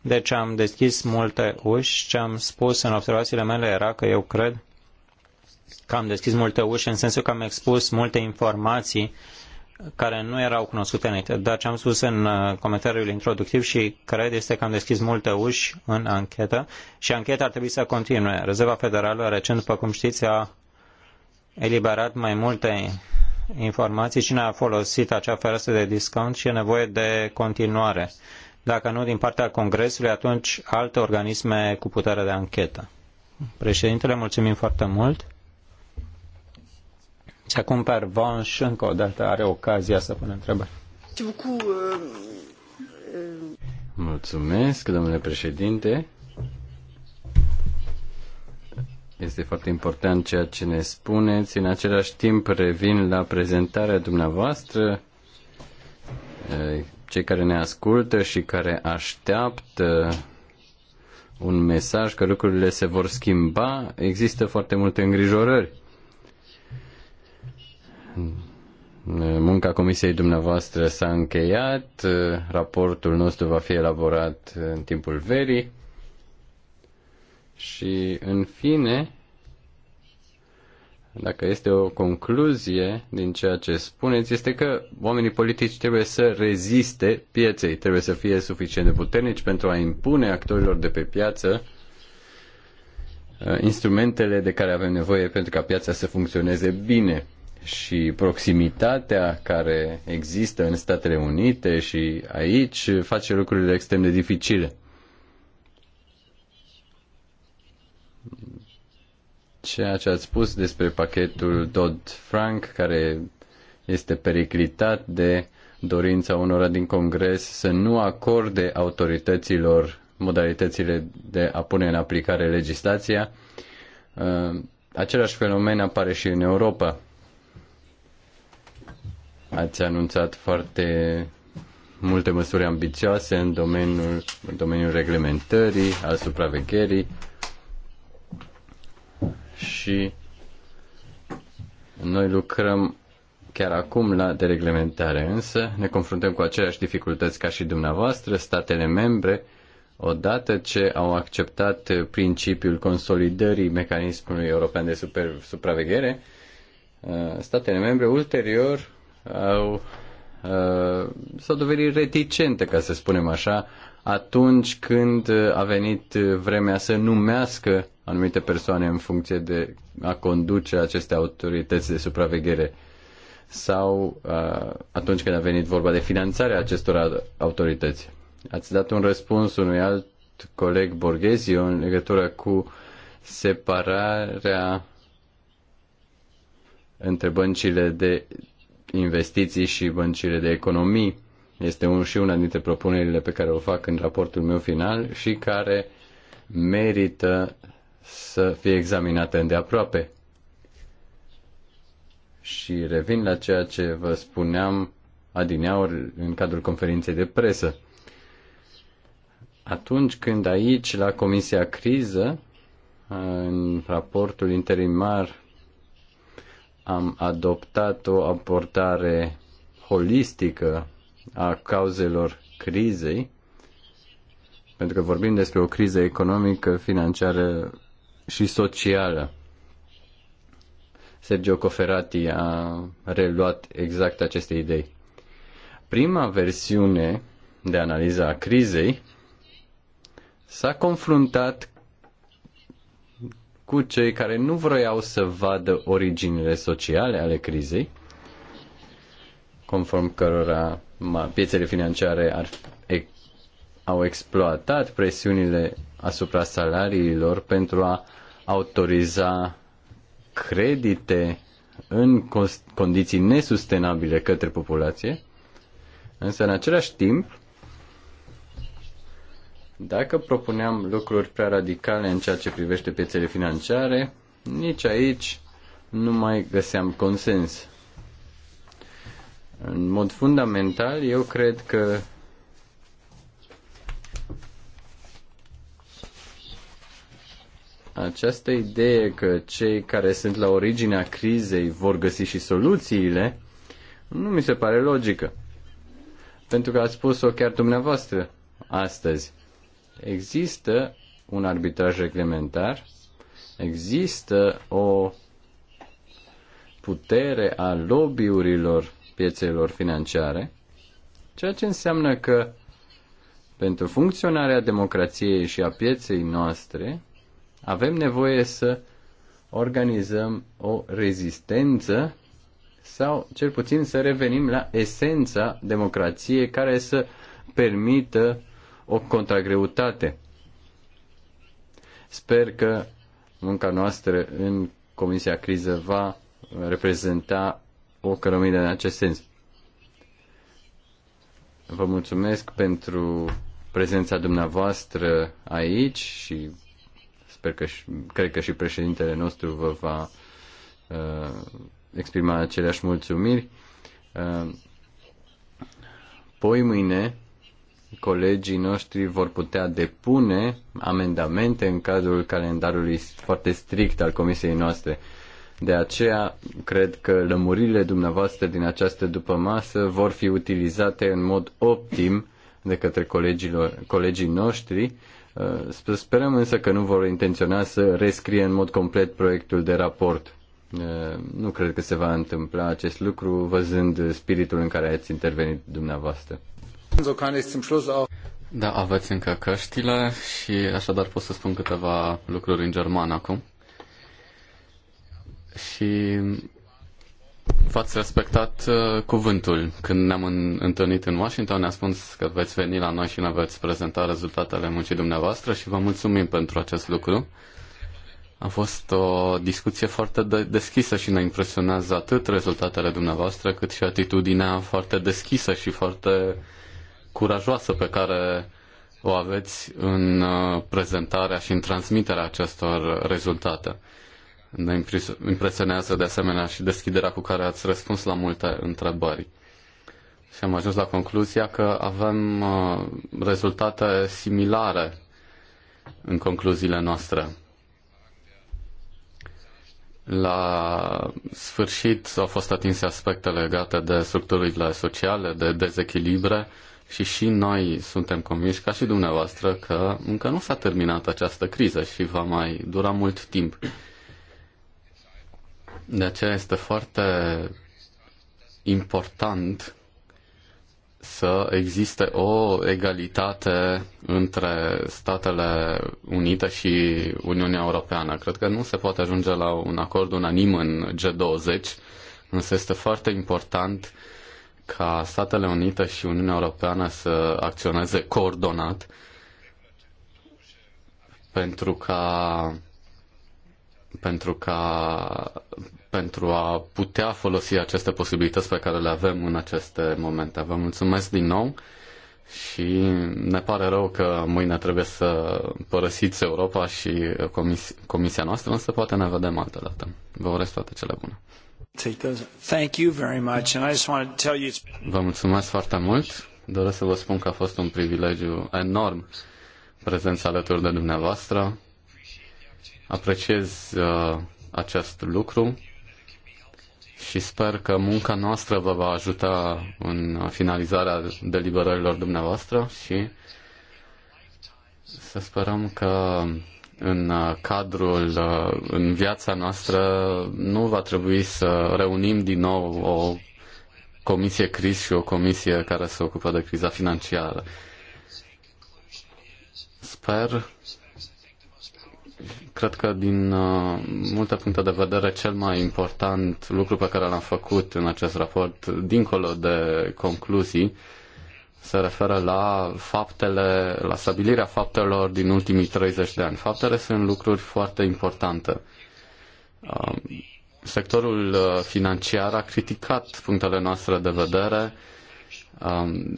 Deci am deschis multe uși. Ce am spus în observațiile mele era că eu cred că am deschis multe uși în sensul că am expus multe informații care nu erau cunoscute înainte. Dar ce am spus în uh, comentariul introductiv și cred este că am deschis multe uși în anchetă și ancheta ar trebui să continue. Rezerva Federală recent, după cum știți, a eliberat mai multe informații, cine a folosit acea fereastră de discount și e nevoie de continuare. Dacă nu din partea Congresului, atunci alte organisme cu putere de anchetă. Președintele, mulțumim foarte mult. Și acum Pervanș încă o dată are ocazia să pună întrebări. Mulțumesc, domnule președinte. Este foarte important ceea ce ne spuneți. În același timp revin la prezentarea dumneavoastră. Eh, cei care ne ascultă și care așteaptă un mesaj că lucrurile se vor schimba, există foarte multe îngrijorări. Munca comisiei dumneavoastră s-a încheiat, eh, raportul nostru va fi elaborat eh, în timpul verii și, în fine, dacă este o concluzie din ceea ce spuneți, este că oamenii politici trebuie să reziste pieței, trebuie să fie suficient de puternici pentru a impune actorilor de pe piață uh, instrumentele de care avem nevoie pentru ca piața să funcționeze bine și proximitatea care există în Statele Unite și aici face lucrurile extrem de dificile. ceea ce ați spus despre pachetul Dodd-Frank, care este periclitat de dorința unora din Congres să nu acorde autorităților modalitățile de a pune în aplicare legislația. Uh, același fenomen apare și în Europa. Ați anunțat foarte multe măsuri ambițioase în domeniul, în domeniul reglementării, al supravegherii, și noi lucrăm chiar acum la dereglementare, însă ne confruntăm cu aceleași dificultăți ca și dumneavoastră, statele membre, odată ce au acceptat principiul consolidării mecanismului european de super, supraveghere, uh, statele membre ulterior au uh, s-au dovedit reticente, ca să spunem așa, atunci când a venit vremea să numească anumite persoane în funcție de a conduce aceste autorități de supraveghere sau uh, atunci când a venit vorba de finanțarea acestor autorități. Ați dat un răspuns unui alt coleg Borghezio în legătură cu separarea între băncile de investiții și băncile de economii. Este un și una dintre propunerile pe care o fac în raportul meu final și care merită să fie examinate îndeaproape. Și revin la ceea ce vă spuneam adineauri în cadrul conferinței de presă. Atunci când aici, la Comisia Criză, în raportul interimar, am adoptat o abordare holistică a cauzelor crizei, pentru că vorbim despre o criză economică, financiară, și socială. Sergio Coferati a reluat exact aceste idei. Prima versiune de analiza a crizei s-a confruntat cu cei care nu vroiau să vadă originile sociale ale crizei, conform cărora piețele financiare ar, au exploatat presiunile asupra salariilor pentru a autoriza credite în condiții nesustenabile către populație, însă în același timp, dacă propuneam lucruri prea radicale în ceea ce privește piețele financiare, nici aici nu mai găseam consens. În mod fundamental, eu cred că Această idee că cei care sunt la originea crizei vor găsi și soluțiile nu mi se pare logică. Pentru că ați spus-o chiar dumneavoastră astăzi. Există un arbitraj reglementar, există o putere a lobbyurilor piețelor financiare, ceea ce înseamnă că pentru funcționarea democrației și a pieței noastre, avem nevoie să organizăm o rezistență sau cel puțin să revenim la esența democrației care să permită o contragreutate. Sper că munca noastră în Comisia Criză va reprezenta o cărămidă în acest sens. Vă mulțumesc pentru prezența dumneavoastră aici și Sper că și, cred că și președintele nostru vă va uh, exprima aceleași mulțumiri. Uh, poi mâine colegii noștri vor putea depune amendamente în cadrul calendarului foarte strict al comisiei noastre. De aceea, cred că lămurile dumneavoastră din această dupămasă vor fi utilizate în mod optim de către colegilor, colegii noștri Uh, sperăm însă că nu vor intenționa să rescrie în mod complet proiectul de raport. Uh, nu cred că se va întâmpla acest lucru văzând spiritul în care ați intervenit dumneavoastră. Da, aveți încă căștile și așadar pot să spun câteva lucruri în german acum. Și V-ați respectat uh, cuvântul. Când ne-am în, întâlnit în Washington, ne-a spus că veți veni la noi și ne veți prezenta rezultatele muncii dumneavoastră și vă mulțumim pentru acest lucru. A fost o discuție foarte de- deschisă și ne impresionează atât rezultatele dumneavoastră, cât și atitudinea foarte deschisă și foarte curajoasă pe care o aveți în uh, prezentarea și în transmiterea acestor rezultate. Ne impresionează de asemenea și deschiderea cu care ați răspuns la multe întrebări. Și am ajuns la concluzia că avem uh, rezultate similare în concluziile noastre. La sfârșit au fost atinse aspecte legate de structurile sociale, de dezechilibre și și noi suntem convinși, ca și dumneavoastră, că încă nu s-a terminat această criză și va mai dura mult timp. De aceea este foarte important să existe o egalitate între Statele Unite și Uniunea Europeană. Cred că nu se poate ajunge la un acord unanim în G20, însă este foarte important ca Statele Unite și Uniunea Europeană să acționeze coordonat pentru ca pentru, ca, pentru a putea folosi aceste posibilități pe care le avem în aceste momente. Vă mulțumesc din nou și ne pare rău că mâine trebuie să părăsiți Europa și comis- comisia noastră, însă poate ne vedem altă dată. Vă urez toate cele bune. Vă mulțumesc foarte mult. Doresc să vă spun că a fost un privilegiu enorm prezența alături de dumneavoastră. Apreciez uh, acest lucru și sper că munca noastră vă va ajuta în finalizarea deliberărilor dumneavoastră și să sperăm că în cadrul, uh, în viața noastră, nu va trebui să reunim din nou o comisie CRIS și o comisie care se ocupă de criza financiară. Sper Cred că din uh, multe puncte de vedere cel mai important lucru pe care l-am făcut în acest raport, dincolo de concluzii, se referă la faptele, la stabilirea faptelor din ultimii 30 de ani. Faptele sunt lucruri foarte importante. Um, sectorul uh, financiar a criticat punctele noastre de vedere. Um,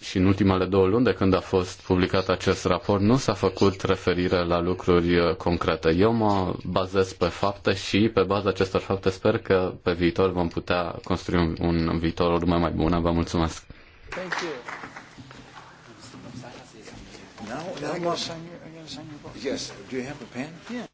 și în ultimele două luni de când a fost publicat acest raport nu s-a făcut referire la lucruri uh, concrete. Eu mă bazez pe fapte și pe baza acestor fapte sper că pe viitor vom putea construi un, un viitor o lume mai bună. Vă mulțumesc! Thank you. Now, now, Yes. Do you have a pen? Yeah.